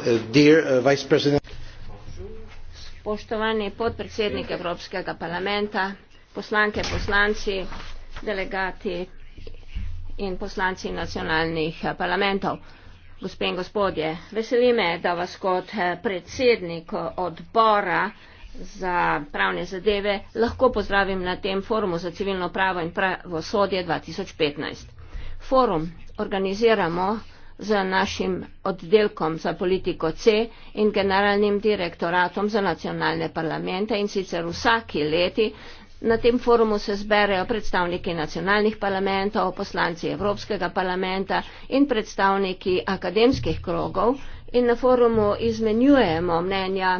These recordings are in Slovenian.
Uh, spoštovani podpredsednik evropskega parlamenta poslanke poslanci delegati in poslanci nacionalnih eh, parlamentov gospe in gospodje veseli me da vas kot eh, predsednik eh, odbora za pravne zadeve lahko pozdravim na tem forumu za civilno pravo in pravosodje dva tisoč petnajst forum organiziramo z našim oddelkom za politiko C in generalnim direktoratom za nacionalne parlamente in sicer vsaki leti. Na tem forumu se zberejo predstavniki nacionalnih parlamentov, poslanci Evropskega parlamenta in predstavniki akademskih krogov in na forumu izmenjujemo mnenja,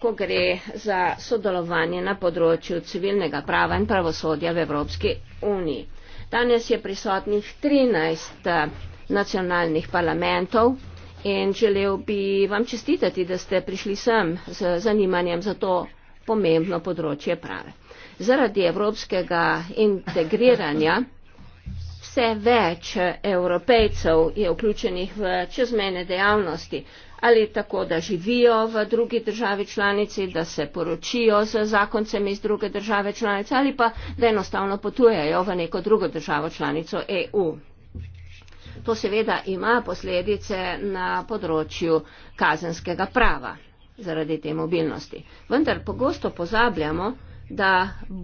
ko gre za sodelovanje na področju civilnega prava in pravosodja v Evropski uniji. Danes je prisotnih 13 nacionalnih parlamentov in želel bi vam čestitati, da ste prišli sem z zanimanjem za to pomembno področje prave. Zaradi evropskega integriranja vse več evropejcev je vključenih v čezmene dejavnosti ali tako, da živijo v drugi državi članici, da se poročijo z zakoncem iz druge države članice ali pa da enostavno potujejo v neko drugo državo članico EU. To seveda ima posledice na področju kazenskega prava zaradi te mobilnosti. Vendar pogosto pozabljamo, da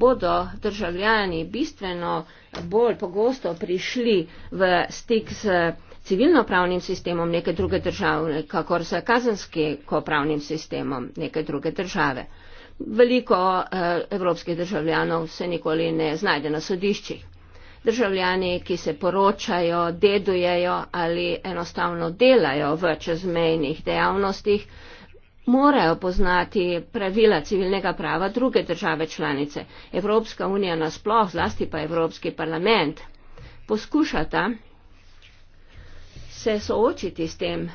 bodo državljani bistveno bolj pogosto prišli v stik s civilno-pravnim sistemom neke druge države, kakor s kazensko-pravnim sistemom neke druge države. Veliko eh, evropskih državljanov se nikoli ne znajde na sodiščih državljani, ki se poročajo, dedujejo ali enostavno delajo v čezmejnih dejavnostih, morajo poznati pravila civilnega prava druge države članice. Evropska unija nasploh, zlasti pa Evropski parlament, poskušata se soočiti s tem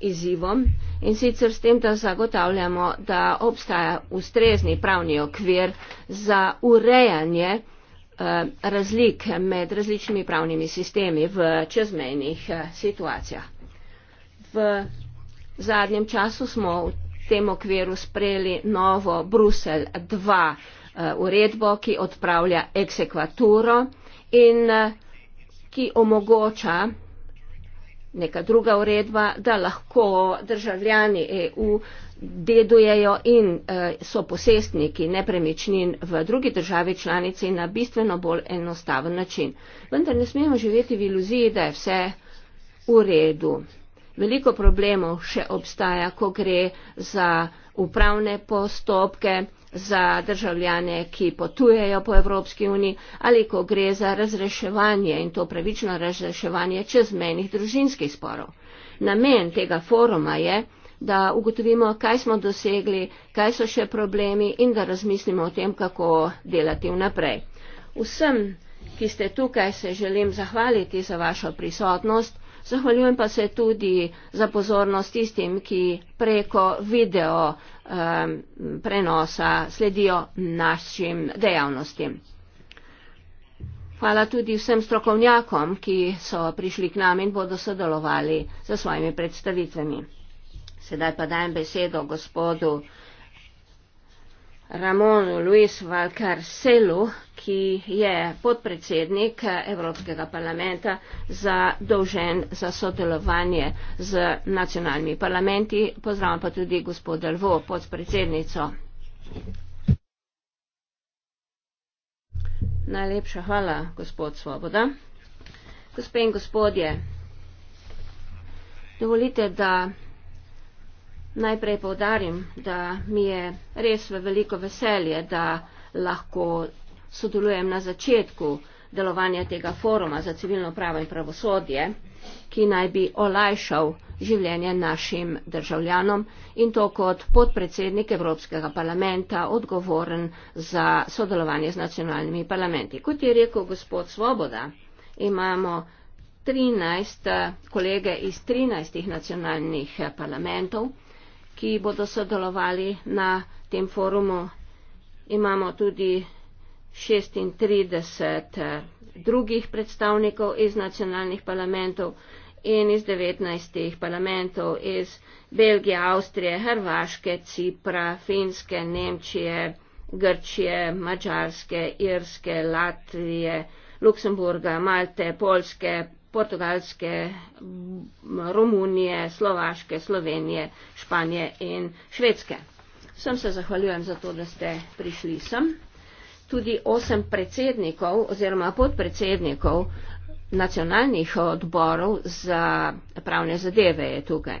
izzivom in sicer s tem, da zagotavljamo, da obstaja ustrezni pravni okvir za urejanje Eh, razlik med različnimi pravnimi sistemi v čezmejnih eh, situacijah. V zadnjem času smo v tem okviru sprejeli novo Brusel 2 eh, uredbo, ki odpravlja eksekvaturo in ki omogoča neka druga uredba, da lahko državljani EU dedujejo in eh, so posestniki nepremičnin v drugi državi članici na bistveno bolj enostaven način. Vendar ne smemo živeti v iluziji, da je vse v redu. Veliko problemov še obstaja, ko gre za upravne postopke, za državljane, ki potujejo po Evropski uniji ali ko gre za razreševanje in to pravično razreševanje čezmenih družinskih sporov. Namen tega foruma je, da ugotovimo, kaj smo dosegli, kaj so še problemi in da razmislimo o tem, kako delati vnaprej. Vsem, ki ste tukaj, se želim zahvaliti za vašo prisotnost. Zahvaljujem pa se tudi za pozornost tistim, ki preko video um, prenosa sledijo našim dejavnostim. Hvala tudi vsem strokovnjakom, ki so prišli k nam in bodo sodelovali za svojimi predstavitvami. Sedaj pa dajem besedo gospodu Ramonu Luis Valkarselu, ki je podpredsednik Evropskega parlamenta zadolžen za sodelovanje z nacionalnimi parlamenti. Pozdravljam pa tudi gospoda Lvo, podpredsednico. Najlepša hvala, gospod Svoboda. Gospe in gospodje, dovolite, da Najprej povdarim, da mi je res v veliko veselje, da lahko sodelujem na začetku delovanja tega foruma za civilno pravo in pravosodje, ki naj bi olajšal življenje našim državljanom in to kot podpredsednik Evropskega parlamenta odgovoren za sodelovanje z nacionalnimi parlamenti. Kot je rekel gospod Svoboda, imamo 13 kolege iz 13 nacionalnih parlamentov, ki bodo sodelovali na tem forumu. Imamo tudi 36 eh, drugih predstavnikov iz nacionalnih parlamentov in iz 19 parlamentov iz Belgije, Avstrije, Hrvaške, Cipra, Finske, Nemčije, Grčije, Mačarske, Irske, Latvije, Luksemburga, Malte, Polske, Portugalske, Romunije, Slovaške, Slovenije, Španije in Švedske. Vsem se zahvaljujem za to, da ste prišli sem. Tudi osem predsednikov oziroma podpredsednikov nacionalnih odborov za pravne zadeve je tukaj.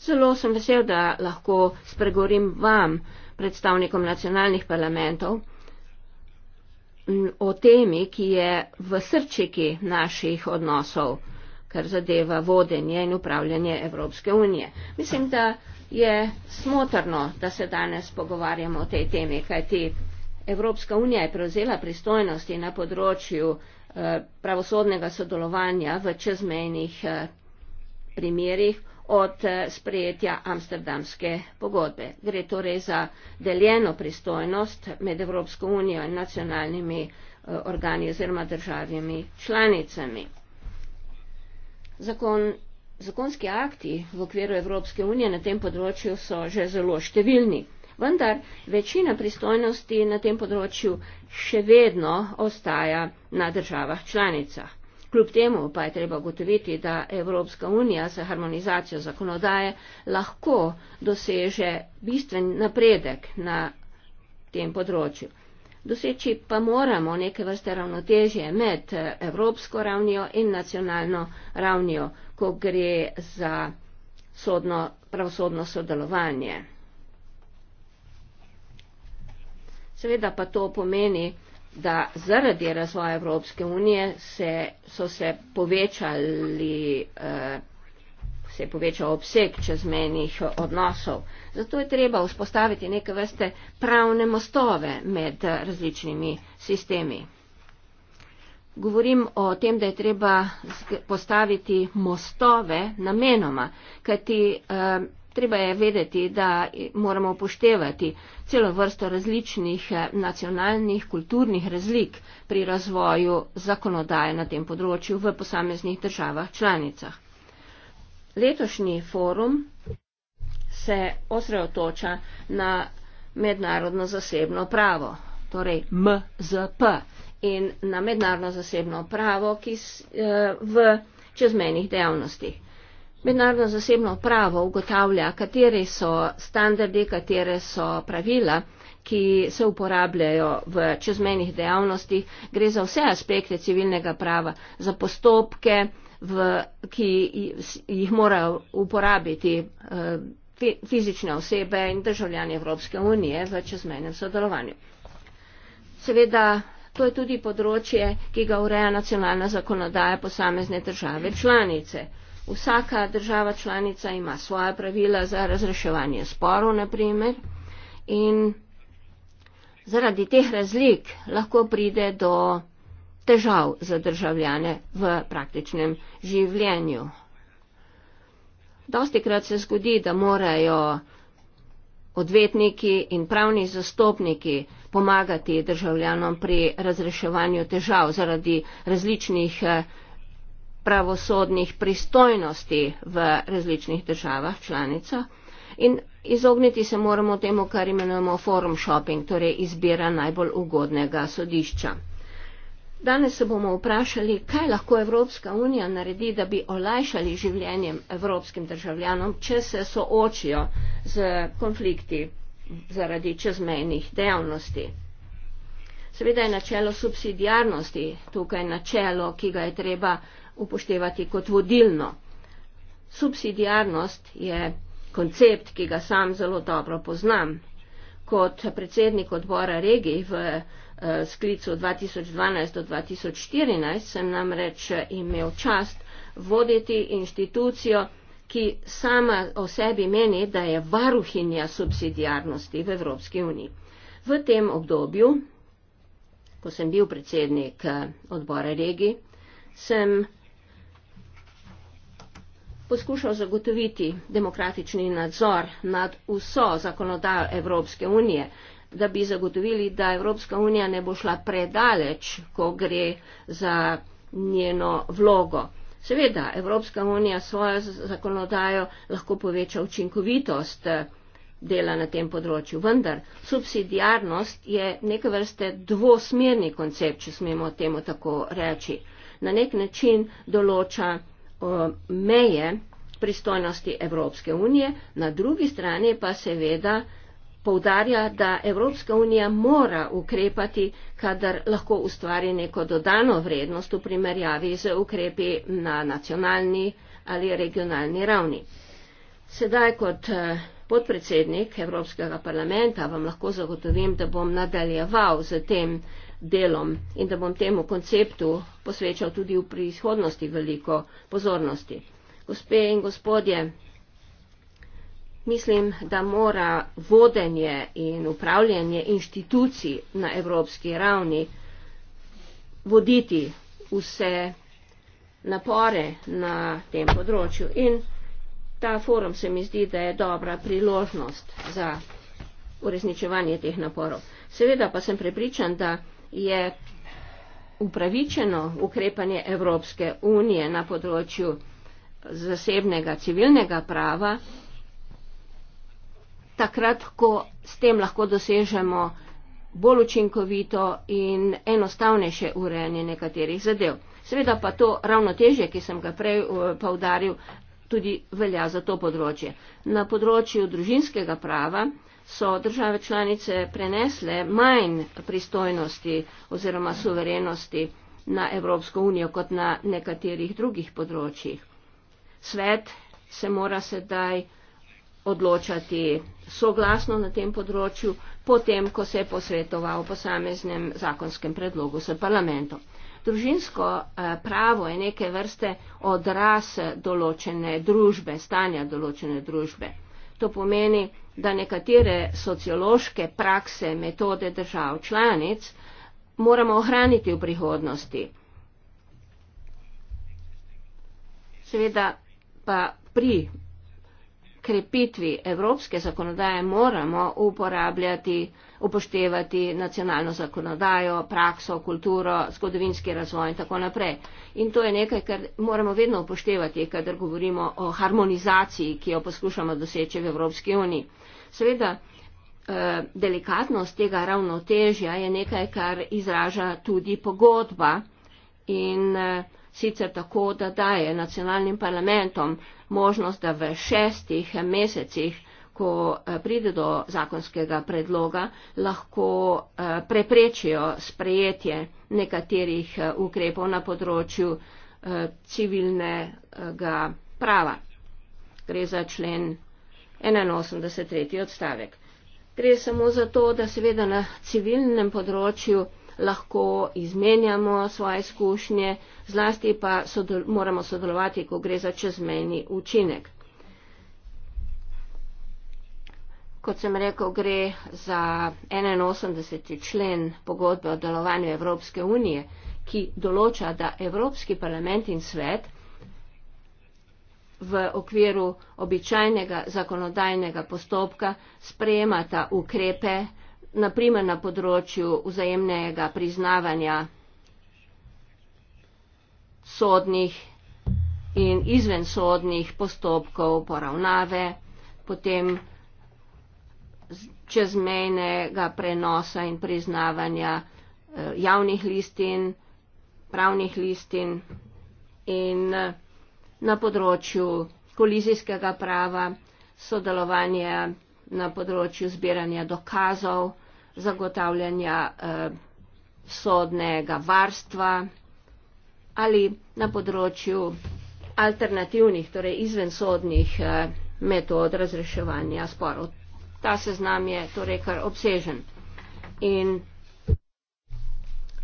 Zelo sem vesel, da lahko spregovorim vam, predstavnikom nacionalnih parlamentov, o temi, ki je v srčiki naših odnosov, kar zadeva vodenje in upravljanje Evropske unije. Mislim, da je smotrno, da se danes pogovarjamo o tej temi, kajti Evropska unija je prevzela pristojnosti na področju eh, pravosodnega sodelovanja v čezmejnih eh, primerjih, od eh, sprejetja amsterdamske pogodbe. Gre torej za deljeno pristojnost med Evropsko unijo in nacionalnimi eh, organi oziroma državami članicami. Zakon, zakonski akti v okviru Evropske unije na tem področju so že zelo številni. Vendar večina pristojnosti na tem področju še vedno ostaja na državah članicah. Kljub temu pa je treba gotoviti, da Evropska unija s harmonizacijo zakonodaje lahko doseže bistven napredek na tem področju. Doseči pa moramo neke vrste ravnotežje med evropsko ravnjo in nacionalno ravnjo, ko gre za sodno, pravosodno sodelovanje. Seveda pa to pomeni, da zaradi razvoja Evropske unije se, so se povečali eh, se je povečal obseg čezmenih odnosov. Zato je treba vzpostaviti neke vrste pravne mostove med različnimi sistemi. Govorim o tem, da je treba postaviti mostove namenoma, kajti eh, Treba je vedeti, da moramo upoštevati celo vrsto različnih eh, nacionalnih kulturnih razlik pri razvoju zakonodaje na tem področju v posameznih državah članicah. Letošnji forum se osredotoča na mednarodno zasebno pravo, torej MZP, in na mednarodno zasebno pravo, ki eh, v čezmenih dejavnostih. Mednarodno zasebno pravo ugotavlja, kateri so standardi, kateri so pravila, ki se uporabljajo v čezmenih dejavnostih. Gre za vse aspekte civilnega prava, za postopke, v, ki jih morajo uporabiti eh, fizične osebe in državljani Evropske unije v čezmenem sodelovanju. Seveda, to je tudi področje, ki ga ureja nacionalna zakonodaja posamezne države članice. Vsaka država članica ima svoja pravila za razreševanje sporov, naprimer, in zaradi teh razlik lahko pride do težav za državljane v praktičnem življenju. Dostikrat se zgodi, da morajo odvetniki in pravni zastopniki pomagati državljanom pri razreševanju težav zaradi različnih eh, pravosodnih pristojnosti v različnih državah članica in izogniti se moramo temu, kar imenujemo forum shopping, torej izbira najbolj ugodnega sodišča. Danes se bomo vprašali, kaj lahko Evropska unija naredi, da bi olajšali življenjem evropskim državljanom, če se soočijo z konflikti zaradi čezmejnih dejavnosti. Seveda je načelo subsidijarnosti tukaj načelo, ki ga je treba upoštevati kot vodilno. Subsidijarnost je koncept, ki ga sam zelo dobro poznam. Kot predsednik odbora regij v eh, sklicu 2012 do 2014 sem namreč eh, imel čast voditi inštitucijo, ki sama o sebi meni, da je varuhinja subsidijarnosti v Evropski uniji. V tem obdobju, ko sem bil predsednik eh, odbora regij, sem poskušal zagotoviti demokratični nadzor nad vso zakonodajo Evropske unije, da bi zagotovili, da Evropska unija ne bo šla predaleč, ko gre za njeno vlogo. Seveda, Evropska unija svojo zakonodajo lahko poveča učinkovitost eh, dela na tem področju, vendar subsidiarnost je neke vrste dvosmerni koncept, če smemo temu tako reči. Na nek način določa Eh, meje pristojnosti Evropske unije, na drugi strani pa seveda povdarja, da Evropska unija mora ukrepati, kadar lahko ustvari neko dodano vrednost v primerjavi z ukrepi na nacionalni ali regionalni ravni. Sedaj kot eh, podpredsednik Evropskega parlamenta vam lahko zagotovim, da bom nadaljeval z tem, delom in da bom temu konceptu posvečal tudi v prihodnosti veliko pozornosti. Gospe in gospodje, mislim, da mora vodenje in upravljanje inštitucij na evropski ravni voditi vse napore na tem področju in ta forum se mi zdi, da je dobra priložnost za uresničevanje teh naporov. Seveda pa sem prepričan, da je upravičeno ukrepanje Evropske unije na področju zasebnega civilnega prava, takrat, ko s tem lahko dosežemo bolj učinkovito in enostavnejše urejanje nekaterih zadev. Seveda pa to ravnotežje, ki sem ga prej eh, poudaril, tudi velja za to področje. Na področju družinskega prava so države članice prenesle manj pristojnosti oziroma suverenosti na Evropsko unijo kot na nekaterih drugih področjih. Svet se mora sedaj odločati soglasno na tem področju, potem, ko se je posvetoval posameznem zakonskem predlogu s parlamentom. Družinsko eh, pravo je neke vrste odraz določene družbe, stanja določene družbe. To pomeni, da nekatere sociološke prakse, metode držav članic moramo ohraniti v prihodnosti. Seveda pa pri krepitvi evropske zakonodaje moramo uporabljati, upoštevati nacionalno zakonodajo, prakso, kulturo, zgodovinski razvoj in tako naprej. In to je nekaj, kar moramo vedno upoštevati, kadar govorimo o harmonizaciji, ki jo poskušamo doseči v Evropski uniji. Seveda, eh, delikatnost tega ravnotežja je nekaj, kar izraža tudi pogodba in eh, sicer tako, da daje nacionalnim parlamentom možnost, da v šestih mesecih, ko eh, pride do zakonskega predloga, lahko eh, preprečijo sprejetje nekaterih eh, ukrepov na področju civilnega prava. Gre za člen 81. odstavek. Gre samo za to, da seveda na civilnem področju lahko izmenjamo svoje izkušnje, zlasti pa sodel moramo sodelovati, ko gre za čezmejni učinek. Kot sem rekel, gre za 81. člen pogodbe o delovanju Evropske unije, ki določa, da Evropski parlament in svet v okviru običajnega zakonodajnega postopka sprejemata ukrepe, naprimer na področju vzajemnega priznavanja sodnih in izvensodnih postopkov poravnave, potem čezmejnega prenosa in priznavanja eh, javnih listin, pravnih listin in eh, na področju kolizijskega prava sodelovanje na področju zbiranja dokazov, zagotavljanja eh, sodnega varstva ali na področju alternativnih, torej izvensodnih eh, metod razreševanja sporov. Ta seznam je torej kar obsežen. In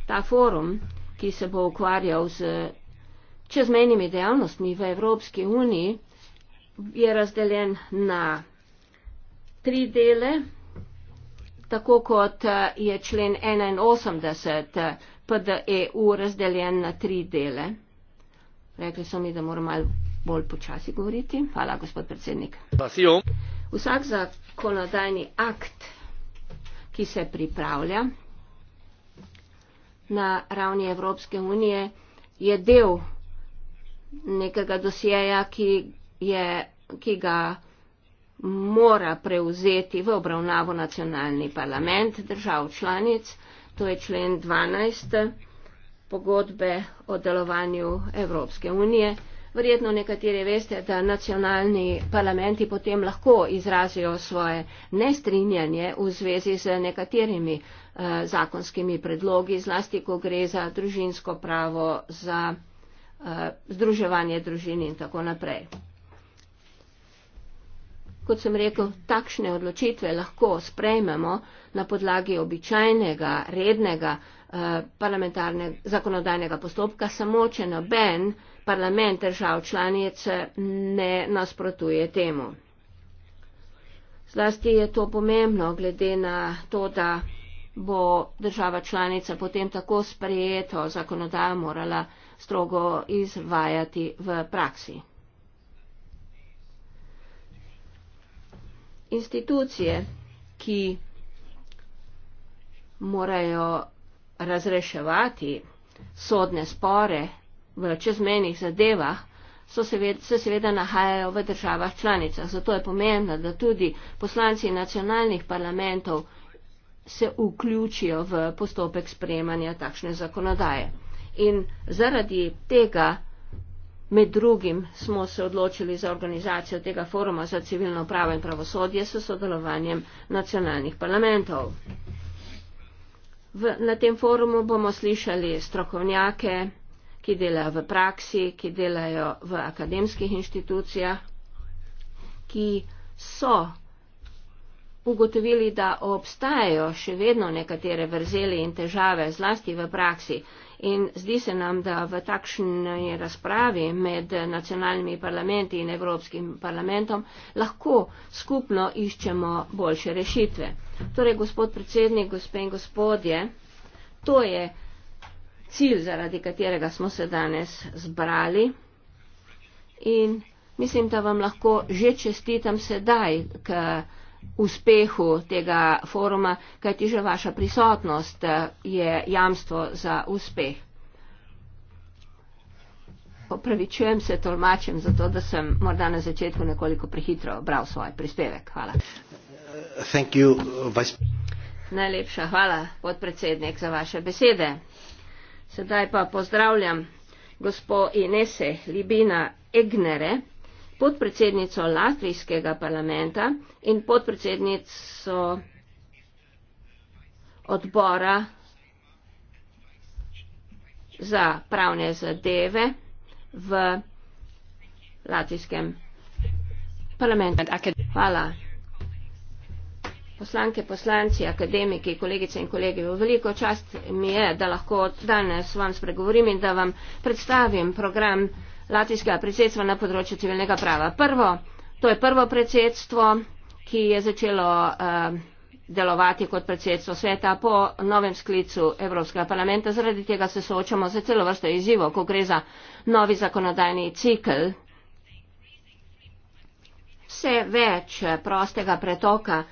ta forum, ki se bo ukvarjal z čezmejnimi dejavnostmi v Evropski uniji, je razdeljen na tri dele, tako kot eh, je člen 81 eh, PDEU razdeljen na tri dele. Rekli so mi, da moram malo bolj počasi govoriti. Hvala, gospod predsednik. Vsak zakonodajni akt, ki se pripravlja na ravni Evropske unije, je del nekega dosjeja, ki, je, ki ga mora prevzeti v obravnavo nacionalni parlament držav članic, to je člen 12 pogodbe o delovanju Evropske unije. Verjetno nekateri veste, da nacionalni parlamenti potem lahko izrazijo svoje nestrinjanje v zvezi z nekaterimi eh, zakonskimi predlogi, zlasti ko gre za družinsko pravo, za eh, združevanje družin in tako naprej kot sem rekel, takšne odločitve lahko sprejmemo na podlagi običajnega, rednega eh, parlamentarnega zakonodajnega postopka, samo če noben parlament držav članic eh, ne nasprotuje temu. Zlasti je to pomembno, glede na to, da bo država članica potem tako sprejeto zakonodajo morala strogo izvajati v praksi. institucije, ki morajo razreševati sodne spore v čezmenih zadevah, so seved, se seveda nahajajo v državah članicah. Zato je pomembno, da tudi poslanci nacionalnih parlamentov se vključijo v postopek sprejemanja takšne zakonodaje. In zaradi tega Med drugim smo se odločili za organizacijo tega foruma za civilno pravo in pravosodje s sodelovanjem nacionalnih parlamentov. V, na tem forumu bomo slišali strokovnjake, ki delajo v praksi, ki delajo v akademskih inštitucijah, ki so ugotovili, da obstajajo še vedno nekatere vrzeli in težave, zlasti v praksi, In zdi se nam, da v takšni razpravi med nacionalnimi parlamenti in Evropskim parlamentom lahko skupno iščemo boljše rešitve. Torej, gospod predsednik, gospe in gospodje, to je cilj, zaradi katerega smo se danes zbrali. In mislim, da vam lahko že čestitam sedaj, ker uspehu tega foruma, kajti že vaša prisotnost eh, je jamstvo za uspeh. Opravičujem se tolmačem zato, da sem morda na začetku nekoliko prehitro bral svoj prispevek. Hvala. You, vice... Najlepša hvala, podpredsednik, za vaše besede. Sedaj pa pozdravljam gospo Inese Libina Egnere, podpredsednico Latvijskega parlamenta in podpredsednico odbora za pravne zadeve v Latvijskem parlamentu. Hvala. Poslanke, poslanci, akademiki, kolegice in kolegi, veliko čast mi je, da lahko danes vam spregovorim in da vam predstavim program latvijskega predsedstva na področju civilnega prava. Prvo, to je prvo predsedstvo, ki je začelo uh, delovati kot predsedstvo sveta po novem sklicu Evropskega parlamenta. Zaradi tega se soočamo za celo vrsto izzivov, ko gre za novi zakonodajni cikl. Vse več prostega pretoka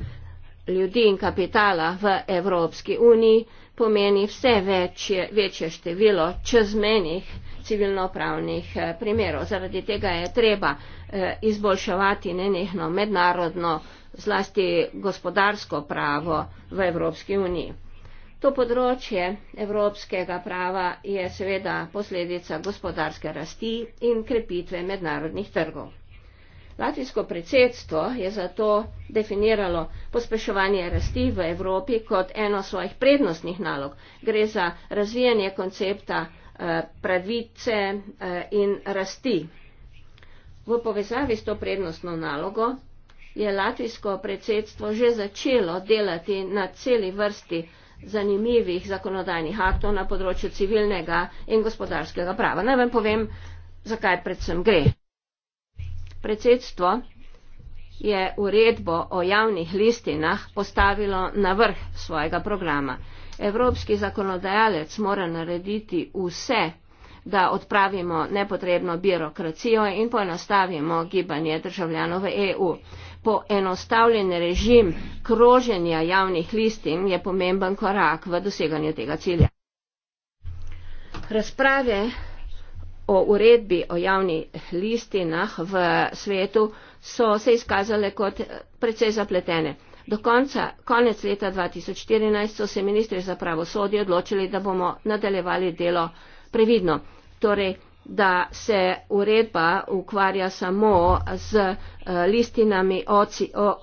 ljudi in kapitala v Evropski uniji pomeni vse večje, večje število čezmenih civilnopravnih eh, primerov. Zaradi tega je treba eh, izboljševati nenehno mednarodno, zlasti gospodarsko pravo v Evropski uniji. To področje evropskega prava je seveda posledica gospodarske rasti in krepitve mednarodnih trgov. Latvijsko predsedstvo je zato definiralo pospeševanje rasti v Evropi kot eno svojih prednostnih nalog. Gre za razvijanje koncepta Eh, pravice eh, in rasti. V povezavi s to prednostno nalogo je latvijsko predsedstvo že začelo delati na celi vrsti zanimivih zakonodajnih aktov na področju civilnega in gospodarskega prava. Naj vam povem, zakaj predvsem gre. Predsedstvo je uredbo o javnih listinah postavilo na vrh svojega programa. Evropski zakonodajalec mora narediti vse, da odpravimo nepotrebno birokracijo in poenostavimo gibanje državljanov v EU. Poenostavljen režim kroženja javnih listin je pomemben korak v doseganju tega cilja. Razprave o uredbi o javnih listinah v svetu so se izkazale kot precej zapletene. Do konca, konec leta 2014 so se ministri za pravosodje odločili, da bomo nadaljevali delo previdno. Torej, da se uredba ukvarja samo z eh, listinami o, o,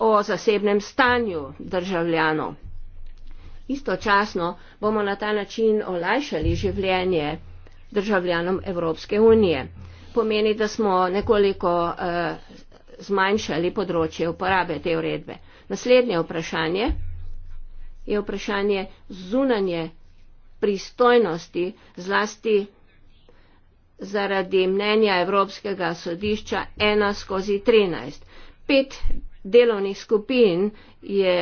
o zasebnem stanju državljanov. Istočasno bomo na ta način olajšali življenje državljanom Evropske unije. Pomeni, da smo nekoliko eh, zmanjšali področje uporabe te uredbe. Naslednje vprašanje je vprašanje zunanje pristojnosti zlasti zaradi mnenja Evropskega sodišča 1 skozi 13. Pet delovnih skupin je,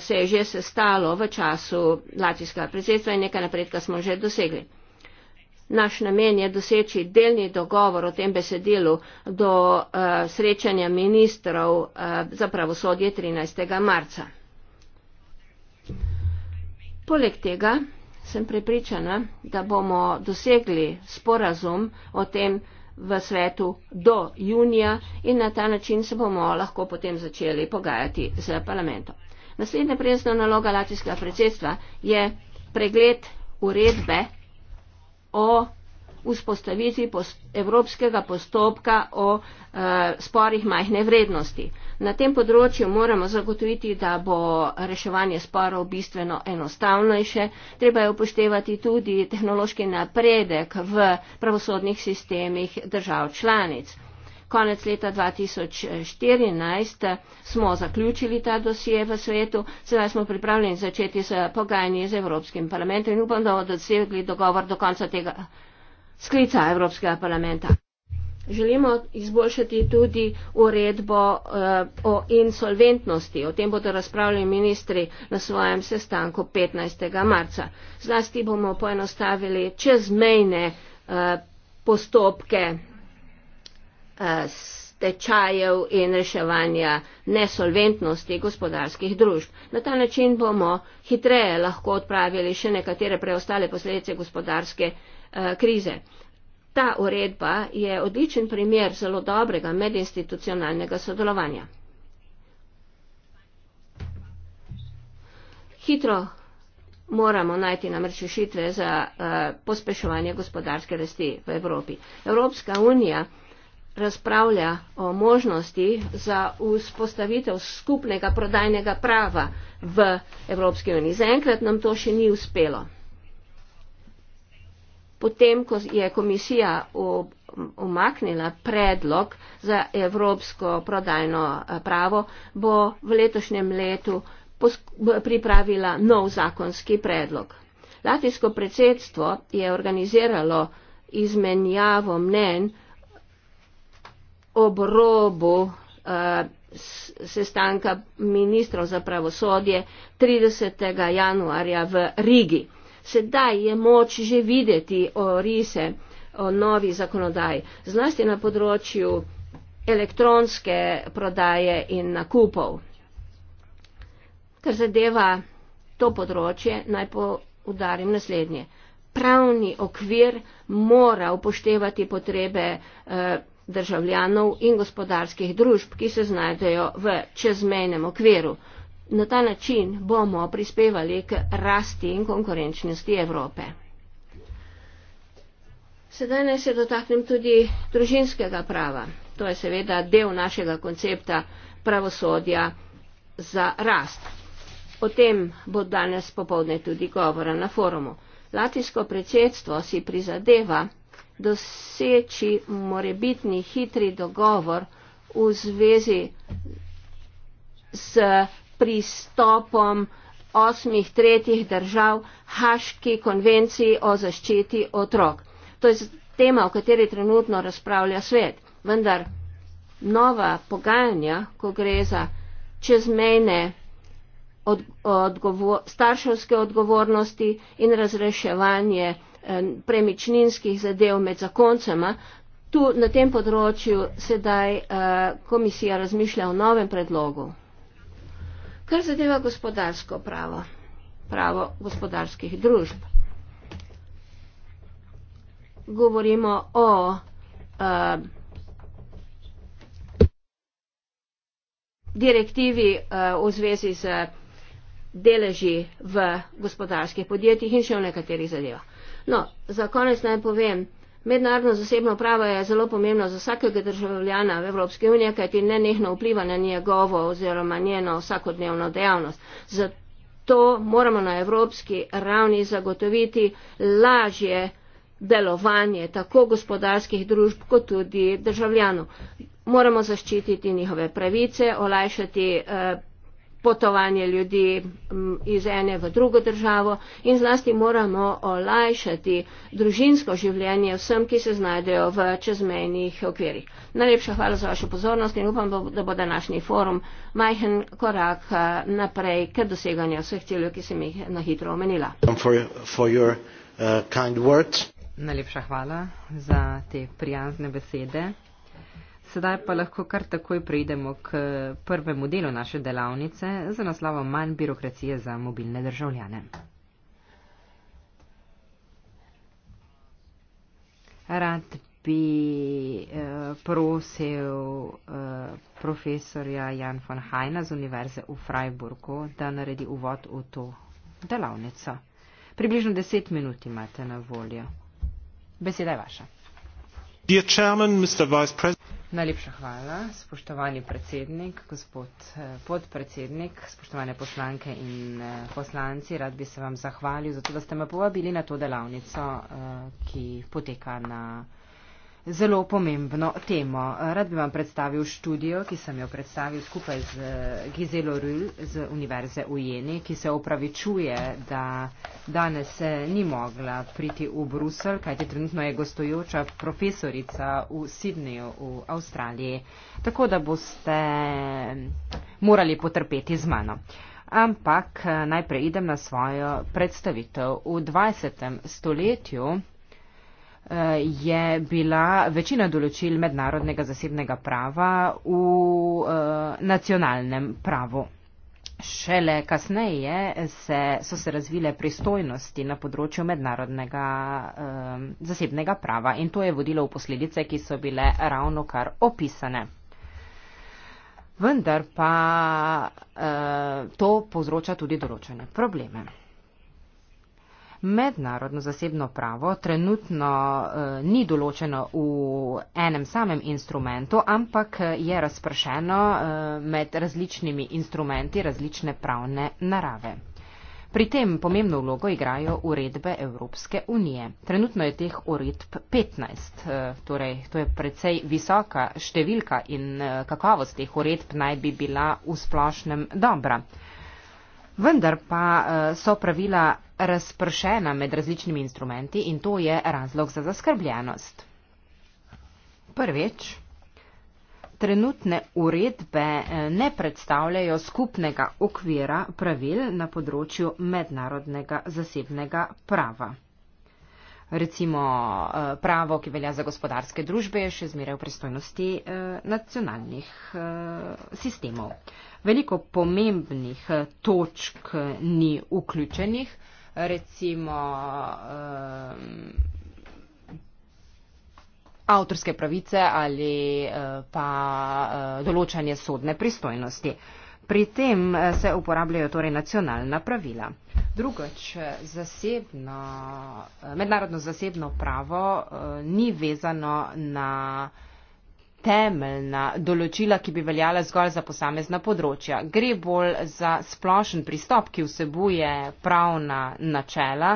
se je že sestalo v času latvijskega predsedstva in nekaj napredka smo že dosegli. Naš namen je doseči delni dogovor o tem besedilu do uh, srečanja ministrov uh, za pravosodje 13. marca. Poleg tega sem prepričana, da bomo dosegli sporazum o tem v svetu do junija in na ta način se bomo lahko potem začeli pogajati z parlamentom. Naslednja prednostna naloga latvijskega predsedstva je pregled uredbe o vzpostavitvi evropskega postopka o eh, sporih majhne vrednosti. Na tem področju moramo zagotoviti, da bo reševanje sporov bistveno enostavnejše. Treba je upoštevati tudi tehnološki napredek v pravosodnih sistemih držav članic. Konec leta 2014 smo zaključili ta dosje v svetu, sedaj smo pripravljeni začeti s pogajanji z Evropskim parlamentom in upam, da bomo dosegli dogovor do konca tega sklica Evropskega parlamenta. Želimo izboljšati tudi uredbo uh, o insolventnosti. O tem bodo razpravljali ministri na svojem sestanku 15. marca. Zlasti bomo poenostavili čezmejne uh, postopke Eh, stečajev in reševanja nesolventnosti gospodarskih družb. Na ta način bomo hitreje lahko odpravili še nekatere preostale posledice gospodarske eh, krize. Ta uredba je odličen primer zelo dobrega medinstitucionalnega sodelovanja. Hitro moramo najti namreč rešitve za uh, pospeševanje gospodarske rasti v Evropi. Evropska unija razpravlja o možnosti za vzpostavitev skupnega prodajnega prava v Evropski uniji. Zaenkrat nam to še ni uspelo. Potem, ko je komisija omaknila predlog za evropsko prodajno eh, pravo, bo v letošnjem letu pripravila nov zakonski predlog. Latvijsko predsedstvo je organiziralo izmenjavo mnen, ob robu eh, sestanka ministrov za pravosodje 30. januarja v Rigi. Sedaj je moč že videti o rise, o novi zakonodaji, zlasti na področju elektronske prodaje in nakupov. Kar zadeva to področje, naj poudarim naslednje. Pravni okvir mora upoštevati potrebe eh, državljanov in gospodarskih družb, ki se znajdejo v čezmejnem okviru. Na ta način bomo prispevali k rasti in konkurenčnosti Evrope. Sedaj naj se dotaknem tudi družinskega prava. To je seveda del našega koncepta pravosodja za rast. O tem bo danes popovdne tudi govora na forumu. Latijsko predsedstvo si prizadeva doseči morebitni hitri dogovor v zvezi z pristopom osmih tretjih držav Haški konvenciji o zaščiti otrok. To je tema, o kateri trenutno razpravlja svet. Vendar nova pogajanja, ko gre za čezmejne odgovor, starševske odgovornosti in razreševanje premičninskih zadev med zakoncema. Tu na tem področju sedaj eh, komisija razmišlja o novem predlogu. Kar zadeva gospodarsko pravo, pravo gospodarskih družb. Govorimo o eh, direktivi eh, v zvezi z deleži v gospodarskih podjetjih in še v nekaterih zadevah. No, za konec naj povem, mednarodno zasebno pravo je zelo pomembno za vsakega državljana v Evropski uniji, kaj ti nenehno vpliva na njegovo oziroma njeno vsakodnevno dejavnost. Zato moramo na evropski ravni zagotoviti lažje delovanje tako gospodarskih družb kot tudi državljanov. Moramo zaščititi njihove pravice, olajšati. Eh, potovanje ljudi mm, iz ene v drugo državo in zlasti moramo olajšati družinsko življenje vsem, ki se znajdejo v čezmejnih okvirih. Najlepša hvala za vašo pozornost in upam, da bo današnji forum majhen korak eh, naprej k doseganju vseh ciljev, ki sem jih na hitro omenila. Eh, Najlepša hvala za te prijazne besede sedaj pa lahko kar takoj preidemo k prvemu delu naše delavnice z naslovom Manj birokracije za mobilne državljane. Rad bi eh, prosil eh, profesorja Jan von Hajna z Univerze v Freiburgu, da naredi uvod v to delavnico. Približno deset minut imate na voljo. Beseda je vaša. Dear chairman, Mr. Vice President. Najlepša hvala, spoštovani predsednik, gospod eh, podpredsednik, spoštovane poslanke in eh, poslanci. Rad bi se vam zahvalil za to, da ste me povabili na to delavnico, eh, ki poteka na zelo pomembno temo. Rad bi vam predstavil študijo, ki sem jo predstavil skupaj z Gizelo Rül z Univerze v Jeni, ki se opravičuje, da danes eh, ni mogla priti v Brusel, kajti trenutno je gostujoča profesorica v Sidneju v Avstraliji, tako da boste eh, morali potrpeti z mano. Ampak eh, najprej idem na svojo predstavitev. V 20. stoletju Eh, je bila večina določil mednarodnega zasebnega prava v eh, nacionalnem pravu. Šele kasneje se, so se razvile pristojnosti na področju mednarodnega eh, zasebnega prava in to je vodilo v posledice, ki so bile ravno kar opisane. Vendar pa eh, to povzroča tudi določene probleme mednarodno zasebno pravo trenutno eh, ni določeno v enem samem instrumentu, ampak eh, je razpršeno eh, med različnimi instrumenti različne pravne narave. Pri tem pomembno vlogo igrajo uredbe Evropske unije. Trenutno je teh uredb 15, torej to je precej visoka številka in kakovost teh uredb naj bi bila v splošnem dobra. Vendar pa eh, so pravila razpršena med različnimi instrumenti in to je razlog za zaskrbljenost. Prvič, trenutne uredbe eh, ne predstavljajo skupnega okvira pravil na področju mednarodnega zasebnega prava recimo eh, pravo, ki velja za gospodarske družbe, je še zmeraj v pristojnosti eh, nacionalnih eh, sistemov. Veliko pomembnih točk ni vključenih, recimo avtorske pravice ali pa določanje sodne pristojnosti. Pri tem eh, se uporabljajo torej nacionalna pravila. Drugoč, eh, zasebno, eh, mednarodno zasebno pravo ni vezano na temeljna določila, ki bi veljala zgolj za posamezna področja. Gre bolj za splošen pristop, ki vsebuje pravna načela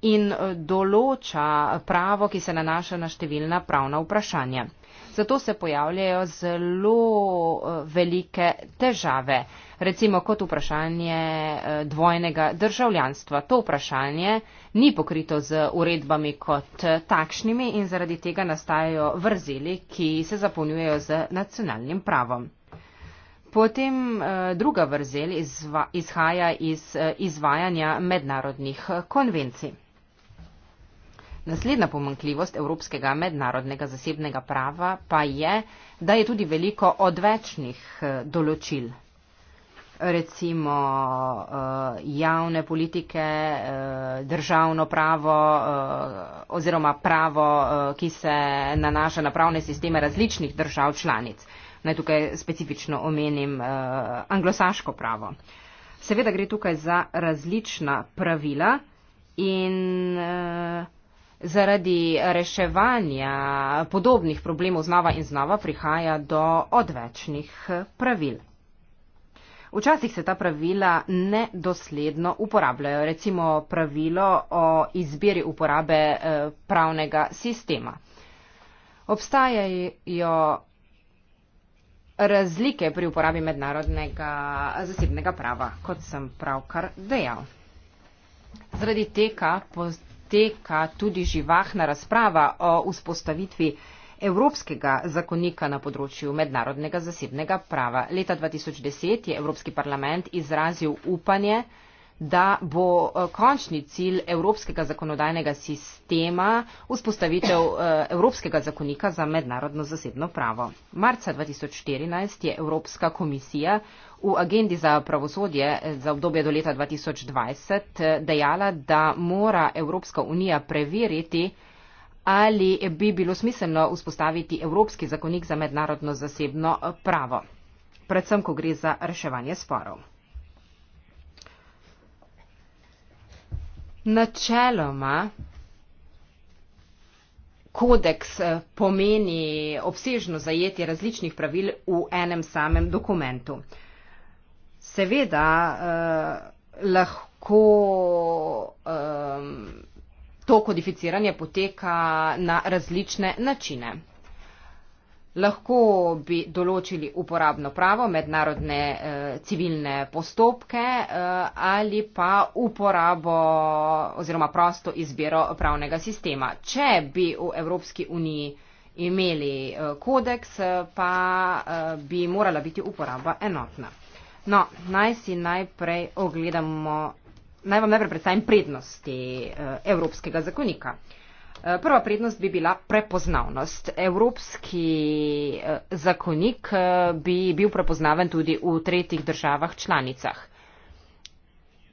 in določa pravo, ki se nanaša na številna pravna vprašanja zato se pojavljajo zelo eh, velike težave. Recimo kot vprašanje eh, dvojnega državljanstva. To vprašanje ni pokrito z uredbami kot eh, takšnimi in zaradi tega nastajajo vrzeli, ki se zapolnjujejo z nacionalnim pravom. Potem druga vrzel izhaja iz izvajanja mednarodnih konvencij. Naslednja pomankljivost evropskega mednarodnega zasebnega prava pa je, da je tudi veliko odvečnih eh, določil. Recimo eh, javne politike, eh, državno pravo oziroma pravo, ki se nanaša na pravne sisteme različnih držav članic. Naj tukaj specifično omenim anglosaško pravo. Seveda gre tukaj za različna pravila in zaradi reševanja podobnih problemov znova in znova prihaja do odvečnih pravil. Včasih se ta pravila nedosledno uporabljajo, recimo pravilo o izbiri uporabe eh, pravnega sistema. Obstajajo razlike pri uporabi mednarodnega zasebnega prava, kot sem pravkar dejal. Zradi tega poteka tudi živahna razprava o vzpostavitvi Evropskega zakonika na področju mednarodnega zasebnega prava. Leta 2010 je Evropski parlament izrazil upanje, da bo e, končni cilj Evropskega zakonodajnega sistema vzpostavitev e, Evropskega zakonika za mednarodno zasebno pravo. Marca 2014 je Evropska komisija v agendi za pravosodje za obdobje do leta 2020 dejala, da mora Evropska unija preveriti, ali bi bilo smiselno vzpostaviti Evropski zakonik za mednarodno zasebno pravo, predvsem, ko gre za reševanje sporov. Načeloma kodeks eh, pomeni obsežno zajetje različnih pravil v enem samem dokumentu seveda eh, lahko eh, to kodificiranje poteka na različne načine. Lahko bi določili uporabno pravo, mednarodne eh, civilne postopke eh, ali pa uporabo oziroma prosto izbiro pravnega sistema. Če bi v Evropski uniji imeli eh, kodeks, eh, pa eh, bi morala biti uporaba enotna. No, naj si najprej ogledamo, naj vam najprej predstavim prednosti eh, Evropskega zakonika. Eh, prva prednost bi bila prepoznavnost. Evropski eh, zakonik bi bil prepoznaven tudi v tretjih državah članicah.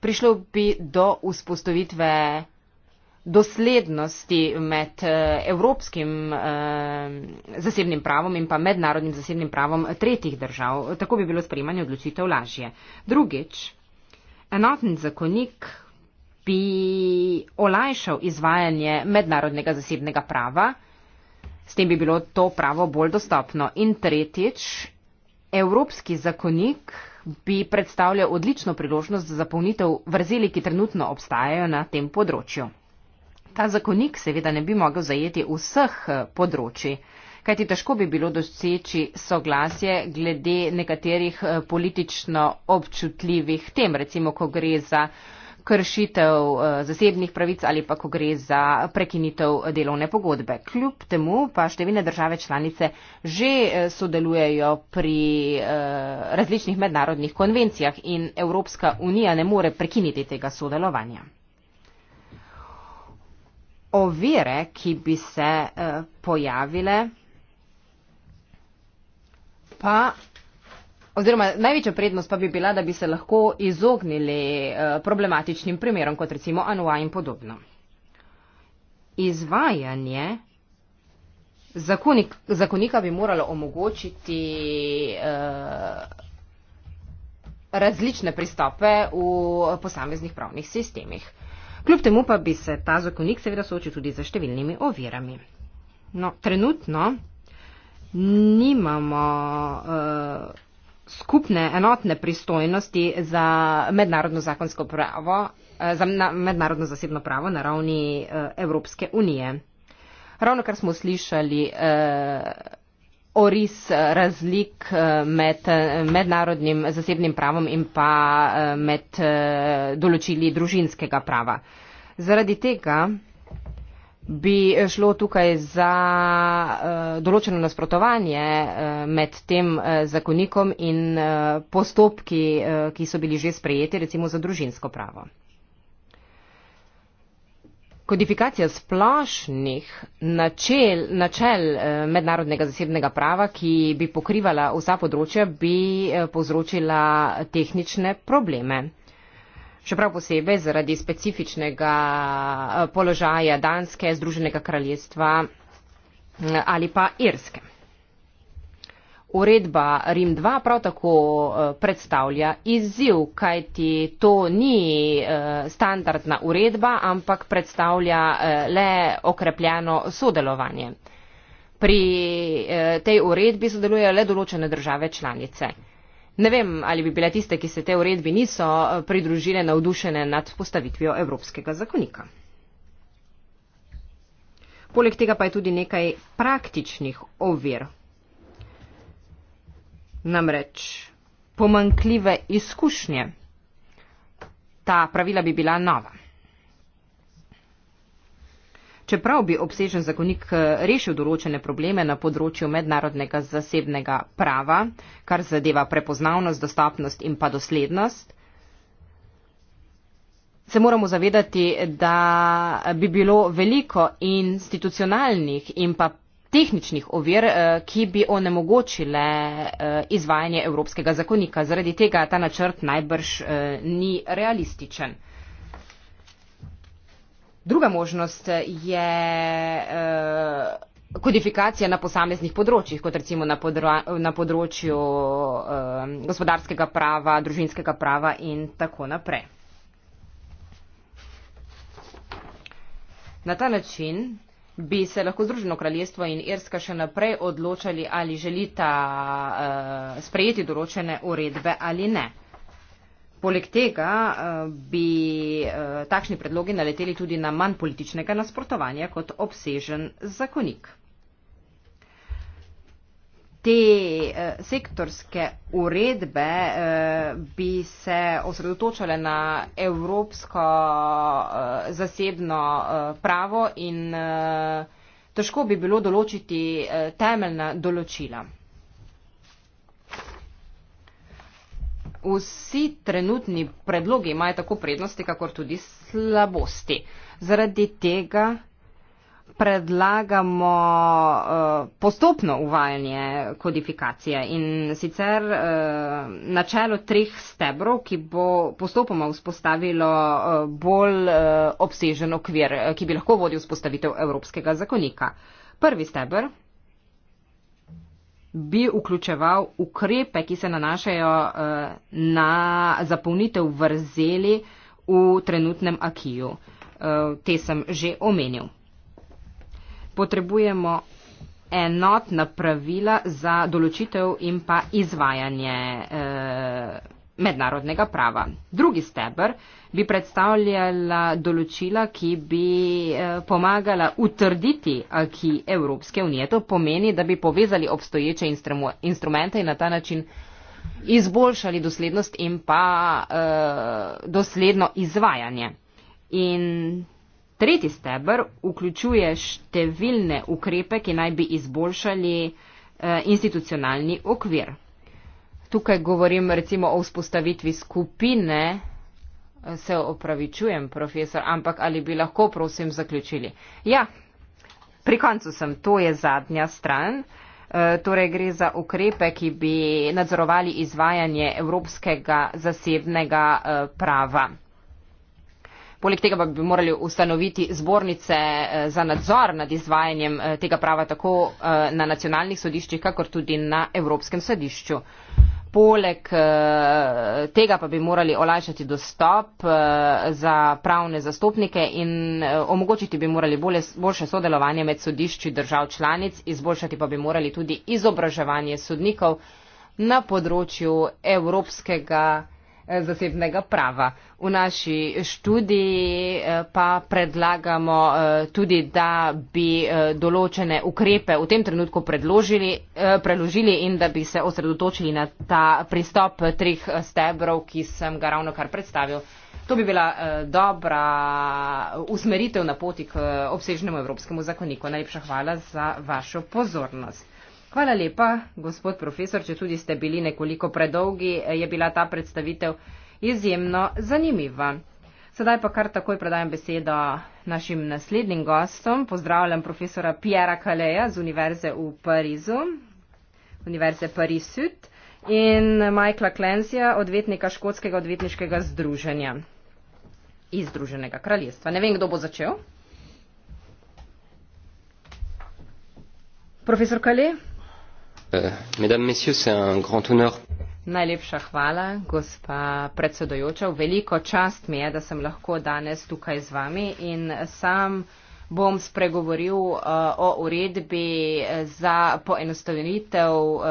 Prišlo bi do vzpostavitve doslednosti med eh, evropskim eh, zasebnim pravom in pa mednarodnim zasebnim pravom tretjih držav. Tako bi bilo sprejemanje odločitev lažje. Drugič, enoten zakonik bi olajšal izvajanje mednarodnega zasebnega prava, s tem bi bilo to pravo bolj dostopno. In tretjič, evropski zakonik bi predstavljal odlično priložnost za zapolnitev vrzeli, ki trenutno obstajajo na tem področju. Ta zakonik seveda ne bi mogel zajeti vseh eh, področji, kajti težko bi bilo doseči soglasje glede nekaterih eh, politično občutljivih tem, recimo, ko gre za kršitev eh, zasebnih pravic ali pa ko gre za prekinitev delovne pogodbe. Kljub temu pa številne države članice že sodelujejo pri različnih mednarodnih konvencijah in Evropska unija ne more prekiniti tega sodelovanja ovire, ki bi se eh, pojavile, pa, oziroma največja prednost pa bi bila, da bi se lahko izognili eh, problematičnim primerom, kot recimo ANUA in podobno. Izvajanje zakonik, zakonika bi moralo omogočiti eh, različne pristope v posameznih pravnih sistemih. Kljub temu pa bi se ta zakonik seveda soočil tudi za številnimi ovirami. No, trenutno nimamo uh, skupne enotne pristojnosti za mednarodno zakonsko pravo, uh, za mednarodno zasebno pravo na ravni uh, Evropske unije. Ravno kar smo slišali. Uh, oris eh, razlik eh, med eh, mednarodnim zasebnim pravom in pa med določili družinskega prava. Zaradi tega bi šlo tukaj za določeno nasprotovanje med tem zakonikom in postopki, ki so bili že sprejeti, recimo za družinsko pravo. Kodifikacija splošnih načel, načel eh, mednarodnega zasebnega prava, ki bi pokrivala vsa področja, bi eh, povzročila tehnične probleme. Še prav posebej zaradi specifičnega eh, položaja Danske, Združenega kraljestva mm, ali pa Irske. Uredba Rim 2 prav tako eh, predstavlja izziv, kajti to ni eh, standardna uredba, ampak predstavlja eh, le okrepljeno sodelovanje. Pri tej uredbi sodelujejo le določene države članice. Ne vem, ali bi bile tiste, ki se te uredbi niso pridružile navdušene nad postavitvijo Evropskega zakonika. Poleg tega pa je tudi nekaj praktičnih ovir namreč pomankljive izkušnje, ta pravila bi bila nova. Čeprav bi obsežen zakonik eh, rešil določene probleme na področju mednarodnega zasebnega prava, kar zadeva prepoznavnost, dostopnost in pa doslednost, se moramo zavedati, da bi bilo veliko institucionalnih in pa tehničnih ovir, eh, ki bi onemogočile eh, izvajanje evropskega zakonika. Zaradi tega ta načrt najbrž eh, ni realističen. Druga možnost je kodifikacija na posameznih področjih, kot recimo na, podro, na področju gospodarskega prava, družinskega prava in tako naprej. Na ta način bi se lahko Združeno kraljestvo in Irska še naprej odločali, ali želita uh, sprejeti določene uredbe ali ne. Poleg tega uh, bi uh, takšni predlogi naleteli tudi na manj političnega nasprotovanja kot obsežen zakonik te eh, sektorske uredbe eh, bi se osredotočale na evropsko eh, zasebno eh, pravo in eh, težko bi bilo določiti eh, temeljna določila. Vsi trenutni predlogi imajo tako prednosti, kakor tudi slabosti. Zaradi tega predlagamo eh, postopno uvajanje kodifikacije in sicer eh, načelo treh stebrov, ki bo postopoma vzpostavilo eh, bolj obsežen okvir, ki bi lahko vodil vzpostavitev Evropskega zakonika. Prvi stebr bi vključeval ukrepe, ki se nanašajo na zapolnitev vrzeli v trenutnem akiju. Te sem že omenil potrebujemo enotna pravila za določitev in pa izvajanje eh, mednarodnega prava. Drugi stebr bi predstavljala določila, ki bi eh, pomagala utrditi aki Evropske unije. To pomeni, da bi povezali obstoječe instrumo, instrumente in na ta način izboljšali doslednost in pa eh, dosledno izvajanje. In Tretji stebr vključuje številne ukrepe, ki naj bi izboljšali eh, institucionalni okvir. Tukaj govorim recimo o vzpostavitvi skupine, eh, se opravičujem, profesor, ampak ali bi lahko prosim zaključili? Ja, pri koncu sem, to je zadnja stran. Eh, torej gre za ukrepe, ki bi nadzorovali izvajanje evropskega zasebnega prava. Poleg tega pa bi morali ustanoviti zbornice eh, za nadzor nad izvajanjem eh, tega prava tako eh, na nacionalnih sodiščih, kakor tudi na Evropskem sodišču. Poleg tega pa bi morali olajšati dostop za pravne zastopnike in omogočiti bi morali bolje, boljše sodelovanje med sodišči držav članic, izboljšati pa bi morali tudi izobraževanje sodnikov na področju evropskega zasebnega prava. V naši študiji eh, pa predlagamo eh, tudi, da bi eh, določene ukrepe v tem trenutku preložili in da bi se osredotočili na ta pristop trih stebrov, ki sem ga ravno kar predstavil. To bi bila dobra usmeritev na poti k obsežnemu evropskemu zakoniku. Najlepša hvala za vašo pozornost. Hvala lepa, gospod profesor, če tudi ste bili nekoliko predolgi, je bila ta predstavitev izjemno zanimiva. Sedaj pa kar takoj predajam besedo našim naslednjim gostom. Pozdravljam profesora Pierra Kaleja z Univerze v Parizu, Univerze Paris Sud in Michaela Clancyja, odvetnika Škotskega odvetniškega združenja iz Združenega kraljestva. Ne vem, kdo bo začel. Profesor Kaleja. Euh, Najlepša hvala, gospa predsedojoča. Veliko čast mi je, da sem lahko danes tukaj z vami in sam bom spregovoril uh, o uredbi za poenostavitev uh,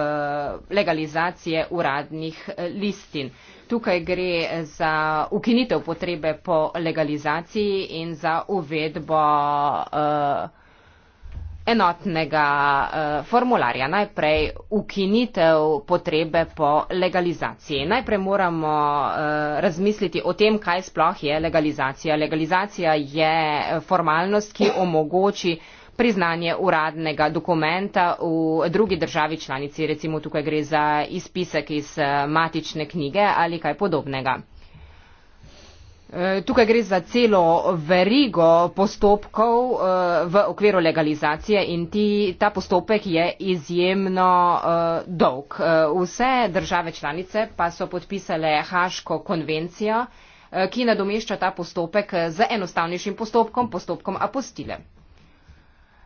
legalizacije uradnih uh, listin. Tukaj gre za ukinitev potrebe po legalizaciji in za uvedbo. Uh, enotnega uh, formularja. Najprej ukinitev potrebe po legalizaciji. Najprej moramo uh, razmisliti o tem, kaj sploh je legalizacija. Legalizacija je formalnost, ki omogoči priznanje uradnega dokumenta v drugi državi članici. Recimo tukaj gre za izpisek iz eh, matične knjige ali kaj podobnega. Eh, tukaj gre za celo verigo postopkov eh, v okviru legalizacije in ti, ta postopek je izjemno eh, dolg. Vse države članice pa so podpisale Haško konvencijo, ki nadomešča ta postopek z enostavnejšim postopkom, postopkom apostile.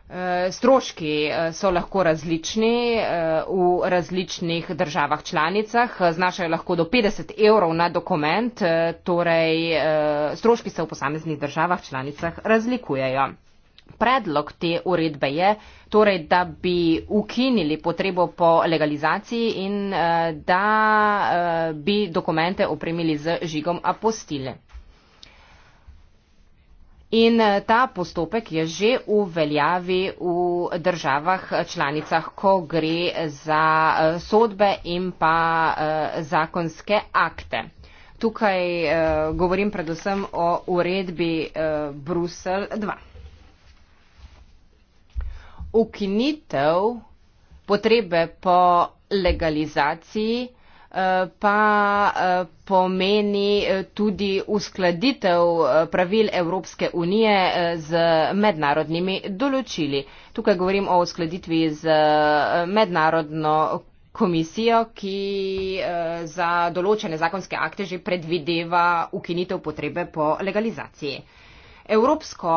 Eh, stroški eh, so lahko različni eh, v različnih državah članicah, znašajo lahko do 50 evrov na dokument, torej stroški se v posameznih državah članicah razlikujejo. Predlog te uredbe je torej, da bi ukinili potrebo po legalizaciji in da bi dokumente opremili z žigom apostile. In eh, ta postopek je že v veljavi v državah eh, članicah, ko gre za eh, sodbe in pa zakonske akte. Tukaj govorim predvsem o uredbi Brusel 2. Ukinitev potrebe po legalizaciji pa eh, pomeni eh, tudi uskladitev eh, pravil Evropske unije z mednarodnimi določili. Tukaj govorim o uskladitvi z mednarodno komisijo, ki za določene zakonske akte že predvideva ukinitev potrebe po legalizaciji. Evropsko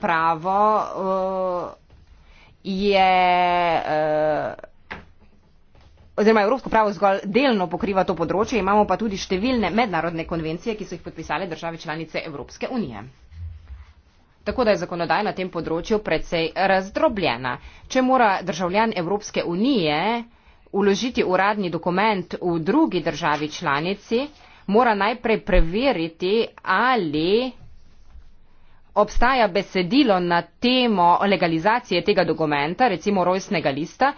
pravo je oziroma evropsko pravo zgolj delno pokriva to področje, imamo pa tudi številne mednarodne konvencije, ki so jih podpisale države članice Evropske unije. Tako da je zakonodaja na tem področju predvsej razdrobljena. Če mora državljan Evropske unije uložiti uradni dokument v drugi državi članici, mora najprej preveriti, ali obstaja besedilo na temo legalizacije tega dokumenta, recimo rojstnega lista,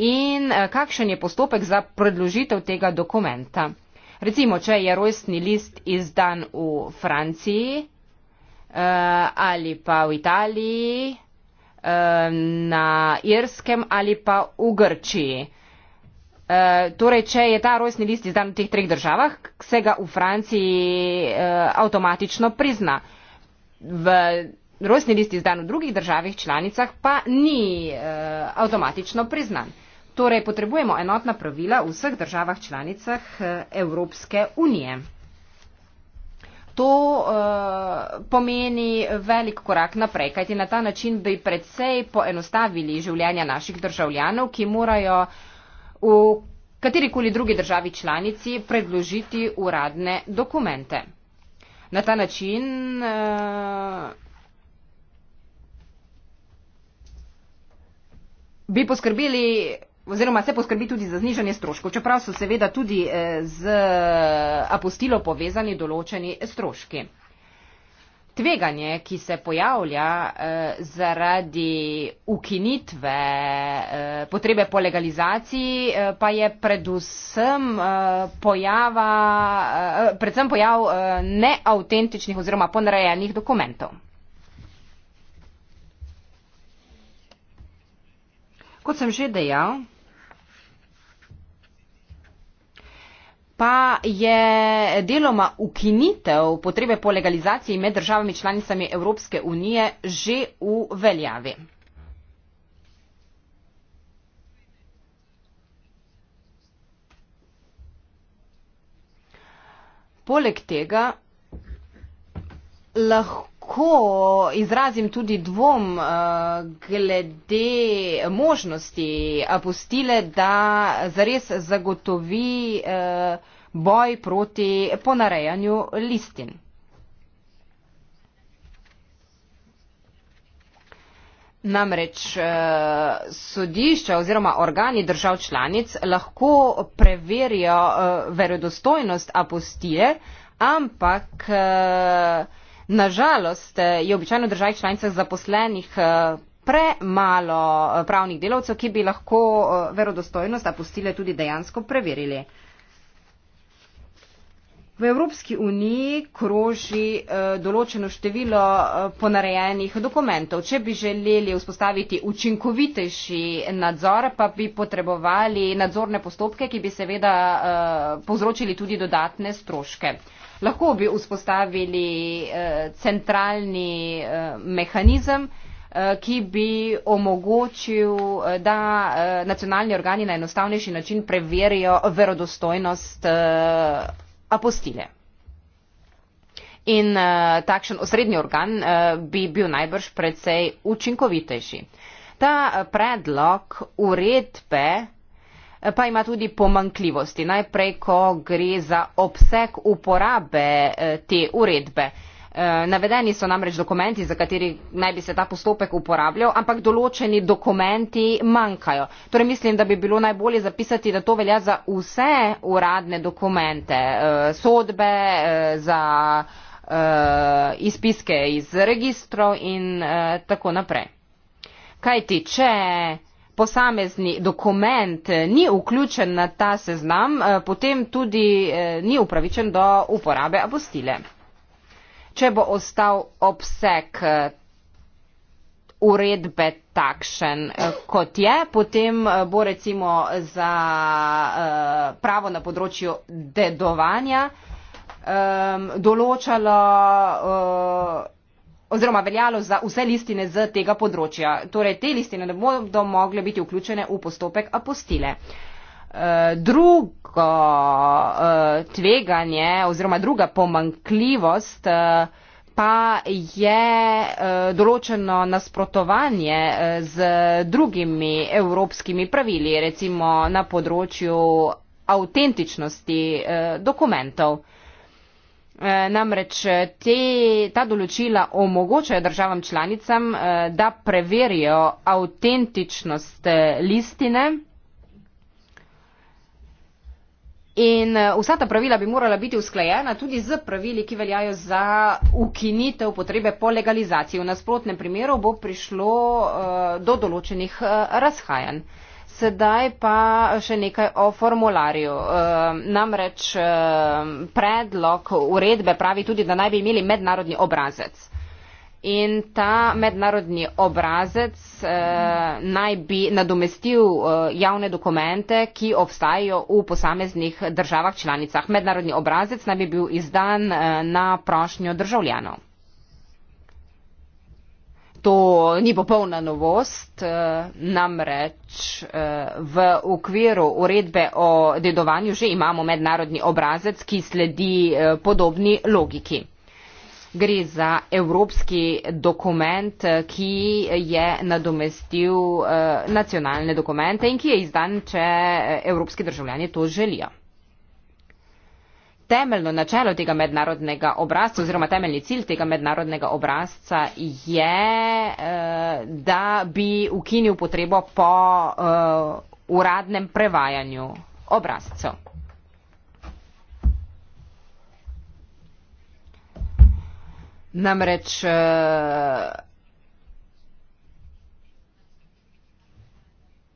in eh, kakšen je postopek za predložitev tega dokumenta. Recimo, če je rojstni list izdan v Franciji eh, ali pa v Italiji, eh, na Irskem ali pa v Grčiji. Torej, če je ta rojstni list izdan v teh treh državah, se ga v Franciji avtomatično prizna. V rojstni list izdan v drugih državih članicah pa ni eh, avtomatično priznan. Torej potrebujemo enotna pravila v vseh državah članicah eh, Evropske unije. To uh, pomeni velik korak naprej, kajti na ta način bi predvsej poenostavili življenja naših državljanov, ki morajo v katerikoli drugi državi članici predložiti uradne dokumente. Na ta način. Uh, bi poskrbeli oziroma se poskrbi tudi za znižanje stroškov, čeprav so seveda tudi eh, z apostilo povezani določeni stroški. Tveganje, ki se pojavlja eh, zaradi ukinitve eh, potrebe po legalizaciji, eh, pa je predvsem, eh, pojava, eh, predvsem pojav eh, neautentičnih oziroma ponarejenih dokumentov. Kot sem že dejal, pa je deloma ukinitev potrebe po legalizaciji med državami članicami Evropske unije že v veljavi. Poleg tega lahko lahko izrazim tudi dvom eh, glede možnosti apostile, da zares zagotovi eh, boj proti ponarejanju listin. Namreč eh, sodišča oziroma organi držav članic lahko preverijo verodostojnost apostile, ampak Nažalost eh, je običajno v državah članicah zaposlenih eh, premalo eh, pravnih delavcev, ki bi lahko verodostojnost apostile tudi dejansko preverili. V Evropski uniji kroži določeno število ponarejenih dokumentov. Če bi želeli vzpostaviti učinkovitejši nadzor, pa bi potrebovali nadzorne postopke, ki bi seveda povzročili tudi dodatne stroške lahko bi vzpostavili eh, centralni eh, mehanizem, eh, ki bi omogočil, eh, da eh, nacionalni organi na enostavnejši način preverijo verodostojnost eh, apostile. In eh, takšen osrednji organ eh, bi bil najbrž precej učinkovitejši. Ta eh, predlog uredbe eh, pa ima tudi pomankljivosti. Najprej, ko gre za obseg uporabe eh, te uredbe. Eh, navedeni so namreč dokumenti, za kateri naj bi se ta postopek uporabljal, ampak določeni dokumenti manjkajo. Torej mislim, da bi bilo najbolje zapisati, da to velja za vse uradne dokumente, eh, sodbe, za izpiske iz registrov in tako naprej. Kaj ti, če posamezni dokument eh, ni vključen na ta seznam, eh, potem tudi eh, ni upravičen do uporabe apostile. Če bo ostal obseg uredbe takšen, kot je, potem bo recimo za pravo na področju dedovanja ehm, določalo oziroma veljalo za vse listine z tega področja. Torej, te listine ne bodo mogle biti vključene v postopek apostile. Eh, drugo eh, tveganje oziroma druga pomankljivost eh, pa je določeno nasprotovanje z drugimi evropskimi pravili, recimo na področju avtentičnosti dokumentov. Eh, namreč eh, te, ta določila omogočajo državam članicam, eh, da preverijo avtentičnost listine. In vsa ta pravila bi morala biti usklajena tudi z pravili, ki veljajo za ukinitev potrebe po legalizaciji. V nasprotnem primeru bo prišlo do določenih razhajanj sedaj pa še nekaj o formularju. Eh, namreč eh, predlog uredbe pravi tudi, da naj bi imeli mednarodni obrazec. In ta mednarodni obrazec eh, naj bi nadomestil eh, javne dokumente, ki obstajajo v posameznih državah članicah. Mednarodni obrazec naj bi bil izdan eh, na prošnjo državljanov to ni popolna novost, eh, namreč eh, v okviru uredbe o dedovanju že imamo mednarodni obrazec, ki sledi eh, podobni logiki. Gre za evropski dokument, ki je nadomestil nacionalne dokumente in ki je izdan, če evropski državljani to želijo temeljno načelo tega mednarodnega obrazca oziroma temeljni cilj tega mednarodnega obrazca je, eh, da bi ukinil potrebo po eh, uradnem prevajanju obrazcev. Namreč eh,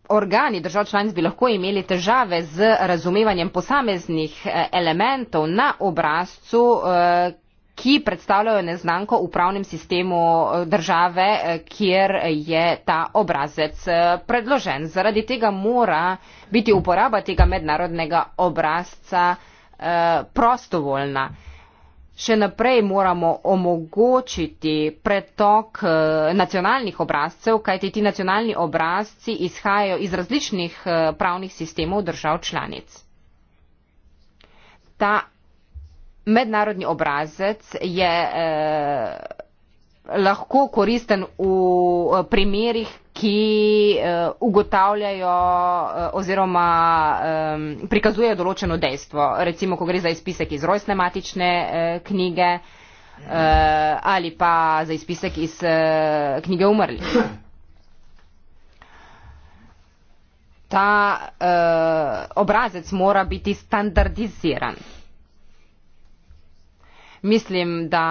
organi držav članic bi lahko imeli težave z razumevanjem posameznih eh, elementov na obrazcu, eh, ki predstavljajo neznanko v pravnem sistemu eh, države, kjer je ta obrazec predložen. Zaradi tega mora biti uporaba tega mednarodnega obrazca prostovoljna še naprej moramo omogočiti pretok eh, nacionalnih obrazcev, kajti ti nacionalni obrazci izhajajo iz različnih eh, pravnih sistemov držav članic. Ta mednarodni obrazec je eh, lahko koristen v eh, primerih, ki eh, ugotavljajo eh, oziroma prikazujejo določeno dejstvo. Recimo, ko gre za izpisek iz rojstne matične eh, knjige ali pa za izpisek iz knjige umrli. Ta obrazec mora biti standardiziran mislim, da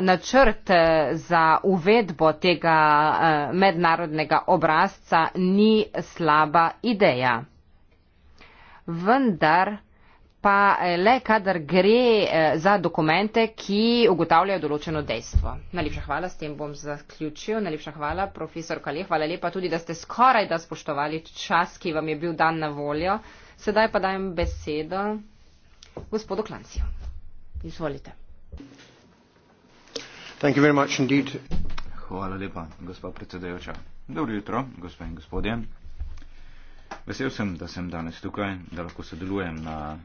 načrt eh, za uvedbo tega eh, mednarodnega obrazca ni slaba ideja. Vendar pa eh, le, kadar gre za dokumente, ki ugotavljajo določeno dejstvo. Najlepša hvala, s tem bom zaključil. Najlepša hvala, profesor Kalih. Hvala lepa tudi, da ste skoraj da spoštovali čas, ki vam je bil dan na voljo. Sedaj pa dajem besedo gospodu Klancijo. Izvolite. Hvala lepa, gospod predsedajoča. Dobro jutro, gospe in gospodje. Vesel sem, da sem danes tukaj, da lahko sodelujem na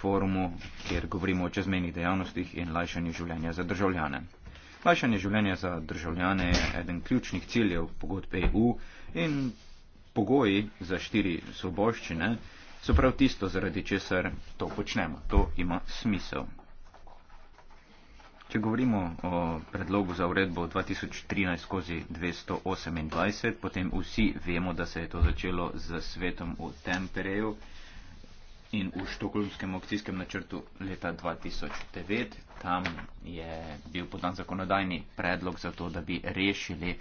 forumu, kjer govorimo o čezmejnih dejavnostih in lajšanju življenja za državljane. Lajšanje življenja za državljane je eden ključnih ciljev pogodb EU in pogoji za štiri svoboščine so prav tisto, zaradi česar to počnemo. To ima smisel. Če govorimo o predlogu za uredbo 2013-228, potem vsi vemo, da se je to začelo z svetom v Tempereju in v Štokholmskem akcijskem načrtu leta 2009. Tam je bil podan zakonodajni predlog za to, da bi rešili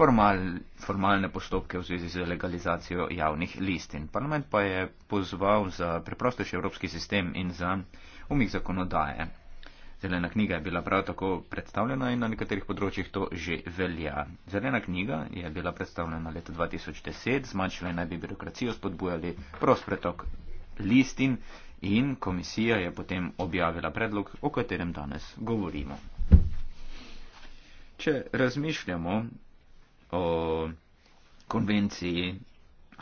formal, formalne postopke v zvezi z legalizacijo javnih listin. Parlament pa je pozval za preprostejši evropski sistem in za umik zakonodaje. Zelena knjiga je bila prav tako predstavljena in na nekaterih področjih to že velja. Zelena knjiga je bila predstavljena leta 2010, zmanjšala naj bi birokracijo, spodbujali prost pretok listin in komisija je potem objavila predlog, o katerem danes govorimo. Če razmišljamo o konvenciji,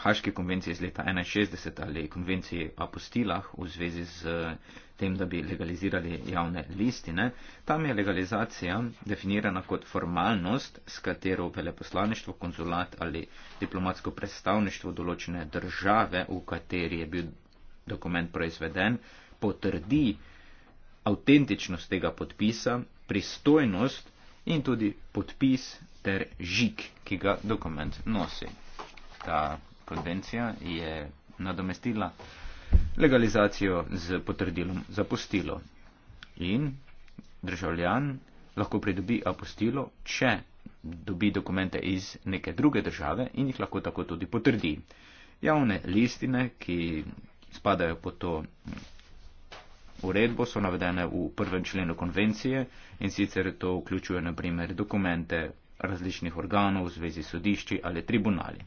haški konvenciji iz leta 1961 ali konvenciji apostilah v zvezi z tem, da bi legalizirali javne listine. Tam je legalizacija definirana kot formalnost, s katero veleposlaništvo, konzulat ali diplomatsko predstavništvo določene države, v kateri je bil dokument proizveden, potrdi avtentičnost tega podpisa, pristojnost in tudi podpis ter žik, ki ga dokument nosi. Ta konvencija je nadomestila legalizacijo z potrdilom za postilo. In državljan lahko pridobi apostilo, če dobi dokumente iz neke druge države in jih lahko tako tudi potrdi. Javne listine, ki spadajo pod to uredbo, so navedene v prvem členu konvencije in sicer to vključuje naprimer dokumente različnih organov v zvezi s sodišči ali tribunali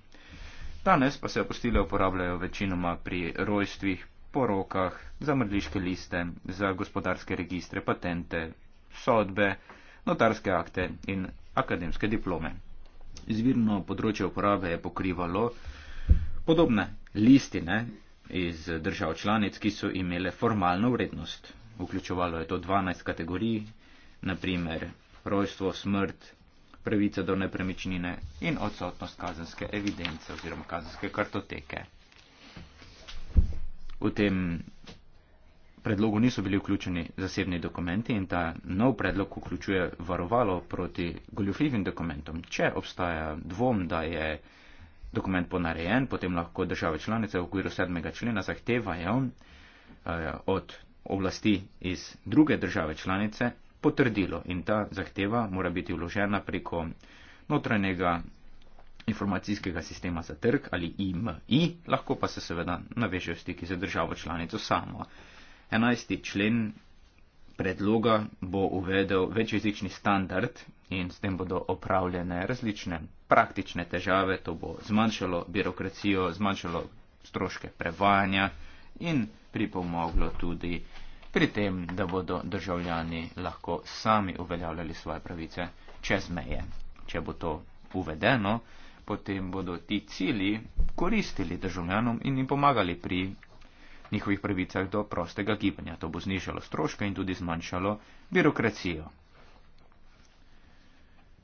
danes pa se apostile uporabljajo večinoma pri rojstvih, porokah, za mrliške liste, za gospodarske registre, patente, sodbe, notarske akte in akademske diplome. Izvirno področje uporabe je pokrivalo podobne listine iz držav članic, ki so imele formalno vrednost. Vključevalo je to 12 kategorij, naprimer rojstvo, smrt, pravica do nepremičnine in odsotnost kazenske evidence oziroma kazenske kartoteke. V tem predlogu niso bili vključeni zasebni dokumenti in ta nov predlog vključuje varovalo proti goljufljivim dokumentom. Če obstaja dvom, da je dokument ponarejen, potem lahko države članice v okviru sedmega člena zahtevajo eh, od oblasti iz druge države članice, potrdilo in ta zahteva mora biti vložena preko notranjega informacijskega sistema za trg ali IMI, lahko pa se seveda naveže v stiki za državo članico samo. 11. člen predloga bo uvedel večjezični standard in s tem bodo opravljene različne praktične težave, to bo zmanjšalo birokracijo, zmanjšalo stroške prevajanja in pripomoglo tudi pri tem, da bodo državljani lahko sami uveljavljali svoje pravice čez meje. Če bo to uvedeno, potem bodo ti cili koristili državljanom in jim pomagali pri njihovih pravicah do prostega gibanja. To bo znižalo stroške in tudi zmanjšalo birokracijo.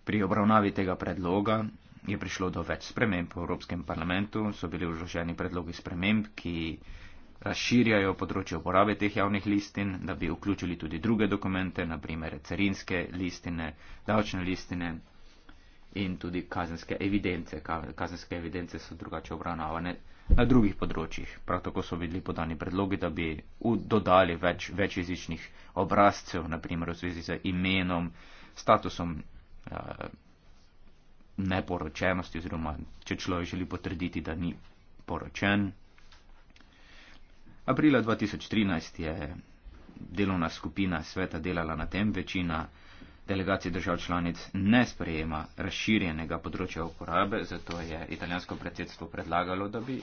Pri obravnavi tega predloga je prišlo do več sprememb v Evropskem parlamentu, so bili vloženi predlogi sprememb, ki razširjajo področje uporabe teh javnih listin, da bi vključili tudi druge dokumente, naprimer carinske listine, davčne listine in tudi kazenske evidence. Kazenske evidence so drugače obravnavane na drugih področjih. Prav tako so bili podani predlogi, da bi dodali več, več jezičnih obrazcev, naprimer v zvezi z imenom, statusom eh, neporočenosti oziroma če človek želi potrditi, da ni poročen. Aprila 2013 je delovna skupina sveta delala na tem, večina delegacij držav članic ne sprejema razširjenega področja uporabe, zato je italijansko predsedstvo predlagalo, da bi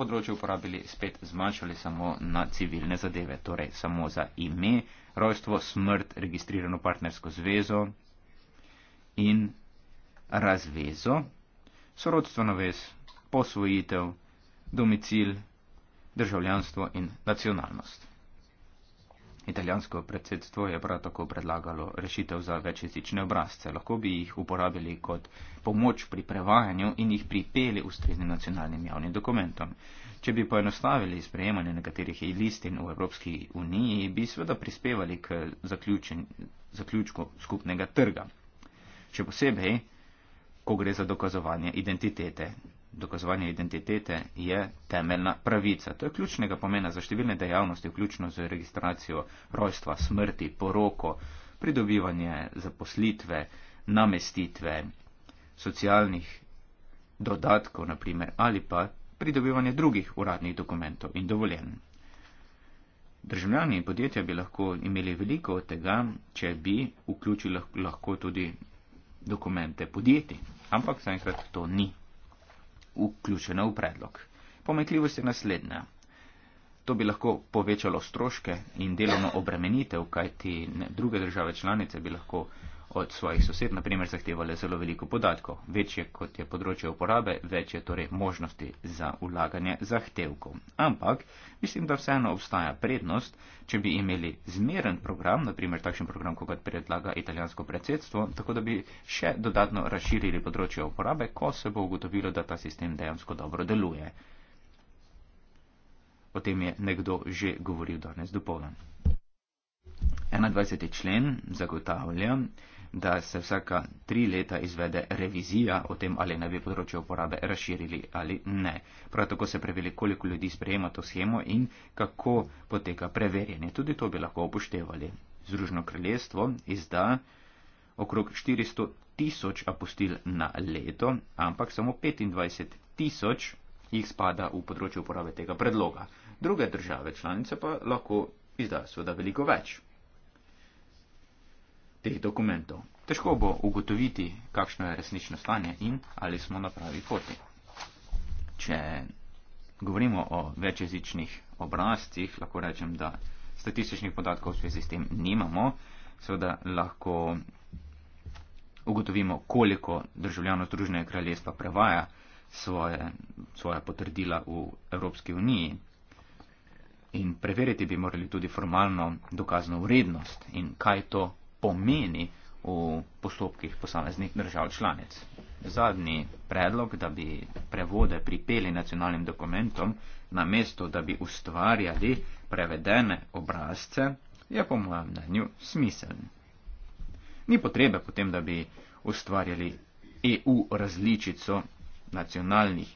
področje uporabili spet zmanjšali samo na civilne zadeve, torej samo za ime, rojstvo, smrt, registrirano partnersko zvezo in razvezo, sorodstveno vez, posvojitev, domicil, državljanstvo in nacionalnost. Italijansko predsedstvo je prav tako predlagalo rešitev za večjezične obrazce. Lahko bi jih uporabili kot pomoč pri prevajanju in jih pripeli ustreznim nacionalnim javnim dokumentom. Če bi poenostavili sprejemanje nekaterih listin v Evropski uniji, bi sveda prispevali k zaključen, zaključku skupnega trga. Še posebej, ko gre za dokazovanje identitete dokazovanje identitete je temeljna pravica. To je ključnega pomena za številne dejavnosti, vključno z registracijo rojstva, smrti, poroko, pridobivanje zaposlitve, namestitve, socialnih dodatkov, naprimer, ali pa pridobivanje drugih uradnih dokumentov in dovoljen. Državljani in podjetja bi lahko imeli veliko od tega, če bi vključili lahko tudi dokumente podjetij, ampak zaenkrat to ni vključena v predlog. Pomekljivost je naslednja. To bi lahko povečalo stroške in delovno obremenitev, kajti druge države članice bi lahko od svojih sosed, naprimer, zahtevale zelo veliko podatkov. Večje kot je področje uporabe, več je torej možnosti za ulaganje zahtevkov. Ampak mislim, da vseeno obstaja prednost, če bi imeli zmeren program, naprimer takšen program, kot ga predlaga italijansko predsedstvo, tako da bi še dodatno razširili področje uporabe, ko se bo ugotovilo, da ta sistem dejansko dobro deluje. O tem je nekdo že govoril danes dopolnjen. 21. člen zagotavlja, da se vsaka tri leta izvede revizija o tem, ali naj bi področje uporabe razširili ali ne. Prav tako se preveri, koliko ljudi sprejema to schemo in kako poteka preverjanje. Tudi to bi lahko upoštevali. Združno kraljestvo izda okrog 400 tisoč apostil na leto, ampak samo 25 tisoč jih spada v področje uporabe tega predloga. Druge države članice pa lahko izdajo seveda veliko več teh dokumentov. Težko bo ugotoviti, kakšno je resnično stanje in ali smo na pravi poti. Če govorimo o večjezičnih obrazcih, lahko rečem, da statističnih podatkov v zvezi s tem nimamo. Seveda lahko ugotovimo, koliko državljanov Združenega kraljestva prevaja svoje, svoje potrdila v Evropski uniji. In preveriti bi morali tudi formalno dokazno vrednost in kaj to pomeni v postopkih posameznih držav članic. Zadnji predlog, da bi prevode pripeli nacionalnim dokumentom, namesto da bi ustvarjali prevedene obrazce, je po mojem mnenju smiseln. Ni potrebe potem, da bi ustvarjali EU različico nacionalnih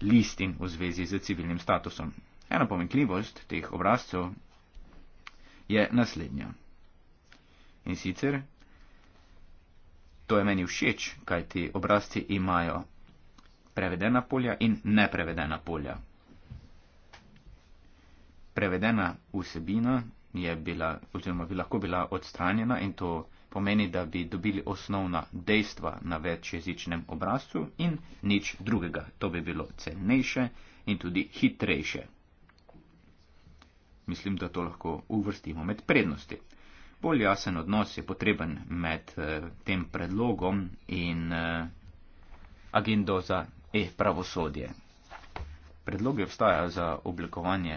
listin v zvezi z civilnim statusom. Ena pomenkljivost teh obrazcev je naslednja. In sicer, to je meni všeč, kaj ti obrazci imajo prevedena polja in neprevedena polja. Prevedena vsebina je bila oziroma bi lahko bila odstranjena in to pomeni, da bi dobili osnovna dejstva na večjezičnem obrazcu in nič drugega. To bi bilo cenejše in tudi hitrejše. Mislim, da to lahko uvrstimo med prednosti bolj jasen odnos je potreben med eh, tem predlogom in eh, agendo za e-pravosodje. Predlogi obstajajo za oblikovanje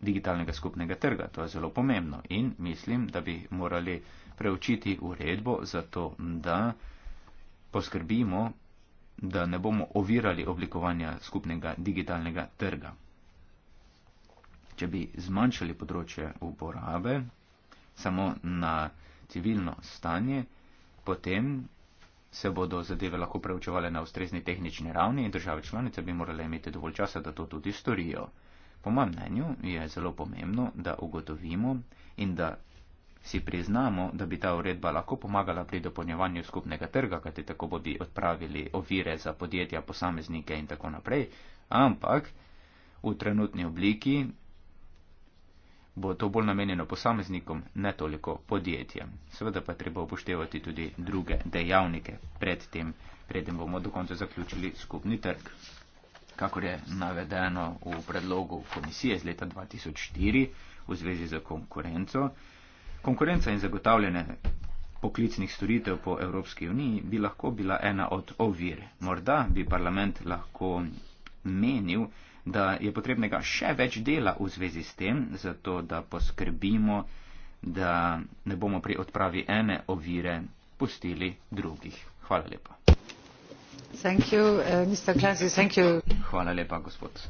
digitalnega skupnega trga, to je zelo pomembno in mislim, da bi morali preučiti uredbo za to, da poskrbimo, da ne bomo ovirali oblikovanja skupnega digitalnega trga. Če bi zmanjšali področje uporabe samo na civilno stanje, potem se bodo zadeve lahko preučevale na ustrezni tehnični ravni in države članice bi morale imeti dovolj časa, da to tudi storijo. Po mojem mnenju je zelo pomembno, da ugotovimo in da si priznamo, da bi ta uredba lahko pomagala pri dopolnjevanju skupnega trga, kajti tako bodi odpravili ovire za podjetja, posameznike in tako naprej, ampak v trenutni obliki bo to bolj namenjeno posameznikom, ne toliko podjetjem. Seveda pa je treba upoštevati tudi druge dejavnike pred tem, preden bomo do konca zaključili skupni trg. Kakor je navedeno v predlogu komisije z leta 2004 v zvezi z konkurenco, konkurenca in zagotavljanje poklicnih storitev po Evropski uniji bi lahko bila ena od ovir. Morda bi parlament lahko menil, da je potrebnega še več dela v zvezi s tem, zato da poskrbimo, da ne bomo pri odpravi ene ovire pustili drugih. Hvala lepa. You, uh, Clancy, hvala lepa, gospod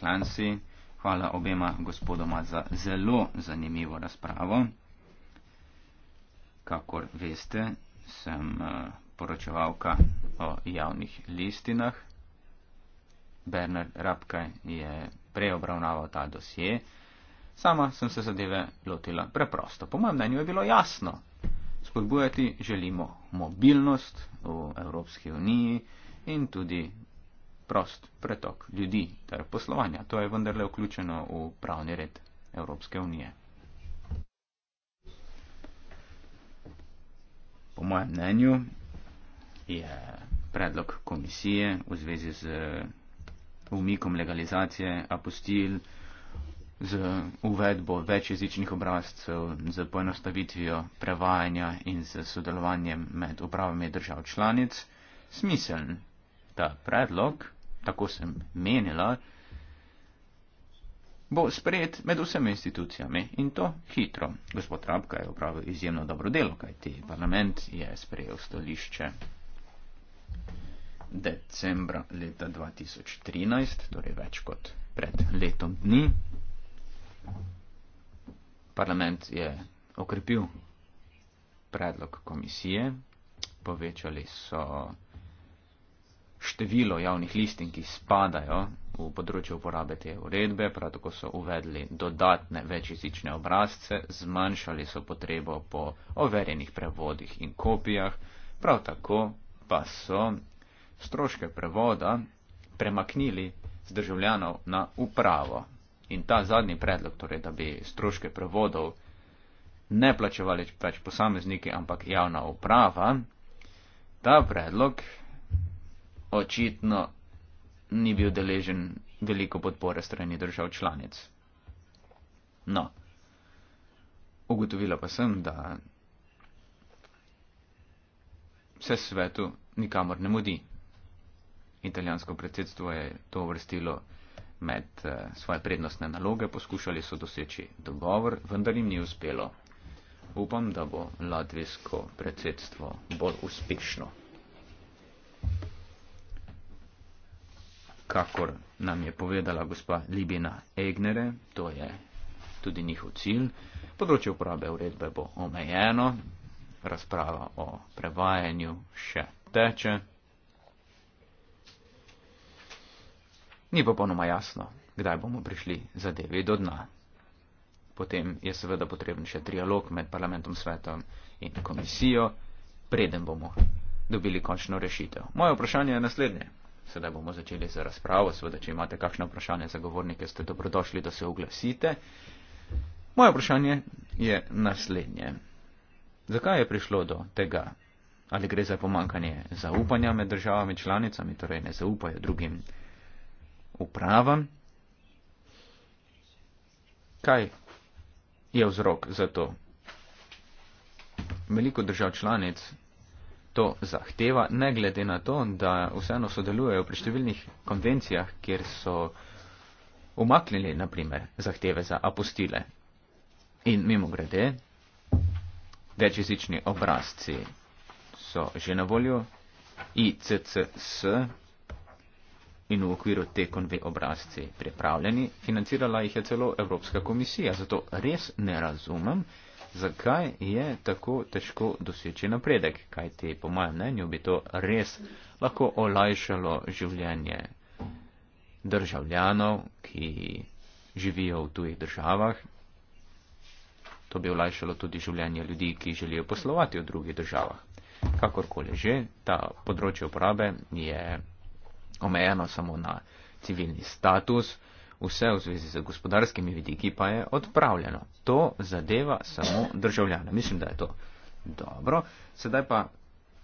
Klansi. Hvala obema gospodoma za zelo zanimivo razpravo. Kakor veste, sem eh, poročevalka o javnih listinah. Bernard Rabke je preobravnaval ta dosje, sama sem se zadeve lotila preprosto. Po mojem mnenju je bilo jasno. Spodbujati želimo mobilnost v Evropski uniji in tudi prost pretok ljudi ter poslovanja. To je vendarle vključeno v pravni red Evropske unije. Po mojem mnenju je predlog komisije v zvezi z umikom legalizacije apostil, z uvedbo večjezičnih obrazcev, z poenostavitvijo prevajanja in z sodelovanjem med upravami držav članic, smiseln ta predlog, tako sem menila, bo sprejet med vsemi institucijami in to hitro. Gospod Rabka je upravil izjemno dobro delo, kajti parlament je sprejel stolišče decembra leta 2013, torej več kot pred letom dni. Parlament je okrepil predlog komisije, povečali so število javnih listin, ki spadajo v področje uporabe te uredbe, prav tako so uvedli dodatne večjezične obrazce, zmanjšali so potrebo po overjenih prevodih in kopijah, prav tako pa so stroške prevoda premaknili z državljanov na upravo. In ta zadnji predlog, torej, da bi stroške prevodov ne plačevali pač posamezniki, ampak javna uprava, ta predlog očitno ni bil deležen veliko podpore strani držav članic. No, ugotovila pa sem, da se svetu nikamor ne mudi, italijansko predsedstvo je to vrstilo med eh, svoje prednostne naloge, poskušali so doseči dogovor, vendar jim ni uspelo. Upam, da bo latvijsko predsedstvo bolj uspešno. Kakor nam je povedala gospa Libina Egnere, to je tudi njihov cilj. Področje uporabe uredbe bo omejeno, razprava o prevajanju še teče. Ni popolnoma jasno, kdaj bomo prišli zadevi do dna. Potem je seveda potreben še trialog med parlamentom, svetom in komisijo, preden bomo dobili končno rešitev. Moje vprašanje je naslednje. Sedaj bomo začeli z razpravo, seveda, če imate kakšno vprašanje za govornike, ste dobrodošli, da se oglasite. Moje vprašanje je naslednje. Zakaj je prišlo do tega? Ali gre za pomankanje zaupanja med državami članicami, torej ne zaupajo drugim upravam. Kaj je vzrok za to? Veliko držav članic to zahteva, ne glede na to, da vseeno sodelujejo pri številnih konvencijah, kjer so umaknili, naprimer, zahteve za apostile. In mimo grede, večjezični obrazci so že na voljo, ICCS, in v okviru te konve obrazci pripravljeni, financirala jih je celo Evropska komisija. Zato res ne razumem, zakaj je tako težko doseči napredek, kajti po mojem mnenju bi to res lahko olajšalo življenje državljanov, ki živijo v tujih državah. To bi olajšalo tudi življenje ljudi, ki želijo poslovati v drugih državah. Kakorkoli že, ta področje uporabe je omejeno samo na civilni status, vse v zvezi z gospodarskimi vidiki pa je odpravljeno. To zadeva samo državljane. Mislim, da je to dobro. Sedaj pa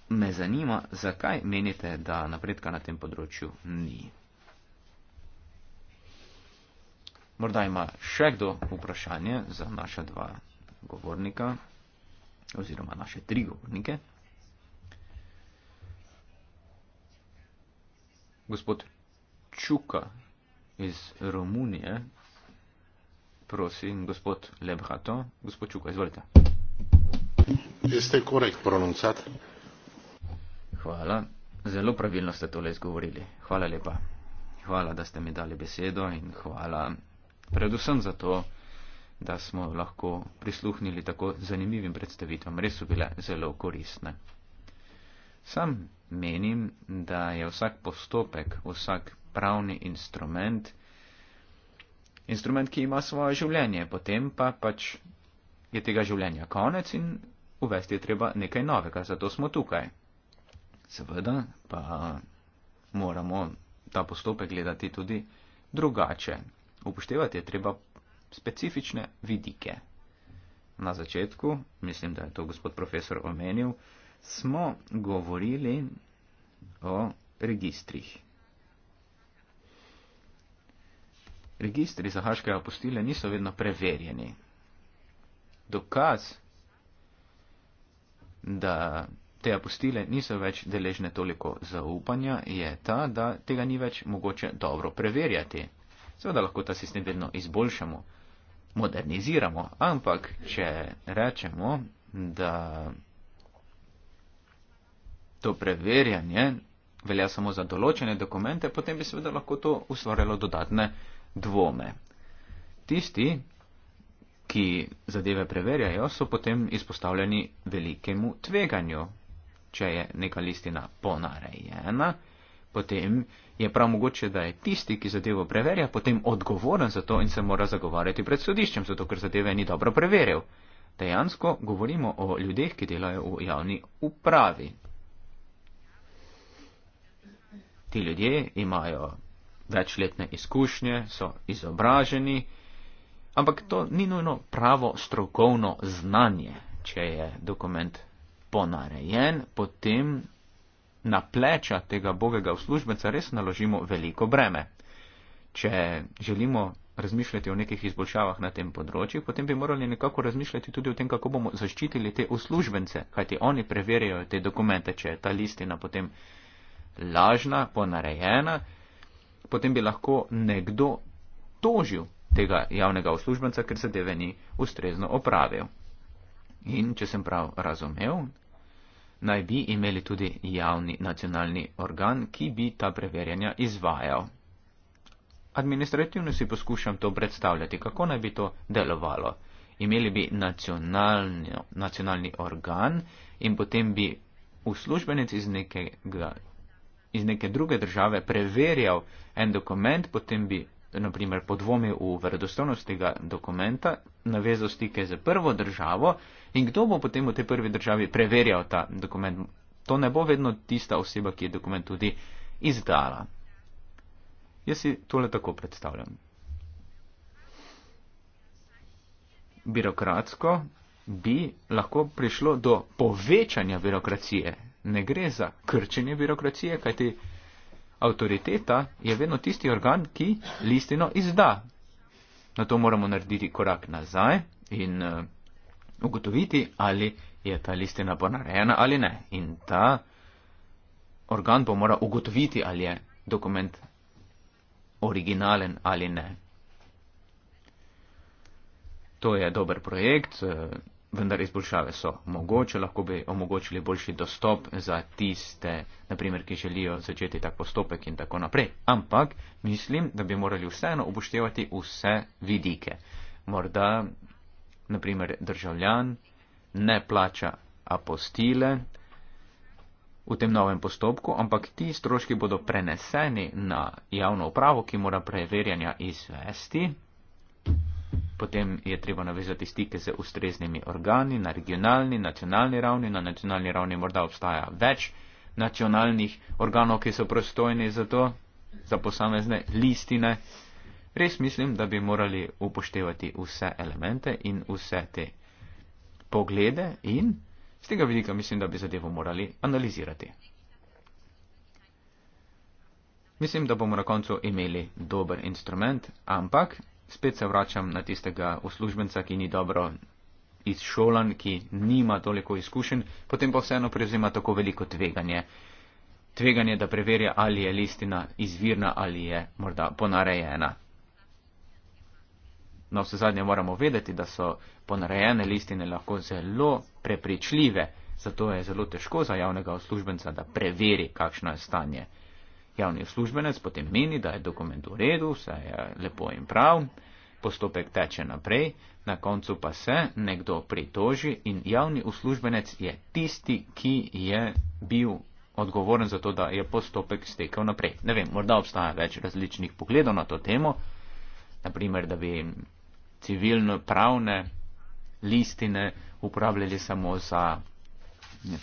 me zanima, zakaj menite, da napredka na tem področju ni. Morda ima še kdo vprašanje za naša dva govornika oziroma naše tri govornike. gospod Čuka iz Romunije. Prosim, gospod Lebrato, gospod Čuka, izvolite. Jeste korek pronuncat? Hvala. Zelo pravilno ste tole izgovorili. Hvala lepa. Hvala, da ste mi dali besedo in hvala predvsem za to, da smo lahko prisluhnili tako zanimivim predstavitvam. Res so bile zelo koristne. Sam menim, da je vsak postopek, vsak pravni instrument, instrument, ki ima svoje življenje, potem pa pač je tega življenja konec in uvesti je treba nekaj novega, zato smo tukaj. Seveda pa moramo ta postopek gledati tudi drugače. Upoštevati je treba specifične vidike. Na začetku, mislim, da je to gospod profesor omenil, smo govorili o registrih. Registri Zahaške apostile niso vedno preverjeni. Dokaz, da te apostile niso več deležne toliko zaupanja, je ta, da tega ni več mogoče dobro preverjati. Seveda lahko ta sistem vedno izboljšamo, moderniziramo, ampak če rečemo, da to preverjanje velja samo za določene dokumente, potem bi seveda lahko to ustvarjalo dodatne dvome. Tisti, ki zadeve preverjajo, so potem izpostavljeni velikemu tveganju. Če je neka listina ponarejena, potem je prav mogoče, da je tisti, ki zadevo preverja, potem odgovoren za to in se mora zagovarjati pred sodiščem, zato ker zadeve ni dobro preveril. Dejansko govorimo o ljudeh, ki delajo v javni upravi. Ti ljudje imajo večletne izkušnje, so izobraženi, ampak to ni nujno pravo strokovno znanje. Če je dokument ponarejen, potem na pleča tega bogega uslužbenca res naložimo veliko breme. Če želimo razmišljati o nekih izboljšavah na tem področju, potem bi morali nekako razmišljati tudi o tem, kako bomo zaščitili te uslužbence, kajti oni preverjajo te dokumente, če je ta listina potem lažna, ponarejena, potem bi lahko nekdo tožil tega javnega uslužbenca, ker zadeve ni ustrezno opravil. In če sem prav razumel, naj bi imeli tudi javni nacionalni organ, ki bi ta preverjanja izvajal. Administrativno si poskušam to predstavljati, kako naj bi to delovalo. Imeli bi nacionalni organ in potem bi uslužbenec iz nekega iz neke druge države preverjal en dokument, potem bi, naprimer, podvomil v verodostojnost tega dokumenta, navezal stike za prvo državo in kdo bo potem v tej prvi državi preverjal ta dokument. To ne bo vedno tista oseba, ki je dokument tudi izdala. Jaz si tole tako predstavljam. Birokratsko bi lahko prišlo do povečanja birokracije, ne gre za krčenje birokracije, kajti avtoriteta je vedno tisti organ, ki listino izda. Na to moramo narediti korak nazaj in eh, ugotoviti, ali je ta listina ponarejena ali ne. In ta organ bo mora ugotoviti, ali je dokument originalen ali ne. To je dober projekt, eh, vendar izboljšave so mogoče, lahko bi omogočili boljši dostop za tiste, naprimer, ki želijo začeti tak postopek in tako naprej. Ampak mislim, da bi morali vseeno upoštevati vse vidike. Morda, naprimer, državljan ne plača apostile v tem novem postopku, ampak ti stroški bodo preneseni na javno upravo, ki mora preverjanja izvesti. Potem je treba navezati stike z ustreznimi organi na regionalni, nacionalni ravni. Na nacionalni ravni morda obstaja več nacionalnih organov, ki so prostojni za to, za posamezne listine. Res mislim, da bi morali upoštevati vse elemente in vse te poglede in z tega vidika mislim, da bi zadevo morali analizirati. Mislim, da bomo na koncu imeli dober instrument, ampak spet se vračam na tistega uslužbenca, ki ni dobro izšolan, ki nima toliko izkušenj, potem pa vseeno prevzema tako veliko tveganje. Tveganje, da preverja, ali je listina izvirna ali je morda ponarejena. Na no, vse zadnje moramo vedeti, da so ponarejene listine lahko zelo prepričljive, zato je zelo težko za javnega uslužbenca, da preveri, kakšno je stanje javni uslužbenec potem meni, da je dokument v redu, vse je lepo in prav, postopek teče naprej, na koncu pa se nekdo pritoži in javni uslužbenec je tisti, ki je bil odgovoren za to, da je postopek stekel naprej. Ne vem, morda obstaja več različnih pogledov na to temo, naprimer, da bi civilno pravne listine uporabljali samo za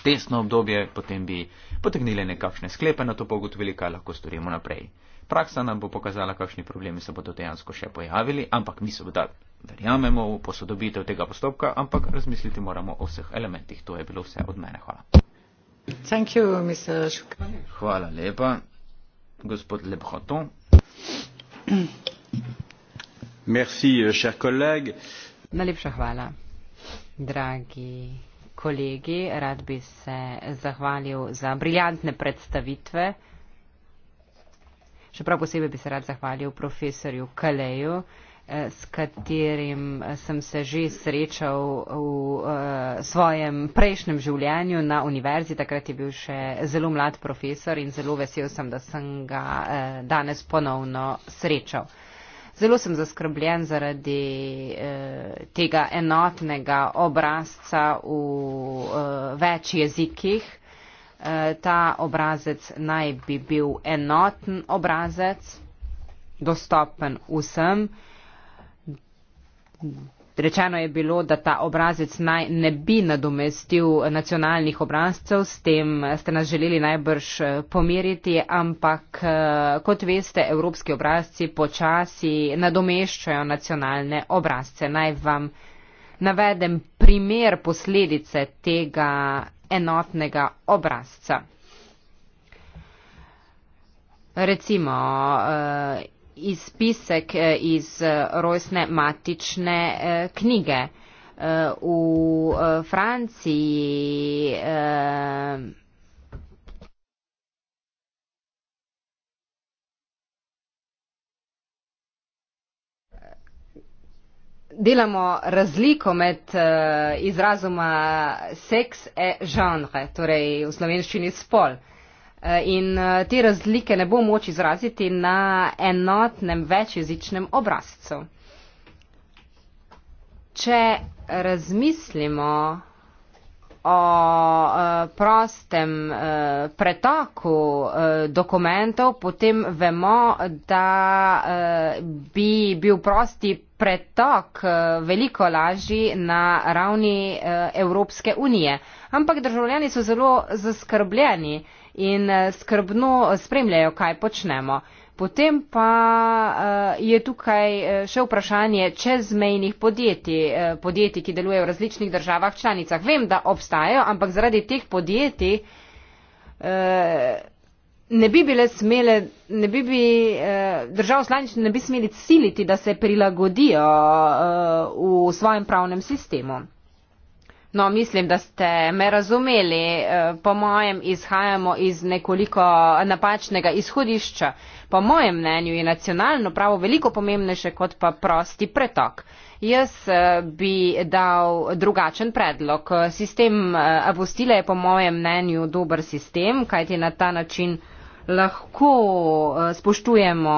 testno obdobje, potem bi potegnili nekakšne sklepe na to, pa ugotovili, kaj lahko storimo naprej. Praksa nam bo pokazala, kakšni problemi se bodo dejansko še pojavili, ampak mi seveda verjamemo v posodobitev tega postopka, ampak razmisliti moramo o vseh elementih. To je bilo vse od mene. Hvala. You, Hvala lepa, gospod Lebhoto. Merci, euh, cher collègue. Najlepša hvala, dragi kolegi, rad bi se zahvalil za briljantne predstavitve. Še prav posebej bi se rad zahvalil profesorju Kaleju, eh, s katerim eh, sem se že srečal v eh, svojem prejšnjem življenju na univerzi. Takrat je bil še zelo mlad profesor in zelo vesel sem, da sem ga danes ponovno srečal. Zelo sem zaskrbljen zaradi eh, tega enotnega obrazca v eh, več jezikih. Eh, ta obrazec naj bi bil enoten obrazec, dostopen vsem. Rečeno je bilo, da ta obrazec naj ne bi nadomestil nacionalnih obrazcev, s tem ste nas želeli najbrž eh, pomiriti, ampak eh, kot veste, evropski obrazci počasi nadomeščajo nacionalne obrazce. Naj vam navedem primer posledice tega enotnega obrazca. Recimo, eh, izpisek eh, iz eh, rojstne matične eh, knjige. V Franciji delamo razliko med izrazoma seks e genre, torej v slovenščini spol. Eh, in eh, te razlike ne bo moč izraziti na enotnem večjezičnem obrazcu. Če razmislimo o eh, prostem pretoku dokumentov, potem vemo, da bi bil prosti pretok veliko lažji na ravni Evropske unije. Ampak državljani so zelo zaskrbljeni in eh, skrbno spremljajo, kaj počnemo. Potem pa eh, je tukaj eh, še vprašanje čezmejnih podjetij, podjetij, ki delujejo v različnih državah članicah. Vem, da obstajajo, ampak zaradi teh podjetij ne bi bile smele, ne bi bi držav članične ne bi smeli ciliti, da se prilagodijo v svojem pravnem sistemu. No, mislim, da ste me razumeli. Eh, po mojem izhajamo iz nekoliko napačnega izhodišča. Po mojem mnenju je nacionalno pravo veliko pomembnejše kot pa prosti pretok. Jaz eh, bi dal drugačen predlog. Sistem eh, apostile je po mojem mnenju dober sistem, kajti na ta način lahko spoštujemo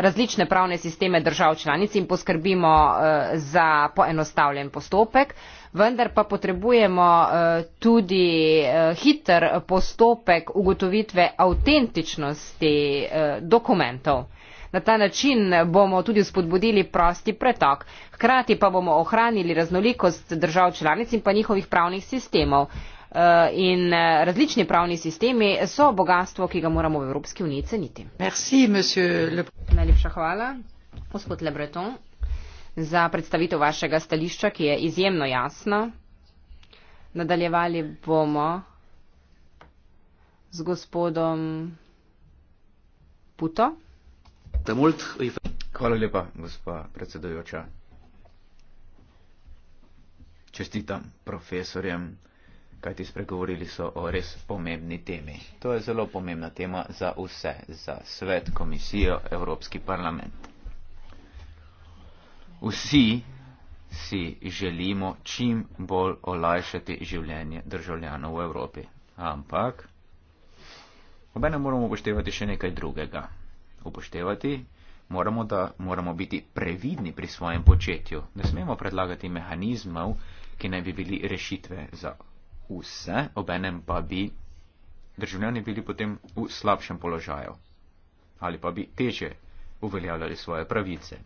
različne pravne sisteme držav članic in poskrbimo za poenostavljen postopek vendar pa potrebujemo eh, tudi eh, hiter postopek ugotovitve avtentičnosti eh, dokumentov. Na ta način bomo tudi spodbudili prosti pretok, hkrati pa bomo ohranili raznolikost držav članic in pa njihovih pravnih sistemov. In različni pravni sistemi so bogatstvo, ki ga moramo v Evropski uniji ceniti. Merci, monsieur... Najlepša hvala, gospod Le Breton za predstavitev vašega stališča, ki je izjemno jasno. Nadaljevali bomo z gospodom Puto. Hvala lepa, gospa predsedojoča. Čestitam profesorjem, kajti spregovorili so o res pomembni temi. To je zelo pomembna tema za vse, za svet, komisijo, Evropski parlament. Vsi si želimo čim bolj olajšati življenje državljanov v Evropi. Ampak obenem moramo upoštevati še nekaj drugega. Upoštevati moramo, da moramo biti previdni pri svojem početju. Ne smemo predlagati mehanizmov, ki naj bi bili rešitve za vse, obenem pa bi državljani bili potem v slabšem položaju ali pa bi teže uveljavljali svoje pravice.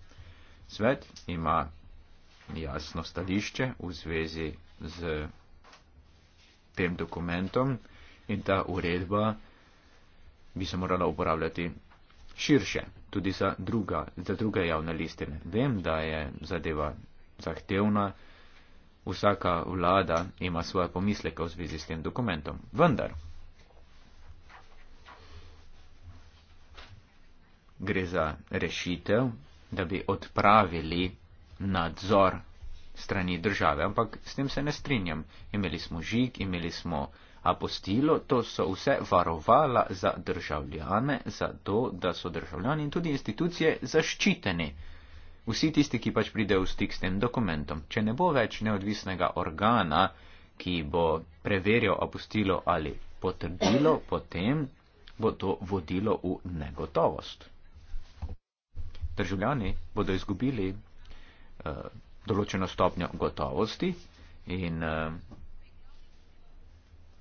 Svet ima jasno stališče v zvezi z tem dokumentom in ta uredba bi se morala uporabljati širše, tudi za, druga, za druge javne listine. Vem, da je zadeva zahtevna, vsaka vlada ima svoje pomisleke v zvezi s tem dokumentom, vendar gre za rešitev, da bi odpravili nadzor strani države. Ampak s tem se ne strinjam. Imeli smo žig, imeli smo apostilo, to so vse varovala za državljane, za to, da so državljani in tudi institucije zaščiteni. Vsi tisti, ki pač pridejo v stik s tem dokumentom. Če ne bo več neodvisnega organa, ki bo preverjal apostilo ali potrdilo, potem bo to vodilo v negotovost državljani bodo izgubili uh, določeno stopnjo gotovosti in uh,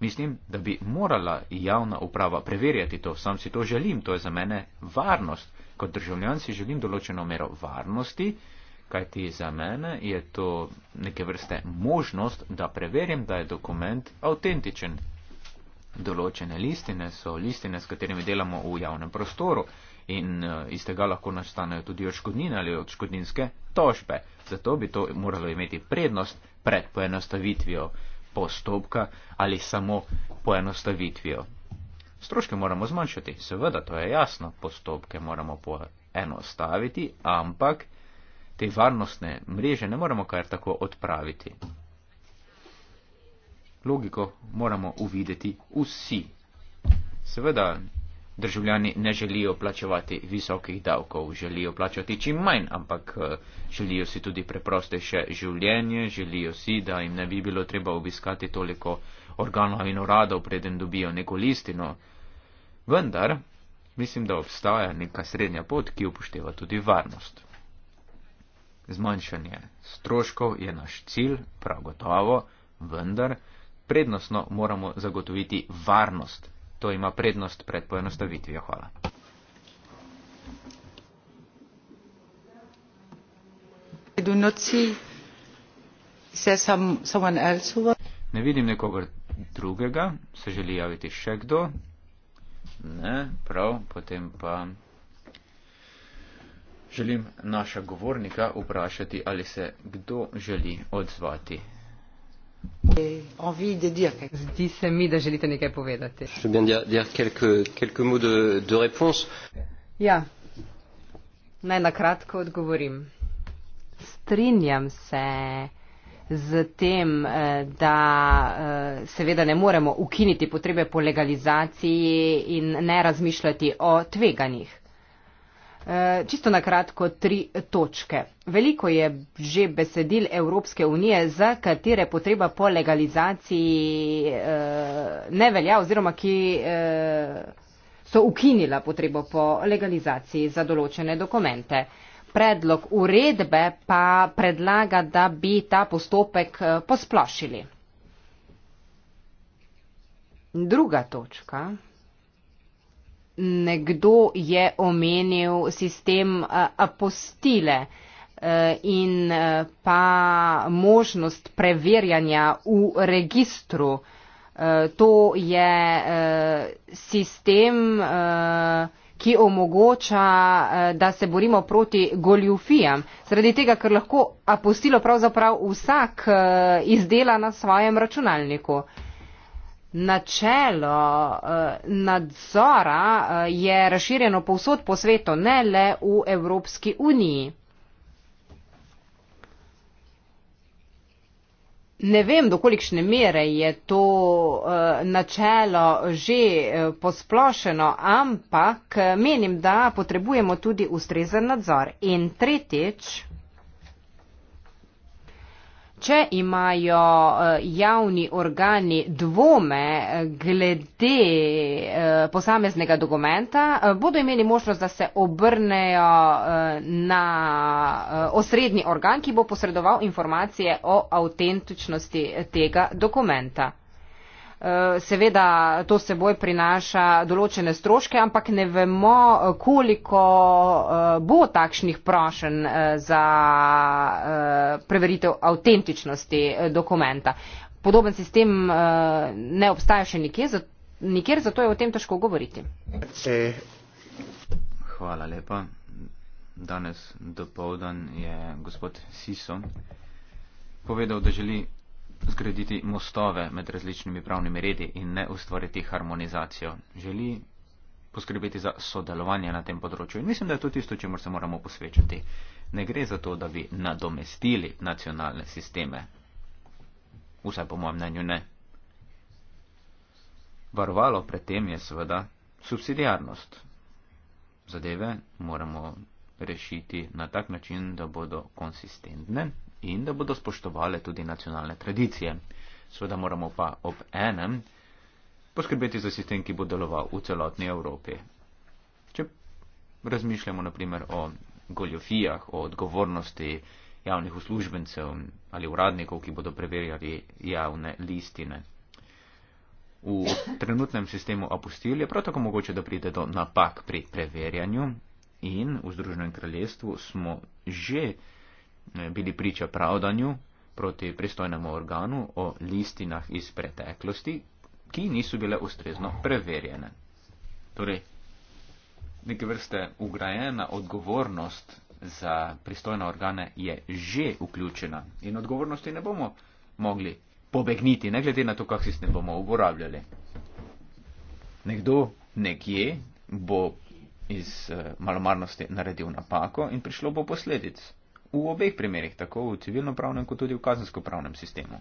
mislim, da bi morala javna uprava preverjati to. Sam si to želim, to je za mene varnost. Kot državljan si želim določeno mero varnosti, kajti za mene je to neke vrste možnost, da preverim, da je dokument avtentičen. Določene listine so listine, s katerimi delamo v javnem prostoru in eh, iz tega lahko nastanejo tudi odškodnine ali odškodninske tožbe. Zato bi to moralo imeti prednost pred poenostavitvijo postopka ali samo poenostavitvijo. Stroške moramo zmanjšati, seveda to je jasno, postopke moramo poenostaviti, ampak te varnostne mreže ne moremo kar tako odpraviti. Logiko moramo uvideti vsi. Seveda državljani ne želijo plačevati visokih davkov, želijo plačati čim manj, ampak eh, želijo si tudi preprostejše življenje, želijo si, da jim ne bi bilo treba obiskati toliko organov in uradov, preden dobijo neko listino. Vendar mislim, da obstaja neka srednja pot, ki upošteva tudi varnost. Zmanjšanje stroškov je naš cilj, prav gotovo, vendar prednostno moramo zagotoviti varnost to ima prednost pred poenostavitvijo. Hvala. Ne vidim nekoga drugega. Se želi javiti še kdo? Ne, prav. Potem pa želim naša govornika vprašati, ali se kdo želi odzvati Zdi se mi, da želite nekaj povedati. Ja, naj na kratko odgovorim. Strinjam se z tem, eh, da eh, seveda ne moremo ukiniti potrebe po legalizaciji in ne razmišljati o tveganjih. Eh, čisto na kratko tri točke. Veliko je že besedil Evropske unije, za katere potreba po legalizaciji eh, ne velja oziroma ki eh, so ukinila potrebo po legalizaciji za določene dokumente. Predlog uredbe pa predlaga, da bi ta postopek posplošili. Druga točka nekdo je omenil sistem eh, apostile eh, in eh, pa možnost preverjanja v registru. To je sistem, ki omogoča, da se borimo proti goljufijam, zaradi tega, ker lahko apostilo pravzaprav vsak izdela na svojem računalniku. Načelo eh, nadzora eh, je razširjeno povsod po svetu, ne le v Evropski uniji. Ne vem, do kolikšne mere je to eh, načelo že posplošeno, ampak menim, da potrebujemo tudi ustrezen nadzor. In tretjič, če imajo eh, javni organi dvome eh, glede eh, posameznega dokumenta, bodo imeli možnost, da se obrnejo na osrednji organ, ki bo posredoval informacije o avtentičnosti tega dokumenta. Eh, seveda to seboj prinaša določene stroške, ampak ne vemo, koliko eh, bo takšnih prošen eh, za preveritev avtentičnosti dokumenta. Podoben sistem ne obstaja še nikjer, zato je o tem težko govoriti. E. Hvala lepa. Danes dopovdan je gospod Siso povedal, da želi zgraditi mostove med različnimi pravnimi redi in ne ustvariti harmonizacijo. Želi poskrbeti za sodelovanje na tem področju in mislim, da je to tisto, čemu se moramo posvečati. Ne gre za to, da bi nadomestili nacionalne sisteme. Vsaj po mojem mnenju ne. Varovalo predtem je seveda subsidijarnost. Zadeve moramo rešiti na tak način, da bodo konsistentne in da bodo spoštovale tudi nacionalne tradicije. Sveda moramo pa ob enem poskrbeti za sistem, ki bo deloval v celotni Evropi. Če razmišljamo naprimer o goljofijah, o odgovornosti javnih uslužbencev ali uradnikov, ki bodo preverjali javne listine. V trenutnem sistemu apostil je prav tako mogoče, da pride do napak pri preverjanju in v Združenem kraljestvu smo že bili priča pravdanju proti pristojnemu organu o listinah iz preteklosti, ki niso bile ustrezno preverjene. Torej, neke vrste ugrajena odgovornost za pristojne organe je že vključena in odgovornosti ne bomo mogli pobegniti, ne glede na to, kak si ne bomo uporabljali. Nekdo nekje bo iz eh, malomarnosti naredil napako in prišlo bo posledic v obeh primerjih, tako v civilno-pravnem, kot tudi v kazensko-pravnem sistemu.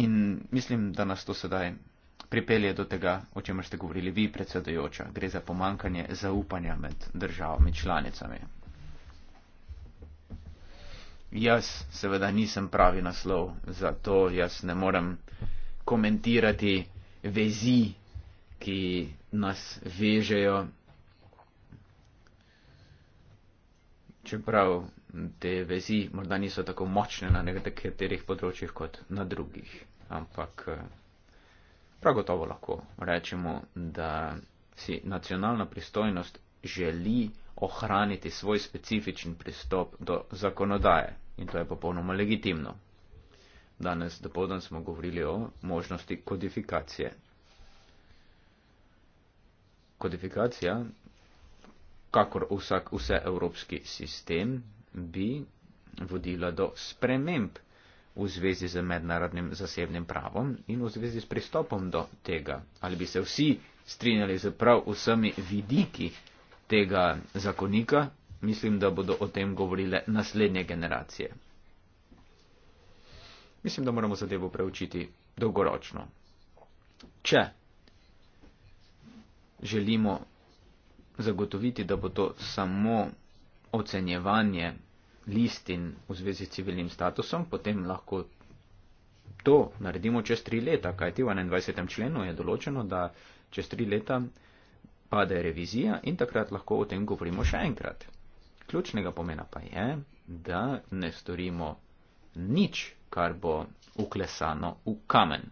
In mislim, da nas to sedaj pripelje do tega, o čemer ste govorili vi, predsedojoča. Gre za pomankanje zaupanja med državami članicami. Jaz seveda nisem pravi naslov za to, jaz ne morem komentirati vezi, ki nas vežejo čeprav te vezi morda niso tako močne na nekaterih področjih kot na drugih. Ampak eh, prav gotovo lahko rečemo, da si nacionalna pristojnost želi ohraniti svoj specifičen pristop do zakonodaje in to je popolnoma legitimno. Danes dopoldan smo govorili o možnosti kodifikacije. Kodifikacija kakor vsak vse evropski sistem, bi vodila do sprememb v zvezi z mednarodnim zasebnim pravom in v zvezi s pristopom do tega. Ali bi se vsi strinjali z prav vsemi vidiki tega zakonika, mislim, da bodo o tem govorile naslednje generacije. Mislim, da moramo zadevo preučiti dolgoročno. Če želimo zagotoviti, da bo to samo ocenjevanje listin v zvezi s civilnim statusom, potem lahko to naredimo čez tri leta, kajti v 21. členu je določeno, da čez tri leta pade revizija in takrat lahko o tem govorimo še enkrat. Ključnega pomena pa je, da ne storimo nič, kar bo uklesano v kamen.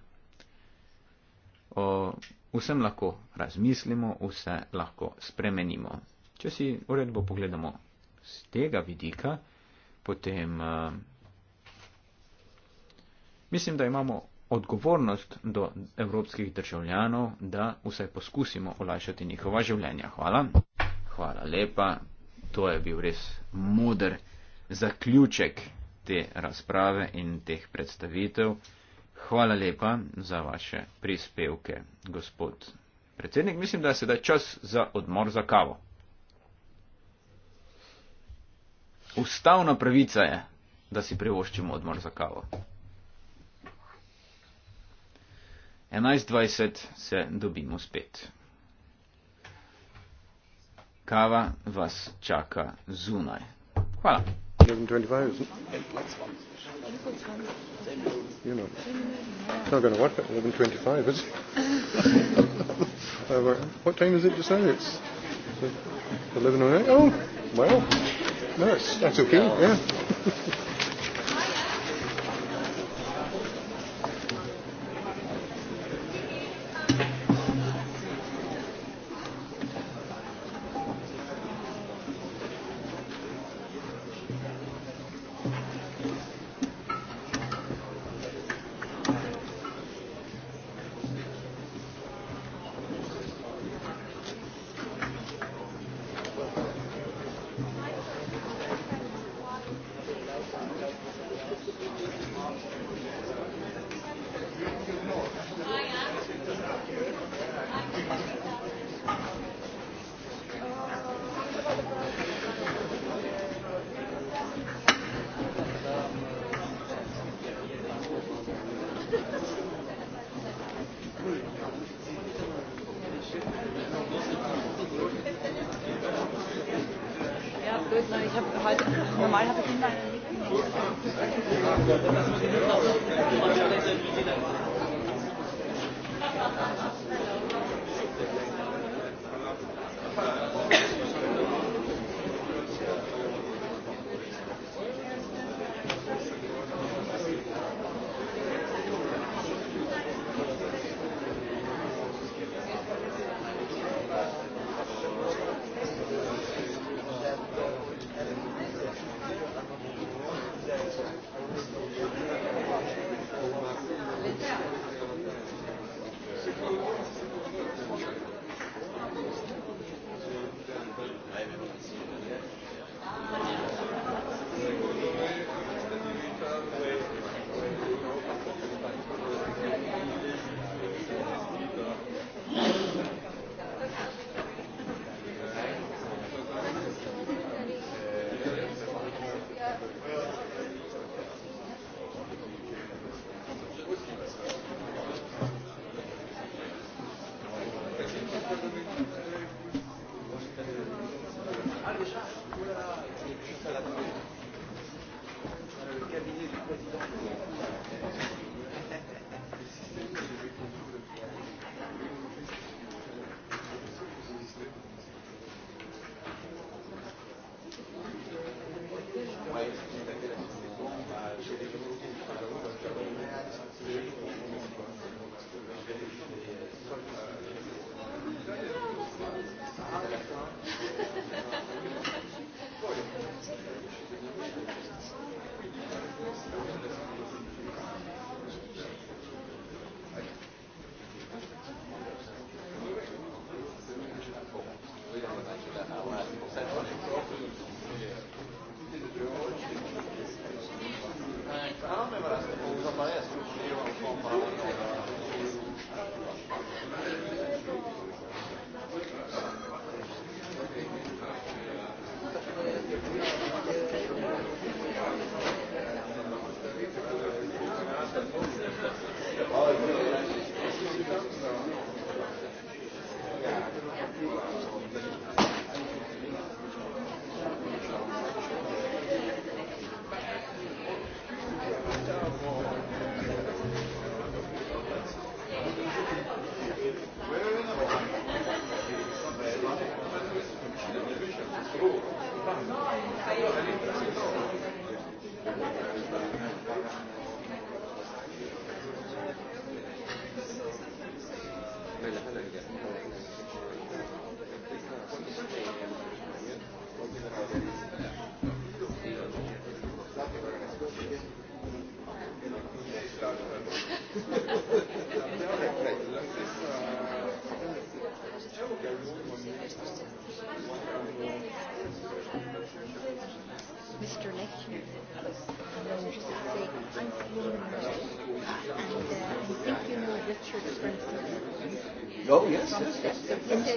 O vsem lahko razmislimo, vse lahko spremenimo. Če si uredbo pogledamo z tega vidika, potem uh, mislim, da imamo odgovornost do evropskih državljanov, da vse poskusimo olajšati njihova življenja. Hvala. Hvala lepa. To je bil res moder zaključek te razprave in teh predstavitev. Hvala lepa za vaše prispevke, gospod predsednik. Mislim, da je sedaj čas za odmor za kavo. Ustavna pravica je, da si privoščimo odmor za kavo. 11.20 se dobimo spet. Kava vas čaka zunaj. Hvala. 11.25. You know, it's not going to work at 11.25, is it? Uh, what time is it to say? It's 11.08? Oh, well, no, that's okay, yeah. blöd, ne? ich habe heute, normal habe ich immer. Thank you.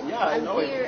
yeah, I know it.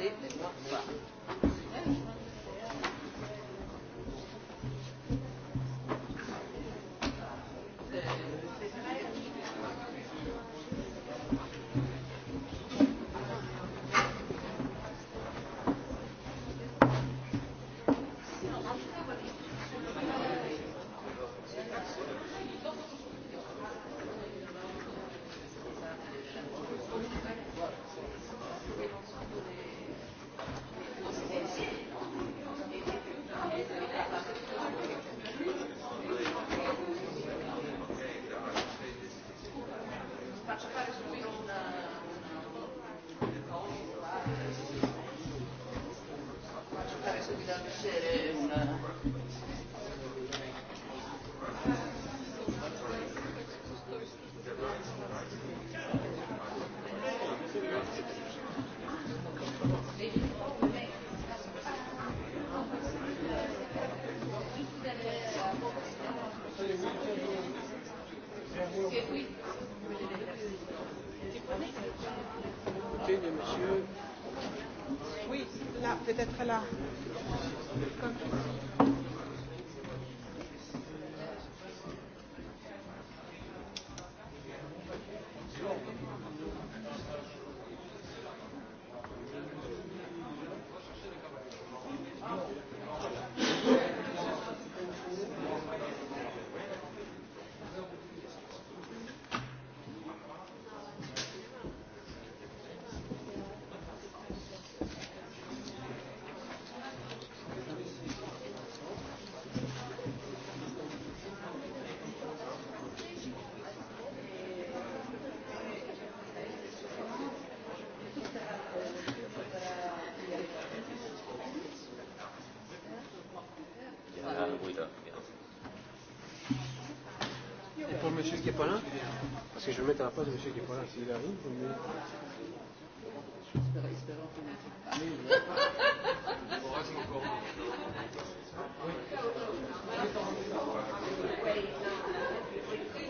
c'est mémoire phare. voilà comme pas là Parce que je vais mettre à la place du monsieur qui est pas là. S'il si arrive, vous mettez. J'espère, j'espère. Oui,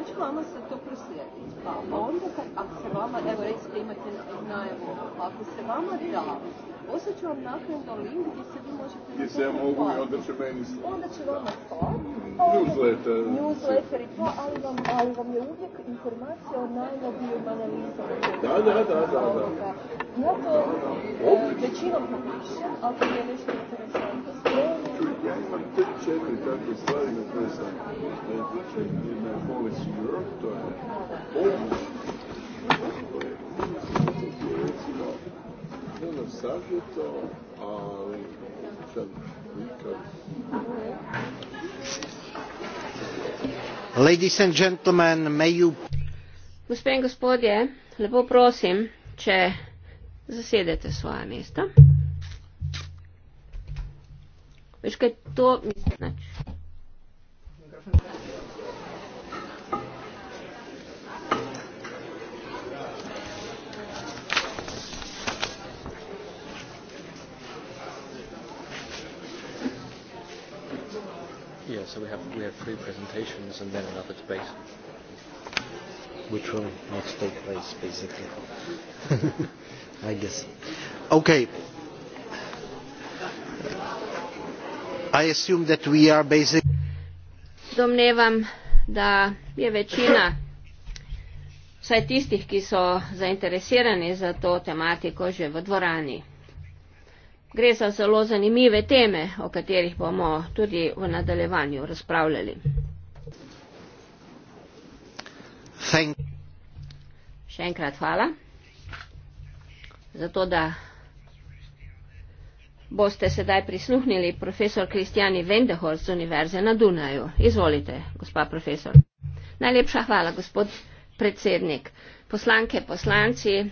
kad ja će vama se to proslijediti? Pa onda kad, ako se vama, evo recite imate najavu, ako se vama da, poslije ću vam naknadno link gdje se vi možete... Gdje se ja mogu i onda će meni slati. Onda će vama to. Pa newsletter. Newsletter i to, ali vam, ali vam je uvijek informacija o najnovijom analizama. Da, da, da, da. da. Ja to da, da. E, većinom popišem, ako je nešto interesantno, spremno ja imam te četiri takve stvari na koje sam najpriče, jedna je bolest u rok, to je ovo, to je recimo, ne na savjeto, ali sam nikad... Ladies and gentlemen, may you... Gospe in gospodje, lepo prosim, če zasedete svoje mesto. Veš kaj to misli, nač. Yeah, so we have we have three presentations and then another debate, which will not take place, basically. I guess. Okay domnevam da je večina vsaj tistih ki so zainteresirani za to tematiko že v dvorani gre za zelo zanimive teme o katerih bomo tudi v nadaljevanju razpravljali še enkrat hvala za to da Boste sedaj prisluhnili profesor Kristjani Vendehor z Univerze na Dunaju. Izvolite, gospa profesor. Najlepša hvala, gospod predsednik. Poslanke, poslanci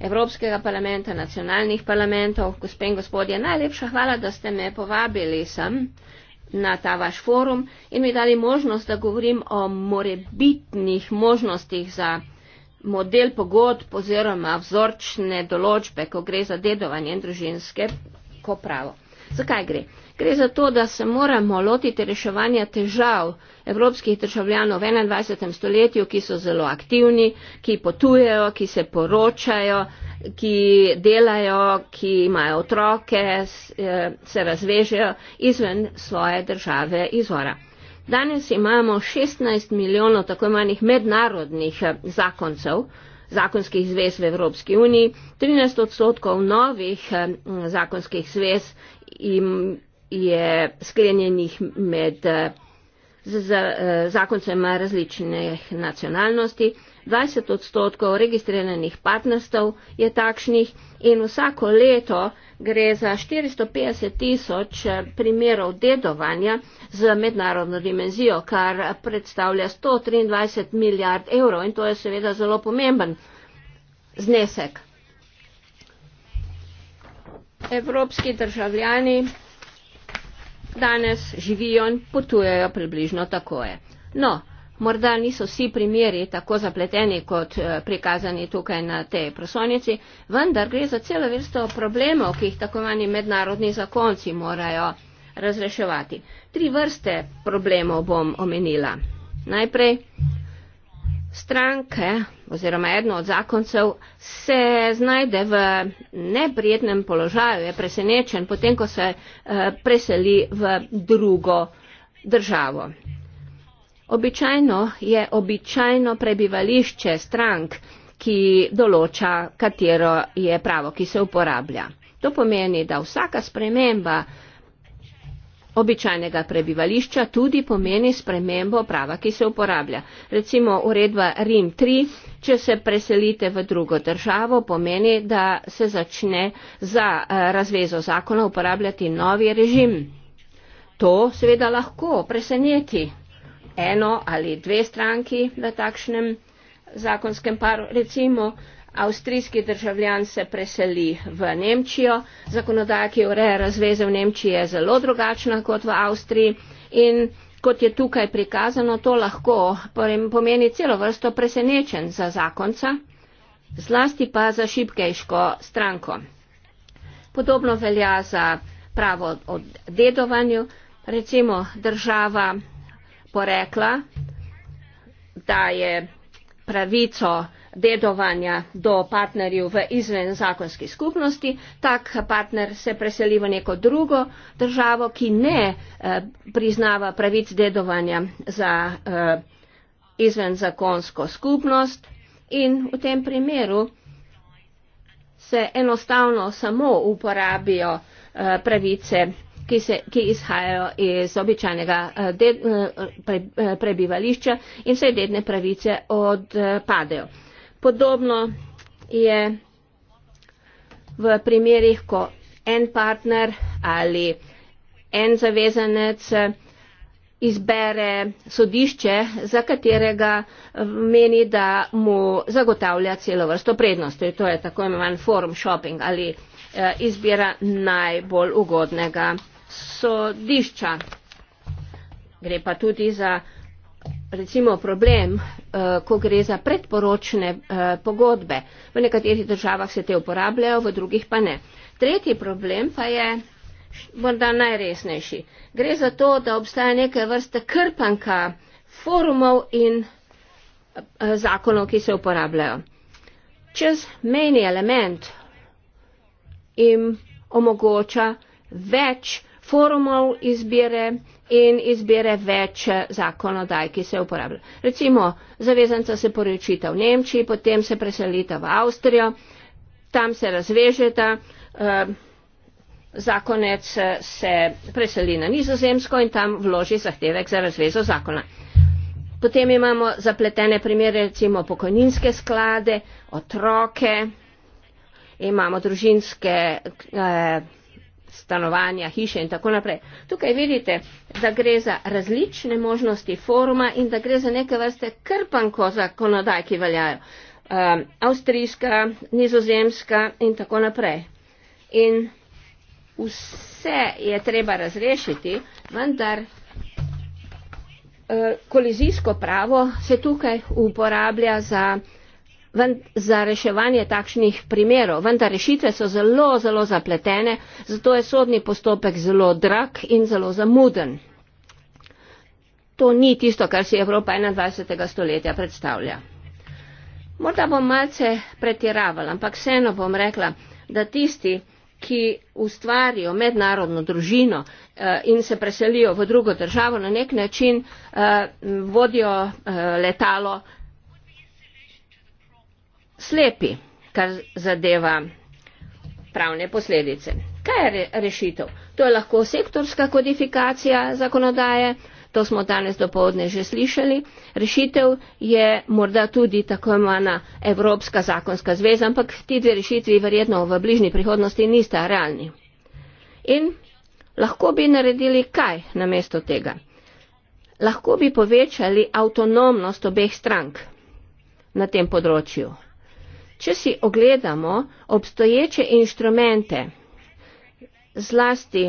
Evropskega parlamenta, nacionalnih parlamentov, gospe in gospodje, najlepša hvala, da ste me povabili sem na ta vaš forum in mi dali možnost, da govorim o morebitnih možnostih za model pogodb oziroma vzorčne določbe, ko gre za dedovanje in družinske veliko pravo. Zakaj gre? Gre za to, da se moramo lotiti reševanja težav evropskih državljanov v 21. stoletju, ki so zelo aktivni, ki potujejo, ki se poročajo, ki delajo, ki imajo otroke, eh, se razvežejo izven svoje države izvora. Danes imamo 16 milijonov tako imenih mednarodnih eh, zakoncev, zakonskih zvez v Evropski uniji, 13 odstotkov novih zakonskih zvez je sklenjenih med eh, z, z, eh, zakoncem različnih nacionalnosti, 20 odstotkov registriranih partnerstv je takšnih in vsako leto gre za 450 tisoč eh, primerov dedovanja z mednarodno dimenzijo, kar predstavlja 123 milijard evrov in to je seveda zelo pomemben znesek. Evropski državljani danes živijo in potujejo približno tako je. No, morda niso vsi primeri tako zapleteni, kot eh, prikazani tukaj na tej prosojnici, vendar gre za celo vrsto problemov, ki jih tako manj mednarodni zakonci morajo razreševati. Tri vrste problemov bom omenila. Najprej stranke oziroma eno od zakoncev se znajde v neprijetnem položaju, je presenečen potem, ko se uh, preseli v drugo državo. Običajno je običajno prebivališče strank, ki določa, katero je pravo, ki se uporablja. To pomeni, da vsaka sprememba običajnega prebivališča tudi pomeni spremembo prava, ki se uporablja. Recimo uredba Rim 3, če se preselite v drugo državo, pomeni, da se začne za eh, razvezo zakona uporabljati novi režim. To seveda lahko preseneti eno ali dve stranki v takšnem zakonskem paru. Recimo, avstrijski državljan se preseli v Nemčijo, zakonodaja, ki ureja razveze v Nemčiji, je zelo drugačna kot v Avstriji in kot je tukaj prikazano, to lahko pomeni celo vrsto presenečen za zakonca, zlasti pa za šipkejško stranko. Podobno velja za pravo o dedovanju, recimo država porekla daje pravico dedovanja do partnerjev v izvenzakonski skupnosti, tak partner se preseli v neko drugo državo, ki ne eh, priznava pravic dedovanja za eh, izvenzakonsko skupnost in v tem primeru se enostavno samo uporabijo eh, pravice ki, se, ki izhajajo iz običajnega eh, de, eh, pre, eh, prebivališča in vse dedne pravice odpadejo. Podobno je v primerih, ko en partner ali en zavezanec izbere sodišče, za katerega meni, da mu zagotavlja celo vrsto prednosti. To je tako imenovan forum shopping ali izbira najbolj ugodnega sodišča. Gre pa tudi za recimo problem, eh, ko gre za predporočne eh, pogodbe. V nekaterih državah se te uporabljajo, v drugih pa ne. Tretji problem pa je morda najresnejši. Gre za to, da obstaja neke vrste krpanka forumov in eh, zakonov, ki se uporabljajo. Čez mejni element jim omogoča več forumov izbire in izbire več zakonodaj, ki se uporabljajo. Recimo, zavezanca se poročita v Nemčiji, potem se preselita v Avstrijo, tam se razvežeta, eh, zakonec eh, se preseli na nizozemsko in tam vloži zahtevek za razvezo zakona. Potem imamo zapletene primere, recimo pokojninske sklade, otroke, imamo družinske. Eh, stanovanja, hiše in tako naprej. Tukaj vidite, da gre za različne možnosti foruma in da gre za neke vrste krpanko zakonodaj, ki veljajo. Um, avstrijska, nizozemska in tako naprej. In vse je treba razrešiti, vendar uh, kolizijsko pravo se tukaj uporablja za za reševanje takšnih primerov. Vendar rešitve so zelo, zelo zapletene, zato je sodni postopek zelo drag in zelo zamuden. To ni tisto, kar si Evropa 21. stoletja predstavlja. Morda bom malce pretiravala, ampak vseeno bom rekla, da tisti, ki ustvarijo mednarodno družino eh, in se preselijo v drugo državo, na nek način eh, vodijo eh, letalo slepi, kar zadeva pravne posledice. Kaj je rešitev? To je lahko sektorska kodifikacija zakonodaje, to smo danes dopovdne že slišali. Rešitev je morda tudi tako imena Evropska zakonska zveza, ampak ti dve rešitvi verjetno v bližnji prihodnosti nista realni. In lahko bi naredili kaj namesto tega? Lahko bi povečali avtonomnost obeh strank na tem področju. Če si ogledamo obstoječe inštrumente, zlasti,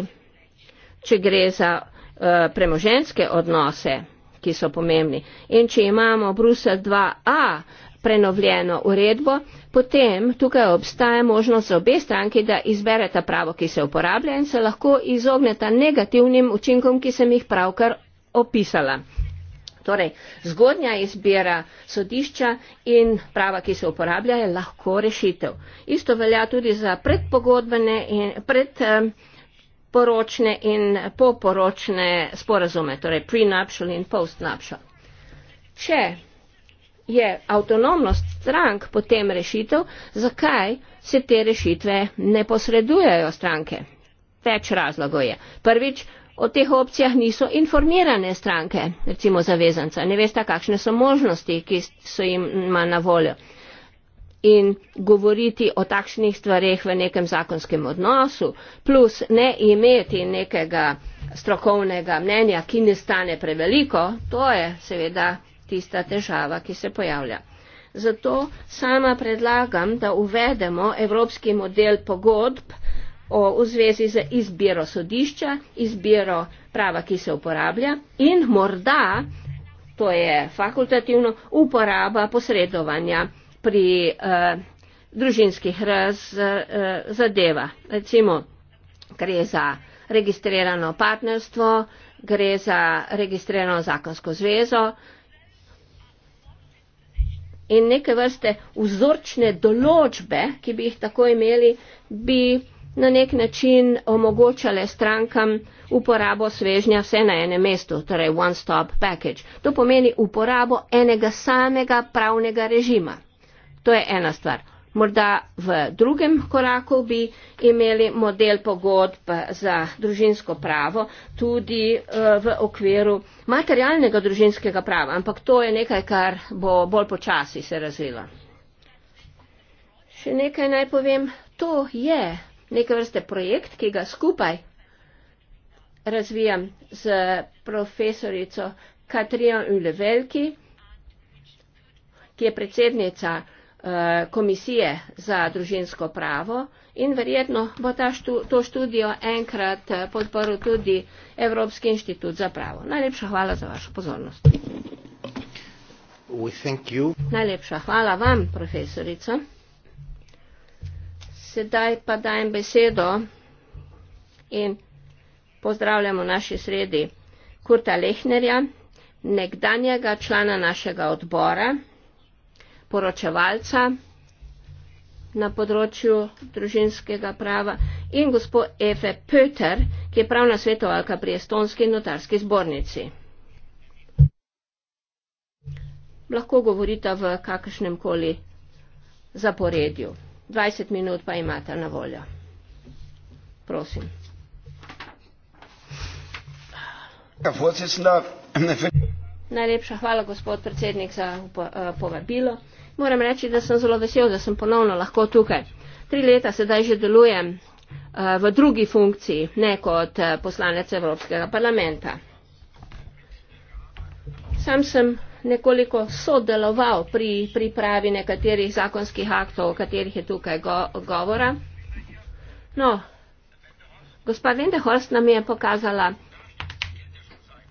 če gre za uh, eh, premoženske odnose, ki so pomembni, in če imamo Brusel 2a prenovljeno uredbo, potem tukaj obstaja možnost za obe stranki, da izbereta pravo, ki se uporablja in se lahko izogneta negativnim učinkom, ki sem jih pravkar opisala. Torej, zgodnja izbira sodišča in prava, ki se uporablja, je lahko rešitev. Isto velja tudi za predpogodbene in predporočne in poporočne sporazume, torej prenuptial in postnuptial. Če je avtonomnost strank potem rešitev, zakaj se te rešitve ne posredujejo stranke? Več razlogov je. Prvič, o teh opcijah niso informirane stranke, recimo zavezanca, ne veste, kakšne so možnosti, ki so jim ima na voljo. In govoriti o takšnih stvarih v nekem zakonskem odnosu, plus ne imeti nekega strokovnega mnenja, ki ne stane preveliko, to je seveda tista težava, ki se pojavlja. Zato sama predlagam, da uvedemo evropski model pogodb, o, v zvezi z izbiro sodišča, izbiro prava, ki se uporablja in morda, to je fakultativno, uporaba posredovanja pri eh, družinskih razadeva. Eh, Recimo, gre za registrirano partnerstvo, gre za registrirano zakonsko zvezo. In neke vrste vzorčne določbe, ki bi jih tako imeli, bi na nek način omogočale strankam uporabo svežnja vse na enem mestu, torej one stop package. To pomeni uporabo enega samega pravnega režima. To je ena stvar. Morda v drugem koraku bi imeli model pogodb za družinsko pravo tudi eh, v okviru materialnega družinskega prava, ampak to je nekaj, kar bo bolj počasi se razvila. Še nekaj naj povem. To je neke vrste projekt, ki ga skupaj razvijam z profesorico Katrino Ulevelki, ki je predsednica eh, komisije za družinsko pravo in verjetno bo ta štu, to študijo enkrat eh, podporil tudi Evropski inštitut za pravo. Najlepša hvala za vašo pozornost. Najlepša hvala vam, profesorica sedaj pa dajem besedo in pozdravljamo naši sredi Kurta Lehnerja, nekdanjega člana našega odbora, poročevalca na področju družinskega prava in gospod Efe Pöter, ki je pravna svetovalka pri Estonski notarski zbornici. Lahko govorite v kakršnem koli zaporedju dvajset minut pa imate na voljo prosim ja, eh, najlepša hvala gospod predsednik za eh, povabilo moram reči da sem zelo vesel da sem ponovno lahko tukaj tri leta sedaj že delujem eh, v drugi funkciji ne kot poslanec evropskega parlamenta sam sem nekoliko sodeloval pri pripravi nekaterih zakonskih aktov, o katerih je tukaj go govora. No, gospa Vendehorst nam je pokazala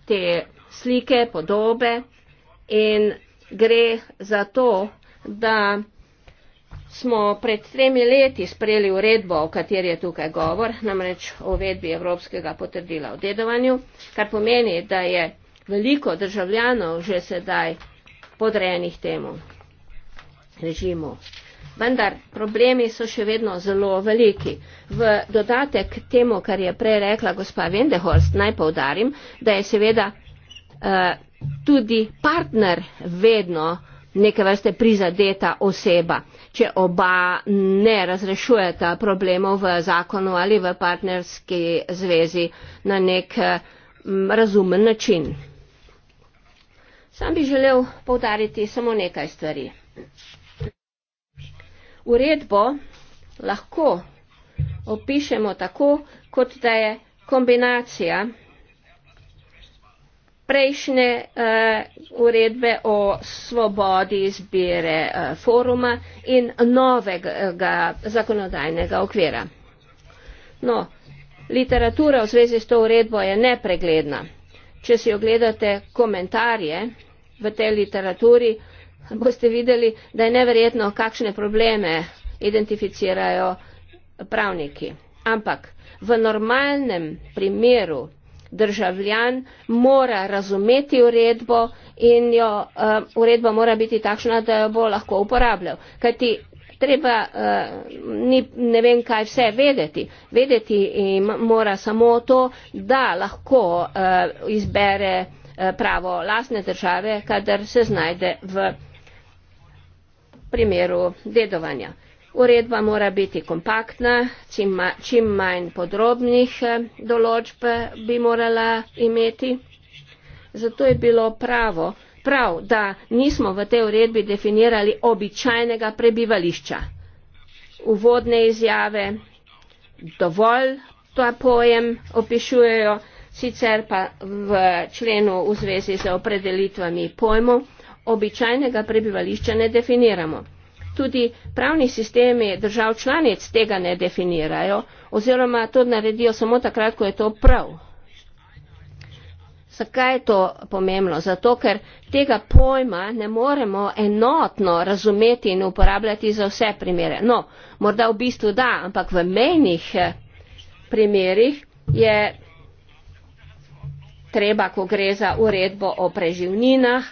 te slike, podobe in gre za to, da smo pred tremi leti sprejeli uredbo, o kateri je tukaj govor, namreč o uvedbi Evropskega potrdila o dedovanju, kar pomeni, da je veliko državljanov že sedaj podrejenih temu režimu. Vendar problemi so še vedno zelo veliki. V dodatek k temu, kar je prej rekla gospa Vendehorst, naj povdarim, da je seveda uh, tudi partner vedno neke vrste prizadeta oseba, če oba ne razrešujeta problemov v zakonu ali v partnerski zvezi na nek uh, razumen način. Sam bi želel povdariti samo nekaj stvari. Uredbo lahko opišemo tako, kot da je kombinacija prejšnje uh, uredbe o svobodi izbire uh, foruma in novega zakonodajnega okvira. No, literatura v zvezi s to uredbo je nepregledna če si ogledate komentarje v tej literaturi, boste videli, da je neverjetno, kakšne probleme identificirajo pravniki. Ampak v normalnem primeru državljan mora razumeti uredbo in jo, uh, uredba mora biti takšna, da jo bo lahko uporabljal. Kajti treba, uh, ni, ne vem kaj vse vedeti. Vedeti mora samo to, da lahko uh, izbere uh, pravo lastne države, kadar se znajde v primeru dedovanja. Uredba mora biti kompaktna, čim, ma, čim manj podrobnih določb bi morala imeti. Zato je bilo pravo, uh, prav, da nismo v tej uredbi definirali običajnega prebivališča. Uvodne izjave dovolj ta pojem opišujejo, sicer pa v členu v zvezi z opredelitvami pojmu običajnega prebivališča ne definiramo. Tudi pravni sistemi držav članic tega ne definirajo oziroma to naredijo samo takrat, ko je to prav. Zakaj je to pomembno? Zato, ker tega pojma ne moremo enotno razumeti in uporabljati za vse primere. No, morda v bistvu da, ampak v menjih eh, primerjih je treba, ko gre za uredbo o preživninah,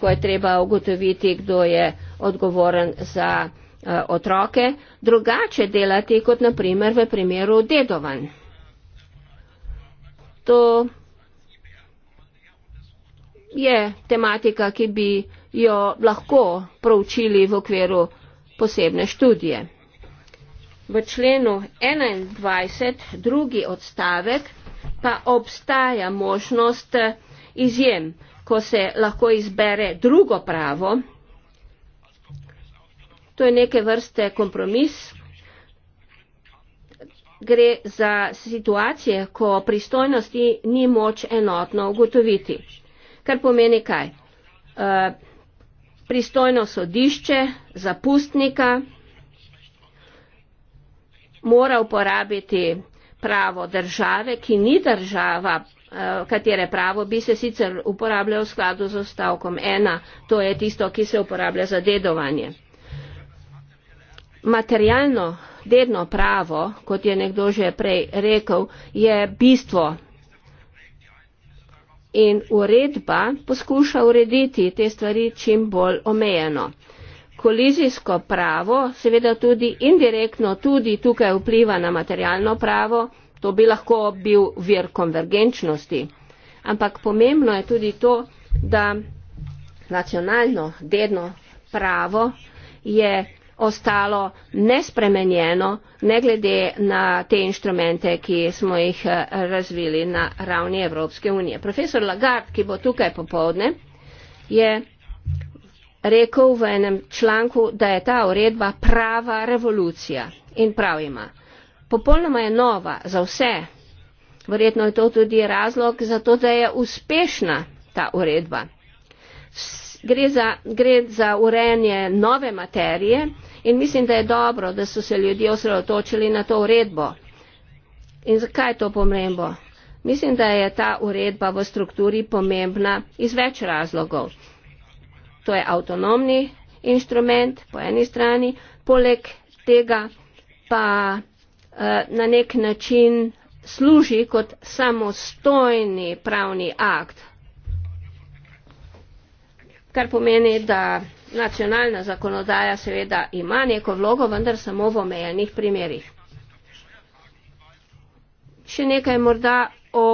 ko je treba ugotoviti, kdo je odgovoren za eh, otroke, drugače delati kot naprimer v primeru dedovanj. To je tematika, ki bi jo lahko proučili v okviru posebne študije. V členu 21. drugi odstavek pa obstaja možnost eh, izjem, ko se lahko izbere drugo pravo. To je neke vrste kompromis. Gre za situacije, ko pristojnosti ni moč enotno ugotoviti kar pomeni kaj? Uh, pristojno sodišče, zapustnika, mora uporabiti pravo države, ki ni država, eh, katere pravo bi se sicer uporabljalo v skladu z ostavkom ena, to je tisto, ki se uporablja za dedovanje. Materialno dedno pravo, kot je nekdo že prej rekel, je bistvo in uredba poskuša urediti te stvari čim bolj omejeno. Kolizijsko pravo seveda tudi indirektno tudi tukaj vpliva na materialno pravo, to bi lahko bil vir konvergenčnosti. Ampak pomembno je tudi to, da nacionalno dedno pravo je ostalo nespremenjeno, ne glede na te inštrumente, ki smo jih eh, razvili na ravni Evropske unije. Profesor Lagarde, ki bo tukaj popovdne, je rekel v enem članku, da je ta uredba prava revolucija in prav ima. Popolnoma je nova za vse. Verjetno je to tudi razlog za to, da je uspešna ta uredba gre za, gre za urejanje nove materije in mislim, da je dobro, da so se ljudje osredotočili na to uredbo. In zakaj je to pomembno? Mislim, da je ta uredba v strukturi pomembna iz več razlogov. To je avtonomni inštrument po eni strani, poleg tega pa eh, na nek način služi kot samostojni pravni akt kar pomeni, da nacionalna zakonodaja seveda ima neko vlogo, vendar samo v omejenih primerjih. Še nekaj morda o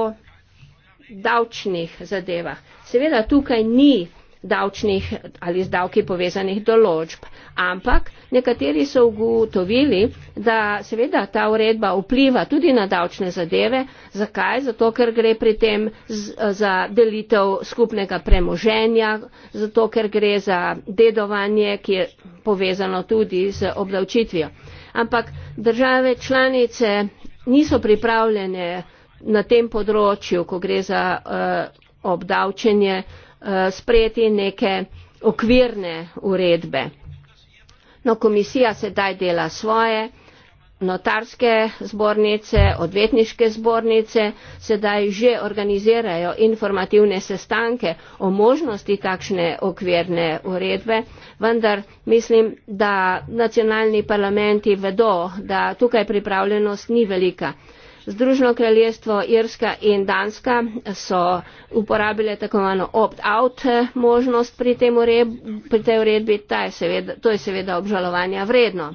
davčnih zadevah. Seveda tukaj ni davčnih ali z davki povezanih določb ampak nekateri so ugotovili, da seveda ta uredba vpliva tudi na davčne zadeve. Zakaj? Zato, ker gre pri tem z, za delitev skupnega premoženja, zato, ker gre za dedovanje, ki je povezano tudi z obdavčitvijo. Ampak države članice niso pripravljene na tem področju, ko gre za uh, obdavčenje, uh, sprejeti neke okvirne uredbe. No, komisija sedaj dela svoje, notarske zbornice, odvetniške zbornice sedaj že organizirajo informativne sestanke o možnosti takšne okvirne uredbe, vendar mislim, da nacionalni parlamenti vedo, da tukaj pripravljenost ni velika. Združeno kraljestvo Irska in Danska so uporabile tako imenovano opt-out eh, možnost pri, ureb, pri tej uredbi, Ta je seveda, to je seveda obžalovanja vredno.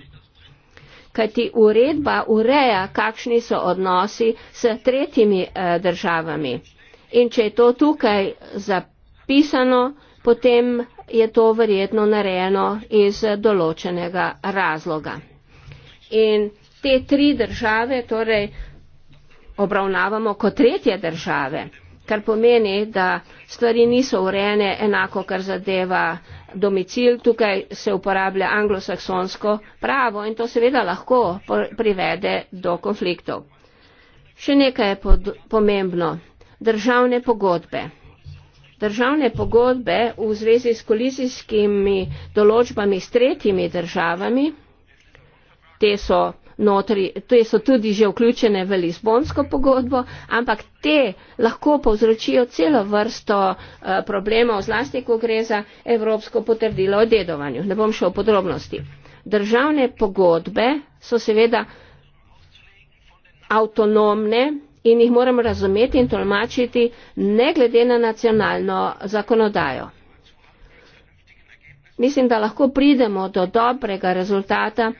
Kajti uredba ureja, kakšni so odnosi s tretjimi eh, državami. In če je to tukaj zapisano, potem je to verjetno narejeno iz določenega razloga. In te tri države, torej obravnavamo kot tretje države, kar pomeni, da stvari niso urejene enako, kar zadeva domicil. Tukaj se uporablja anglosaksonsko pravo in to seveda lahko privede do konfliktov. Še nekaj je pomembno. Državne pogodbe. Državne pogodbe v zvezi s kolizijskimi določbami s tretjimi državami, te so notri, te so tudi že vključene v Lizbonsko pogodbo, ampak te lahko povzročijo celo vrsto uh, problemov, zlasti, ko gre za Evropsko potrdilo o dedovanju. Ne bom šel v podrobnosti. Državne pogodbe so seveda avtonomne in jih moramo razumeti in tolmačiti ne glede na nacionalno zakonodajo. Mislim, da lahko pridemo do dobrega rezultata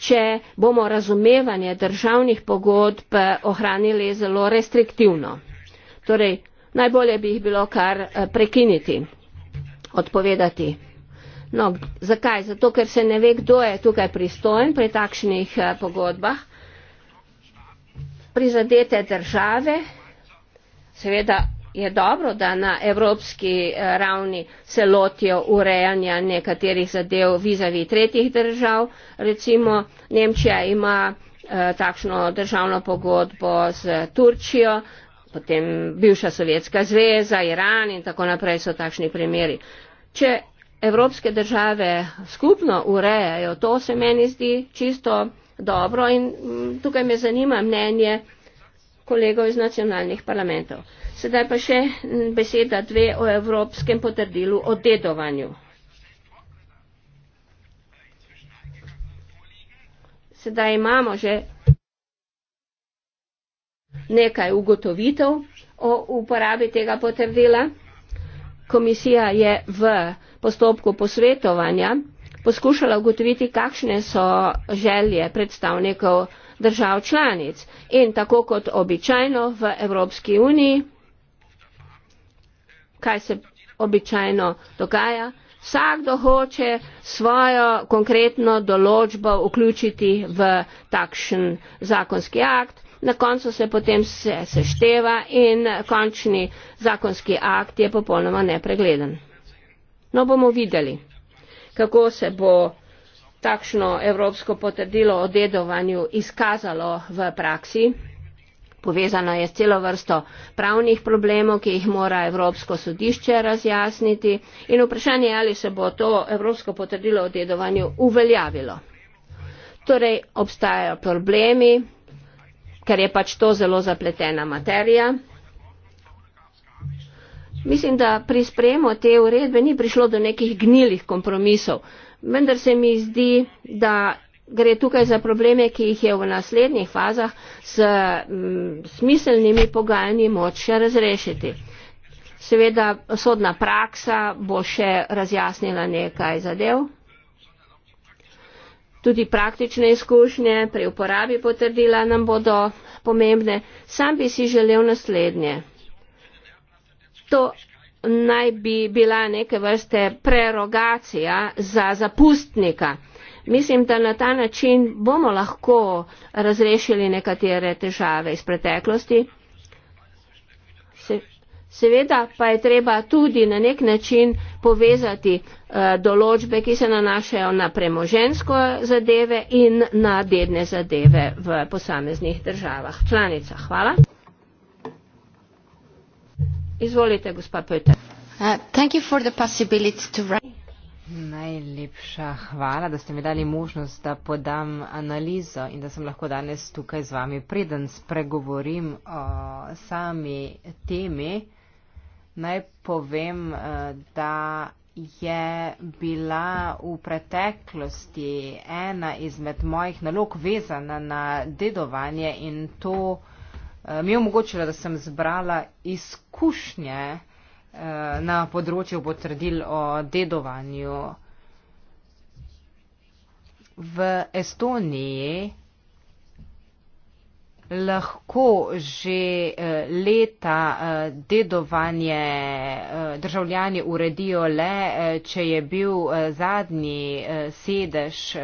če bomo razumevanje državnih pogodb eh, ohranili zelo restriktivno. Torej, najbolje bi jih bilo kar eh, prekiniti, odpovedati. No, zakaj? Zato, ker se ne ve, kdo je tukaj pristojen pri takšnih eh, pogodbah. Prizadete države, seveda je dobro, da na evropski eh, ravni se lotijo urejanja nekaterih zadev vizavi tretjih držav. Recimo Nemčija ima eh, takšno državno pogodbo z Turčijo, potem bivša Sovjetska zveza, Iran in tako naprej so takšni primeri. Če evropske države skupno urejajo, to se meni zdi čisto dobro in mm, tukaj me zanima mnenje kolegov iz nacionalnih parlamentov. Sedaj pa še beseda dve o evropskem potrdilu o dedovanju. Sedaj imamo že nekaj ugotovitev o uporabi tega potrdila. Komisija je v postopku posvetovanja poskušala ugotoviti, kakšne so želje predstavnikov držav članic in tako kot običajno v Evropski uniji, kaj se običajno dogaja, vsakdo hoče svojo konkretno določbo vključiti v takšen zakonski akt, na koncu se potem se sešteva in končni zakonski akt je popolnoma nepregleden. No bomo videli, kako se bo takšno evropsko potrdilo o dedovanju izkazalo v praksi. Povezano je s celo vrsto pravnih problemov, ki jih mora Evropsko sodišče razjasniti in vprašanje je, ali se bo to Evropsko potrdilo o dedovanju uveljavilo. Torej, obstajajo problemi, ker je pač to zelo zapletena materija. Mislim, da pri sprejemu te uredbe ni prišlo do nekih gnilih kompromisov vendar se mi zdi, da gre tukaj za probleme, ki jih je v naslednjih fazah s mm, smiselnimi pogajanji moč še razrešiti. Seveda sodna praksa bo še razjasnila nekaj zadev. Tudi praktične izkušnje pri uporabi potrdila nam bodo pomembne. Sam bi si želel naslednje. To naj bi bila neke vrste prerogacija za zapustnika. Mislim, da na ta način bomo lahko razrešili nekatere težave iz preteklosti. Se, seveda pa je treba tudi na nek način povezati uh, določbe, ki se nanašajo na premožensko zadeve in na dedne zadeve v posameznih državah. Članica, hvala. Izvolite, gospa Peter. Uh, Najlepša hvala, da ste mi dali možnost, da podam analizo in da sem lahko danes tukaj z vami. Preden spregovorim o sami temi, naj povem, uh, da je bila v preteklosti ena izmed mojih nalog vezana na dedovanje in to, Eh, mi je omogočilo, da sem zbrala izkušnje eh, na področju potrdil o dedovanju. V Estoniji lahko že eh, leta eh, dedovanje eh, državljani uredijo le, če je bil zadnji sedež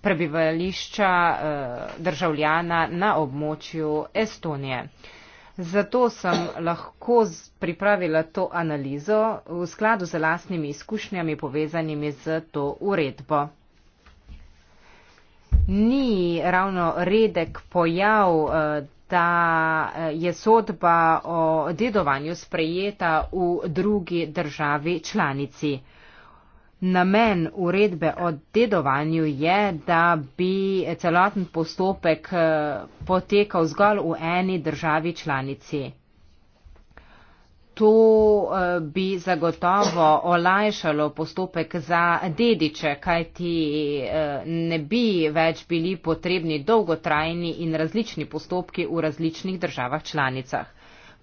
prebivališča državljana na območju Estonije. Zato sem lahko pripravila to analizo v skladu z lastnimi izkušnjami povezanimi z to uredbo ni ravno redek pojav, eh, da eh, je sodba o dedovanju sprejeta v drugi državi članici. Namen uredbe o dedovanju je, da bi celoten postopek eh, potekal zgolj v eni državi članici. To eh, bi zagotovo olajšalo postopek za dediče, kajti eh, ne bi več bili potrebni dolgotrajni in različni postopki v različnih državah članicah.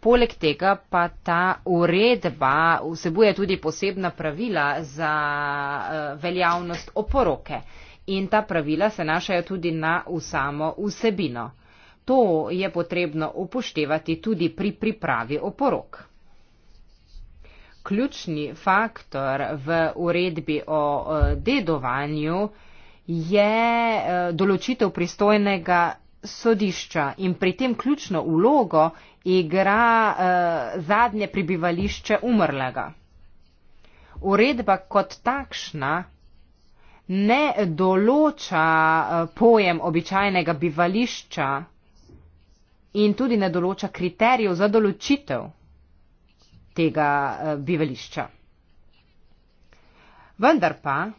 Poleg tega pa ta uredba vsebuje tudi posebna pravila za eh, veljavnost oporoke in ta pravila se našajo tudi na samo vsebino. To je potrebno upoštevati tudi pri pripravi oporok ključni faktor v uredbi o dedovanju je e, določitev pristojnega sodišča in pri tem ključno ulogo igra e, zadnje prebivališče umrlega. Uredba kot takšna ne določa e, pojem običajnega bivališča in tudi ne določa kriterijev za določitev tega eh, bivališča. Vendar pa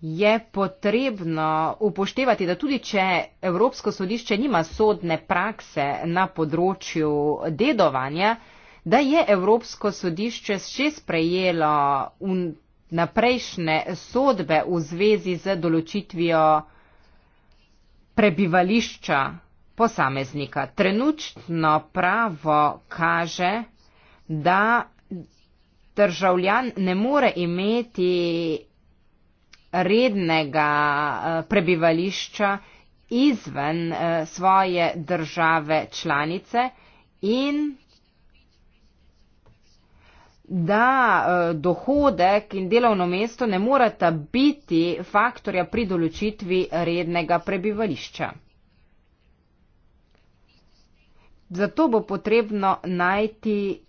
je potrebno upoštevati, da tudi če Evropsko sodišče nima sodne prakse na področju dedovanja, da je Evropsko sodišče še sprejelo naprejšnje sodbe v zvezi z določitvijo prebivališča posameznika. Trenutno pravo kaže, da državljan ne more imeti rednega eh, prebivališča izven eh, svoje države članice in da eh, dohodek in delovno mesto ne morata biti faktorja pri določitvi rednega prebivališča. Zato bo potrebno najti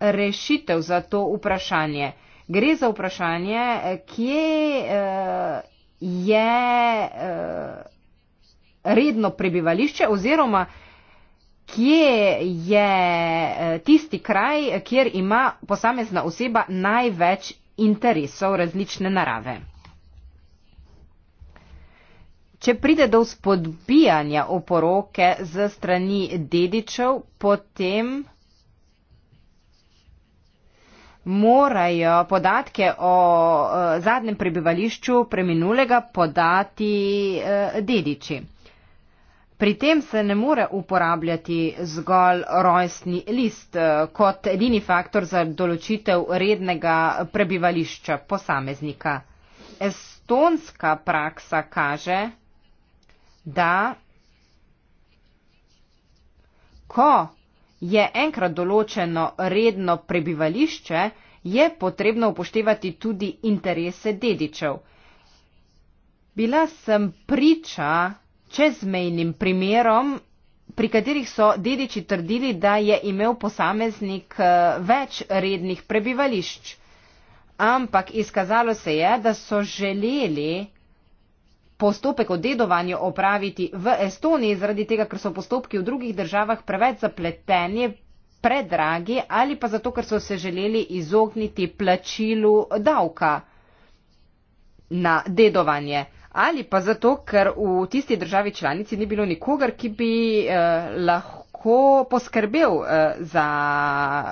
rešitev za to vprašanje. Gre za vprašanje, kje uh, je uh, redno prebivališče oziroma kje je uh, tisti kraj, kjer ima posamezna oseba največ interesov različne narave. Če pride do spodbijanja oporoke z strani dedičev, potem morajo podatke o e, zadnjem prebivališču preminulega podati e, dediči. Pri tem se ne more uporabljati zgolj rojstni list e, kot edini faktor za določitev rednega prebivališča posameznika. Estonska praksa kaže, da ko je enkrat določeno redno prebivališče, je potrebno upoštevati tudi interese dedičev. Bila sem priča čezmejnim primerom, pri katerih so dediči trdili, da je imel posameznik eh, več rednih prebivališč. Ampak izkazalo se je, da so želeli postopek o dedovanju opraviti v Estoniji, zaradi tega, ker so postopki v drugih državah preveč zapleteni, predragi ali pa zato, ker so se želeli izogniti plačilu davka na dedovanje. Ali pa zato, ker v tisti državi članici ni bilo nikogar, ki bi eh, lahko poskrbel eh, za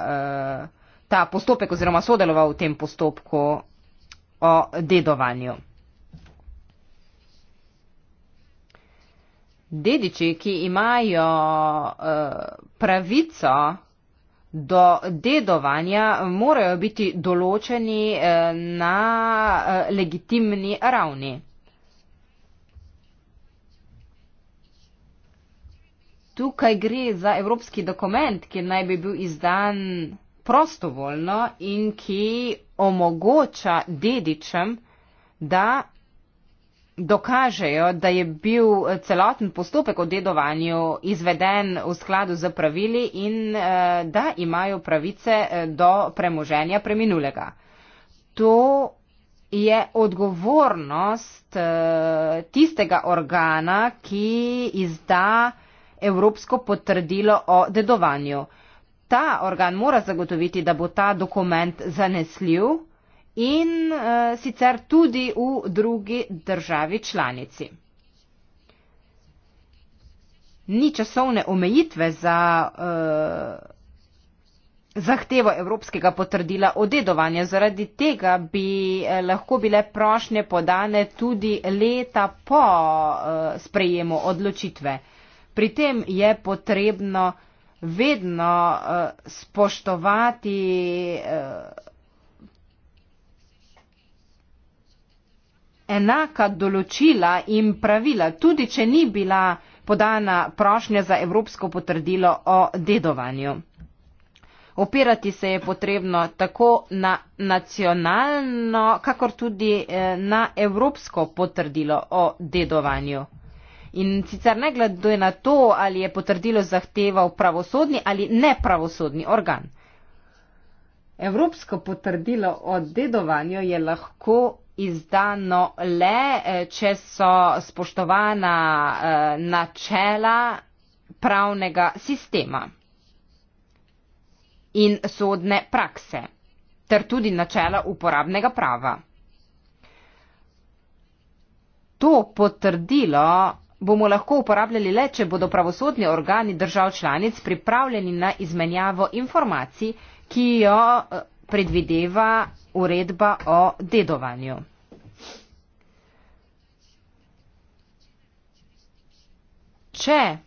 eh, ta postopek oziroma sodeloval v tem postopku o dedovanju. dediči, ki imajo eh, pravico do dedovanja, morajo biti določeni eh, na eh, legitimni ravni. Tukaj gre za evropski dokument, ki naj bi bil izdan prostovoljno in ki omogoča dedičem, da dokažejo, da je bil celoten postopek o dedovanju izveden v skladu z pravili in eh, da imajo pravice eh, do premoženja preminulega. To je odgovornost eh, tistega organa, ki izda Evropsko potrdilo o dedovanju. Ta organ mora zagotoviti, da bo ta dokument zanesljiv, in uh, sicer tudi v drugi državi članici. Ni časovne omejitve za uh, zahtevo evropskega potrdila o dedovanju. Zaradi tega bi eh, lahko bile prošnje podane tudi leta po uh, sprejemu odločitve. Pri tem je potrebno vedno uh, spoštovati uh, enaka določila in pravila, tudi če ni bila podana prošnja za evropsko potrdilo o dedovanju. Opirati se je potrebno tako na nacionalno, kakor tudi eh, na evropsko potrdilo o dedovanju. In sicer ne glede na to, ali je potrdilo zahteval pravosodni ali nepravosodni organ. Evropsko potrdilo o dedovanju je lahko izdano le, eh, če so spoštovana eh, načela pravnega sistema in sodne prakse ter tudi načela uporabnega prava. To potrdilo bomo lahko uporabljali le, če bodo pravosodni organi držav članic pripravljeni na izmenjavo informacij, ki jo eh, predvideva uredba o dedovanju. Če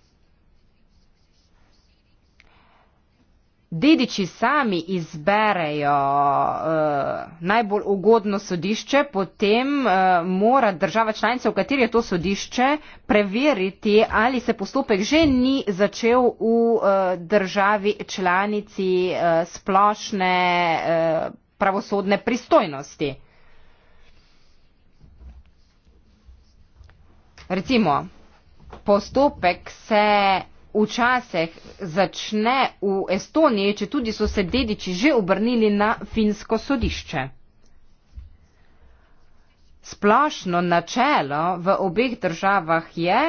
dediči sami izberejo uh, najbolj ugodno sodišče, potem uh, mora država članica, v kateri je to sodišče, preveriti, ali se postopek že ni začel v uh, državi članici uh, splošne. Uh, pravosodne pristojnosti. Recimo, postopek se včasih začne v Estoniji, če tudi so se dediči že obrnili na finsko sodišče. Splošno načelo v obeh državah je,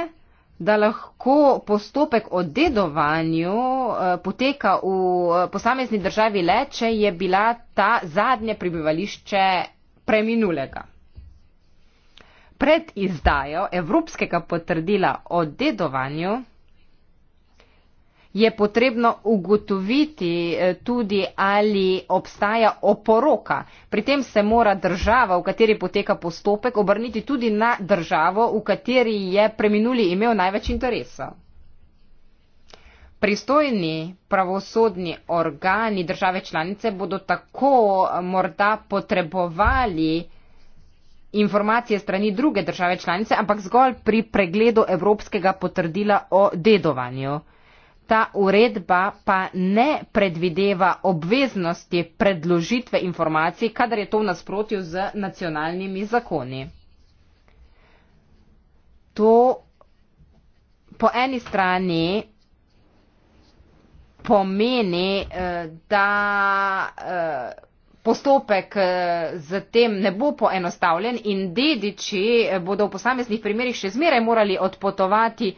da lahko postopek o dedovanju eh, poteka v eh, posamezni državi le, če je bila ta zadnje prebivališče preminulega. Pred izdajo evropskega potrdila o dedovanju je potrebno ugotoviti eh, tudi, ali obstaja oporoka. Pri tem se mora država, v kateri poteka postopek, obrniti tudi na državo, v kateri je preminuli imel največ interesa. Pristojni pravosodni organi države članice bodo tako eh, morda potrebovali informacije strani druge države članice, ampak zgolj pri pregledu evropskega potrdila o dedovanju. Ta uredba pa ne predvideva obveznosti predložitve informacij, kadar je to v nasprotju z nacionalnimi zakoni. To po eni strani pomeni, eh, da eh, postopek eh, z tem ne bo poenostavljen in dediči bodo v posameznih primerjih še zmeraj morali odpotovati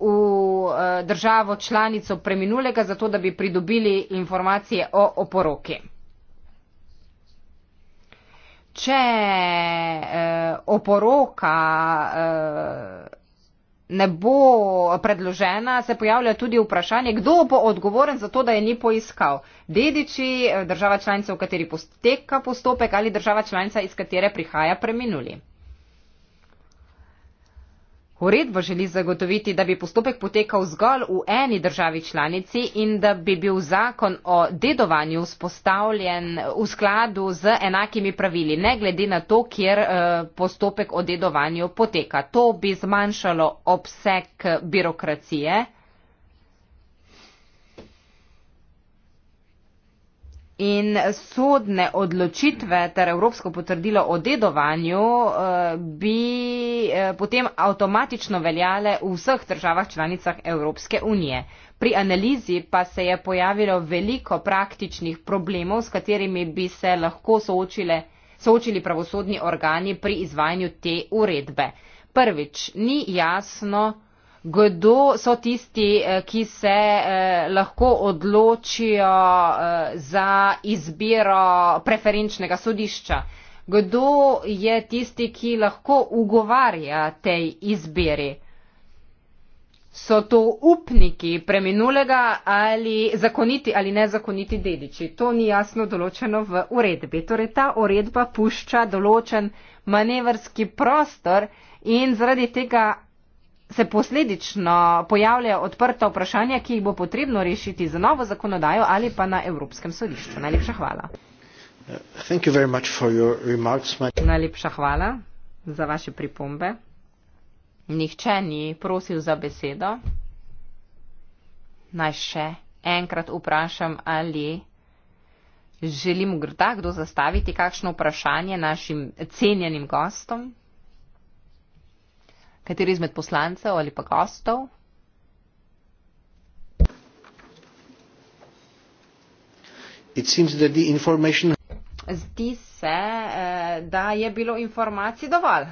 v eh, državo članico preminulega, zato da bi pridobili informacije o oporoki. Če eh, oporoka eh, ne bo predložena, se pojavlja tudi vprašanje, kdo bo odgovoren za to, da je ni poiskal. Dediči, eh, država članica, v kateri poteka postopek ali država članica, iz katere prihaja preminuli. Uredba želi zagotoviti, da bi postopek potekal zgolj v eni državi članici in da bi bil zakon o dedovanju vzpostavljen v skladu z enakimi pravili, ne glede na to, kjer eh, postopek o dedovanju poteka. To bi zmanjšalo obseg eh, birokracije. In sodne odločitve ter Evropsko potrdilo o dedovanju eh, bi eh, potem avtomatično veljale v vseh državah članicah Evropske unije. Pri analizi pa se je pojavilo veliko praktičnih problemov, s katerimi bi se lahko soočile, soočili pravosodni organi pri izvajanju te uredbe. Prvič, ni jasno, kdo so tisti, eh, ki se eh, lahko odločijo eh, za izbiro preferenčnega sodišča? Kdo je tisti, ki lahko ugovarja tej izbiri? So to upniki preminulega ali zakoniti ali nezakoniti dediči? To ni jasno določeno v uredbi. Torej ta uredba pušča določen manevrski prostor in zaradi tega se posledično pojavljajo odprta vprašanja, ki jih bo potrebno rešiti z novo zakonodajo ali pa na Evropskem sodišču. Najlepša hvala. Uh, remarks, my... Najlepša hvala za vaše pripombe. Nihče ni prosil za besedo. Naj še enkrat vprašam, ali želim morda kdo zastaviti kakšno vprašanje našim cenjenim gostom kateri izmed poslancev ali pa gostov? Zdi se, eh, da je bilo informacij dovolj.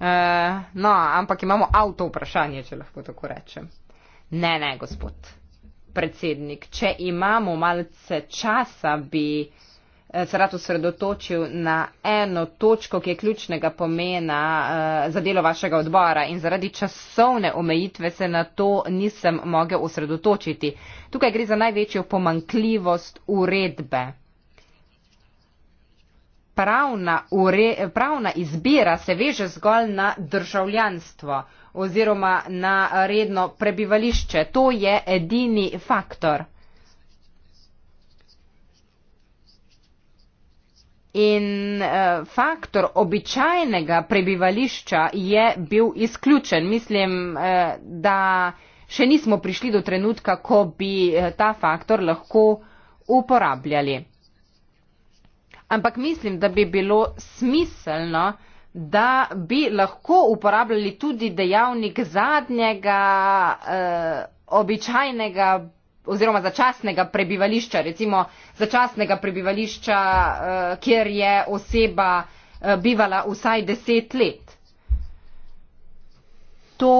Eh, no, ampak imamo avto vprašanje, če lahko tako rečem. Ne, ne, gospod predsednik, če imamo malce časa, bi Eh, se rad osredotočil na eno točko, ki je ključnega pomena eh, za delo vašega odbora in zaradi časovne omejitve se na to nisem mogel osredotočiti. Tukaj gre za največjo pomankljivost uredbe. Pravna, ure, pravna izbira se veže zgolj na državljanstvo oziroma na redno prebivališče. To je edini faktor. In uh, faktor običajnega prebivališča je bil izključen. Mislim, uh, da še nismo prišli do trenutka, ko bi uh, ta faktor lahko uporabljali. Ampak mislim, da bi bilo smiselno, da bi lahko uporabljali tudi dejavnik zadnjega uh, običajnega oziroma začasnega prebivališča, recimo začasnega prebivališča, eh, kjer je oseba eh, bivala vsaj deset let. To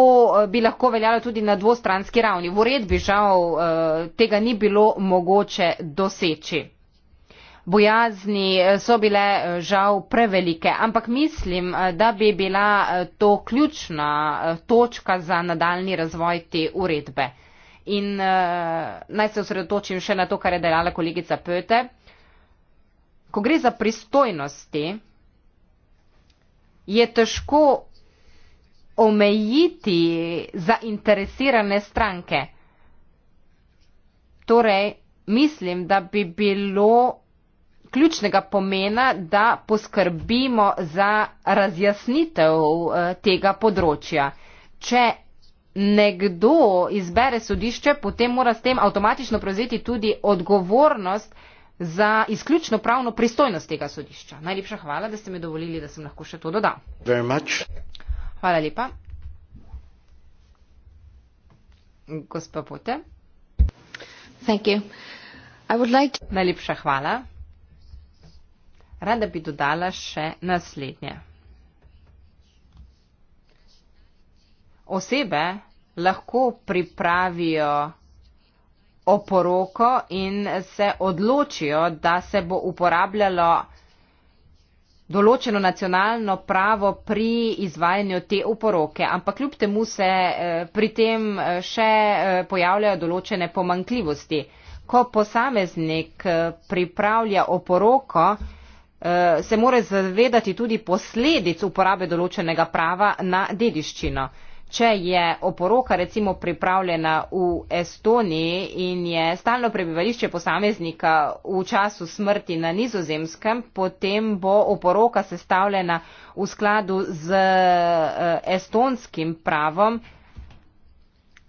eh, bi lahko veljalo tudi na dvostranski ravni. V uredbi žal tega ni bilo mogoče doseči. Bojazni so bile žal prevelike, ampak mislim, da bi bila to ključna točka za nadaljni razvoj te uredbe. In uh, naj se osredotočim še na to, kar je dejala kolegica Pöte. Ko gre za pristojnosti, je težko omejiti zainteresirane stranke. Torej, mislim, da bi bilo ključnega pomena, da poskrbimo za razjasnitev eh, tega področja. Če nekdo izbere sodišče, potem mora s tem avtomatično prevzeti tudi odgovornost za izključno pravno pristojnost tega sodišča. Najlepša hvala, da ste mi dovolili, da sem lahko še to dodal. Hvala lepa. Gospa Pote. Like to... Najlepša hvala. Rada bi dodala še naslednje. osebe lahko pripravijo oporoko in se odločijo, da se bo uporabljalo določeno nacionalno pravo pri izvajanju te oporoke, ampak kljub temu se eh, pri tem eh, še eh, pojavljajo določene pomankljivosti. Ko posameznik pripravlja oporoko, se mora zavedati tudi posledic uporabe določenega prava na dediščino če je oporoka recimo pripravljena v Estoniji in je stalno prebivališče posameznika v času smrti na nizozemskem, potem bo oporoka sestavljena v skladu z eh, estonskim pravom,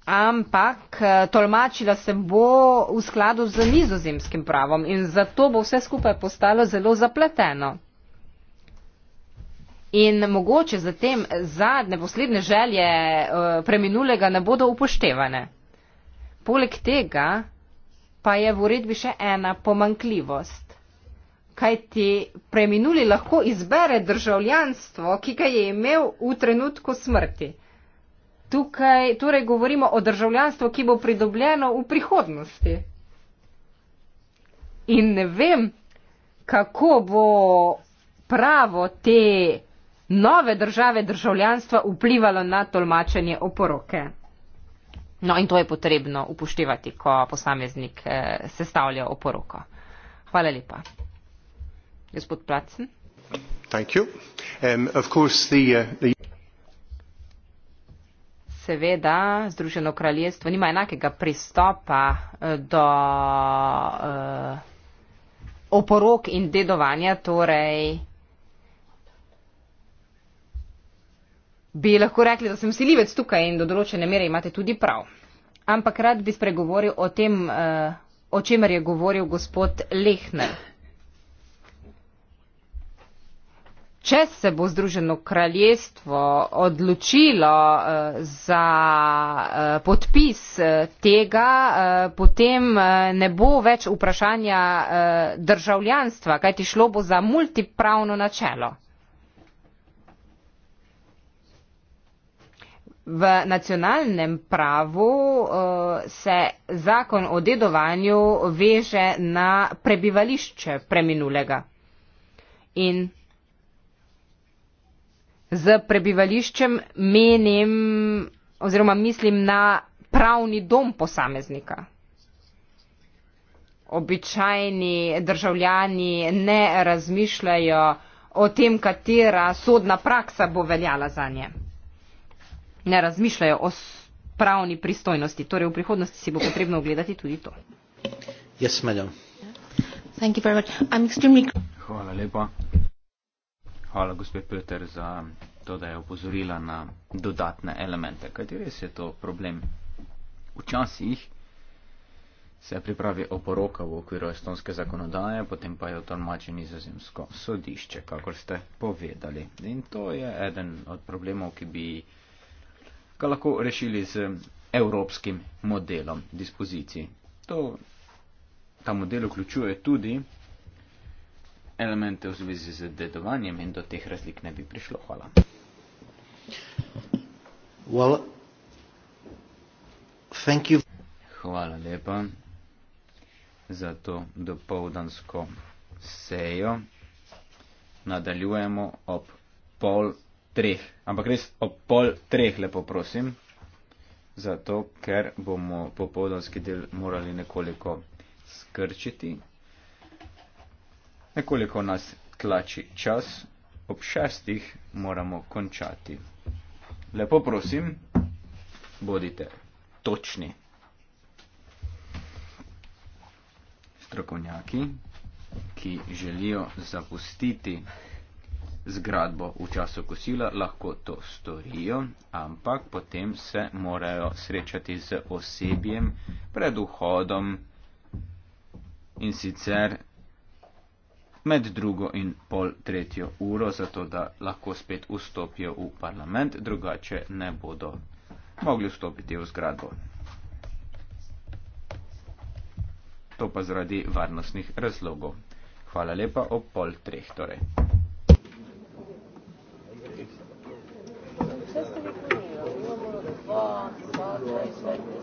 ampak eh, tolmačila se bo v skladu z nizozemskim pravom in zato bo vse skupaj postalo zelo zapleteno in mogoče zatem zadnje, posledne želje eh, preminulega ne bodo upoštevane. Poleg tega pa je v uredbi še ena pomankljivost. Kaj ti preminuli lahko izbere državljanstvo, ki ga je imel v trenutku smrti? Tukaj torej govorimo o državljanstvu, ki bo pridobljeno v prihodnosti. In ne vem, kako bo pravo te nove države državljanstva vplivalo na tolmačenje oporoke. No in to je potrebno upoštevati, ko posameznik eh, sestavlja oporoko. Hvala lepa. Gospod Placen. Um, the, uh, the... Seveda, Združeno kraljestvo nima enakega pristopa eh, do uh, oporok in dedovanja, torej bi lahko rekli, da sem silivec tukaj in do določene mere imate tudi prav. Ampak rad bi spregovoril o tem, eh, o čemer je govoril gospod Lehner. Če se bo Združeno kraljestvo odločilo eh, za eh, podpis tega, potem ne bo več vprašanja državljanstva, kajti šlo bo za multipravno načelo. V nacionalnem pravu eh, se zakon o dedovanju veže na prebivališče preminulega. In z prebivališčem menim oziroma mislim na pravni dom posameznika. Običajni državljani ne razmišljajo o tem, katera sodna praksa bo veljala za njega ne razmišljajo o pravni pristojnosti. Torej v prihodnosti si bo potrebno ogledati tudi to. Jaz smeljam. Hvala lepa. Hvala, gospod Peter, za to, da je opozorila na dodatne elemente. Kajti res je to problem. Včasih se pripravi oporoka v okviru estonske zakonodaje, potem pa jo tolmači nizozemsko sodišče, kakor ste povedali. In to je eden od problemov, ki bi ga lahko rešili z evropskim modelom dispoziciji. To, ta model vključuje tudi elemente v zvezi z dedovanjem in do teh razlik ne bi prišlo. Hvala. Well, thank you. Hvala lepa za to dopoldansko sejo. Nadaljujemo ob pol treh, ampak res ob pol treh, lepo prosim, zato ker bomo popoldanski del morali nekoliko skrčiti. Nekoliko nas tlači čas, ob šestih moramo končati. Lepo prosim, bodite točni. Strokovnjaki, ki želijo zapustiti zgradbo v času kosila, lahko to storijo, ampak potem se morajo srečati z osebjem pred vhodom in sicer med drugo in pol tretjo uro, zato da lahko spet vstopijo v parlament, drugače ne bodo mogli vstopiti v zgradbo. To pa zaradi varnostnih razlogov. Hvala lepa, ob pol treh torej. Yeah.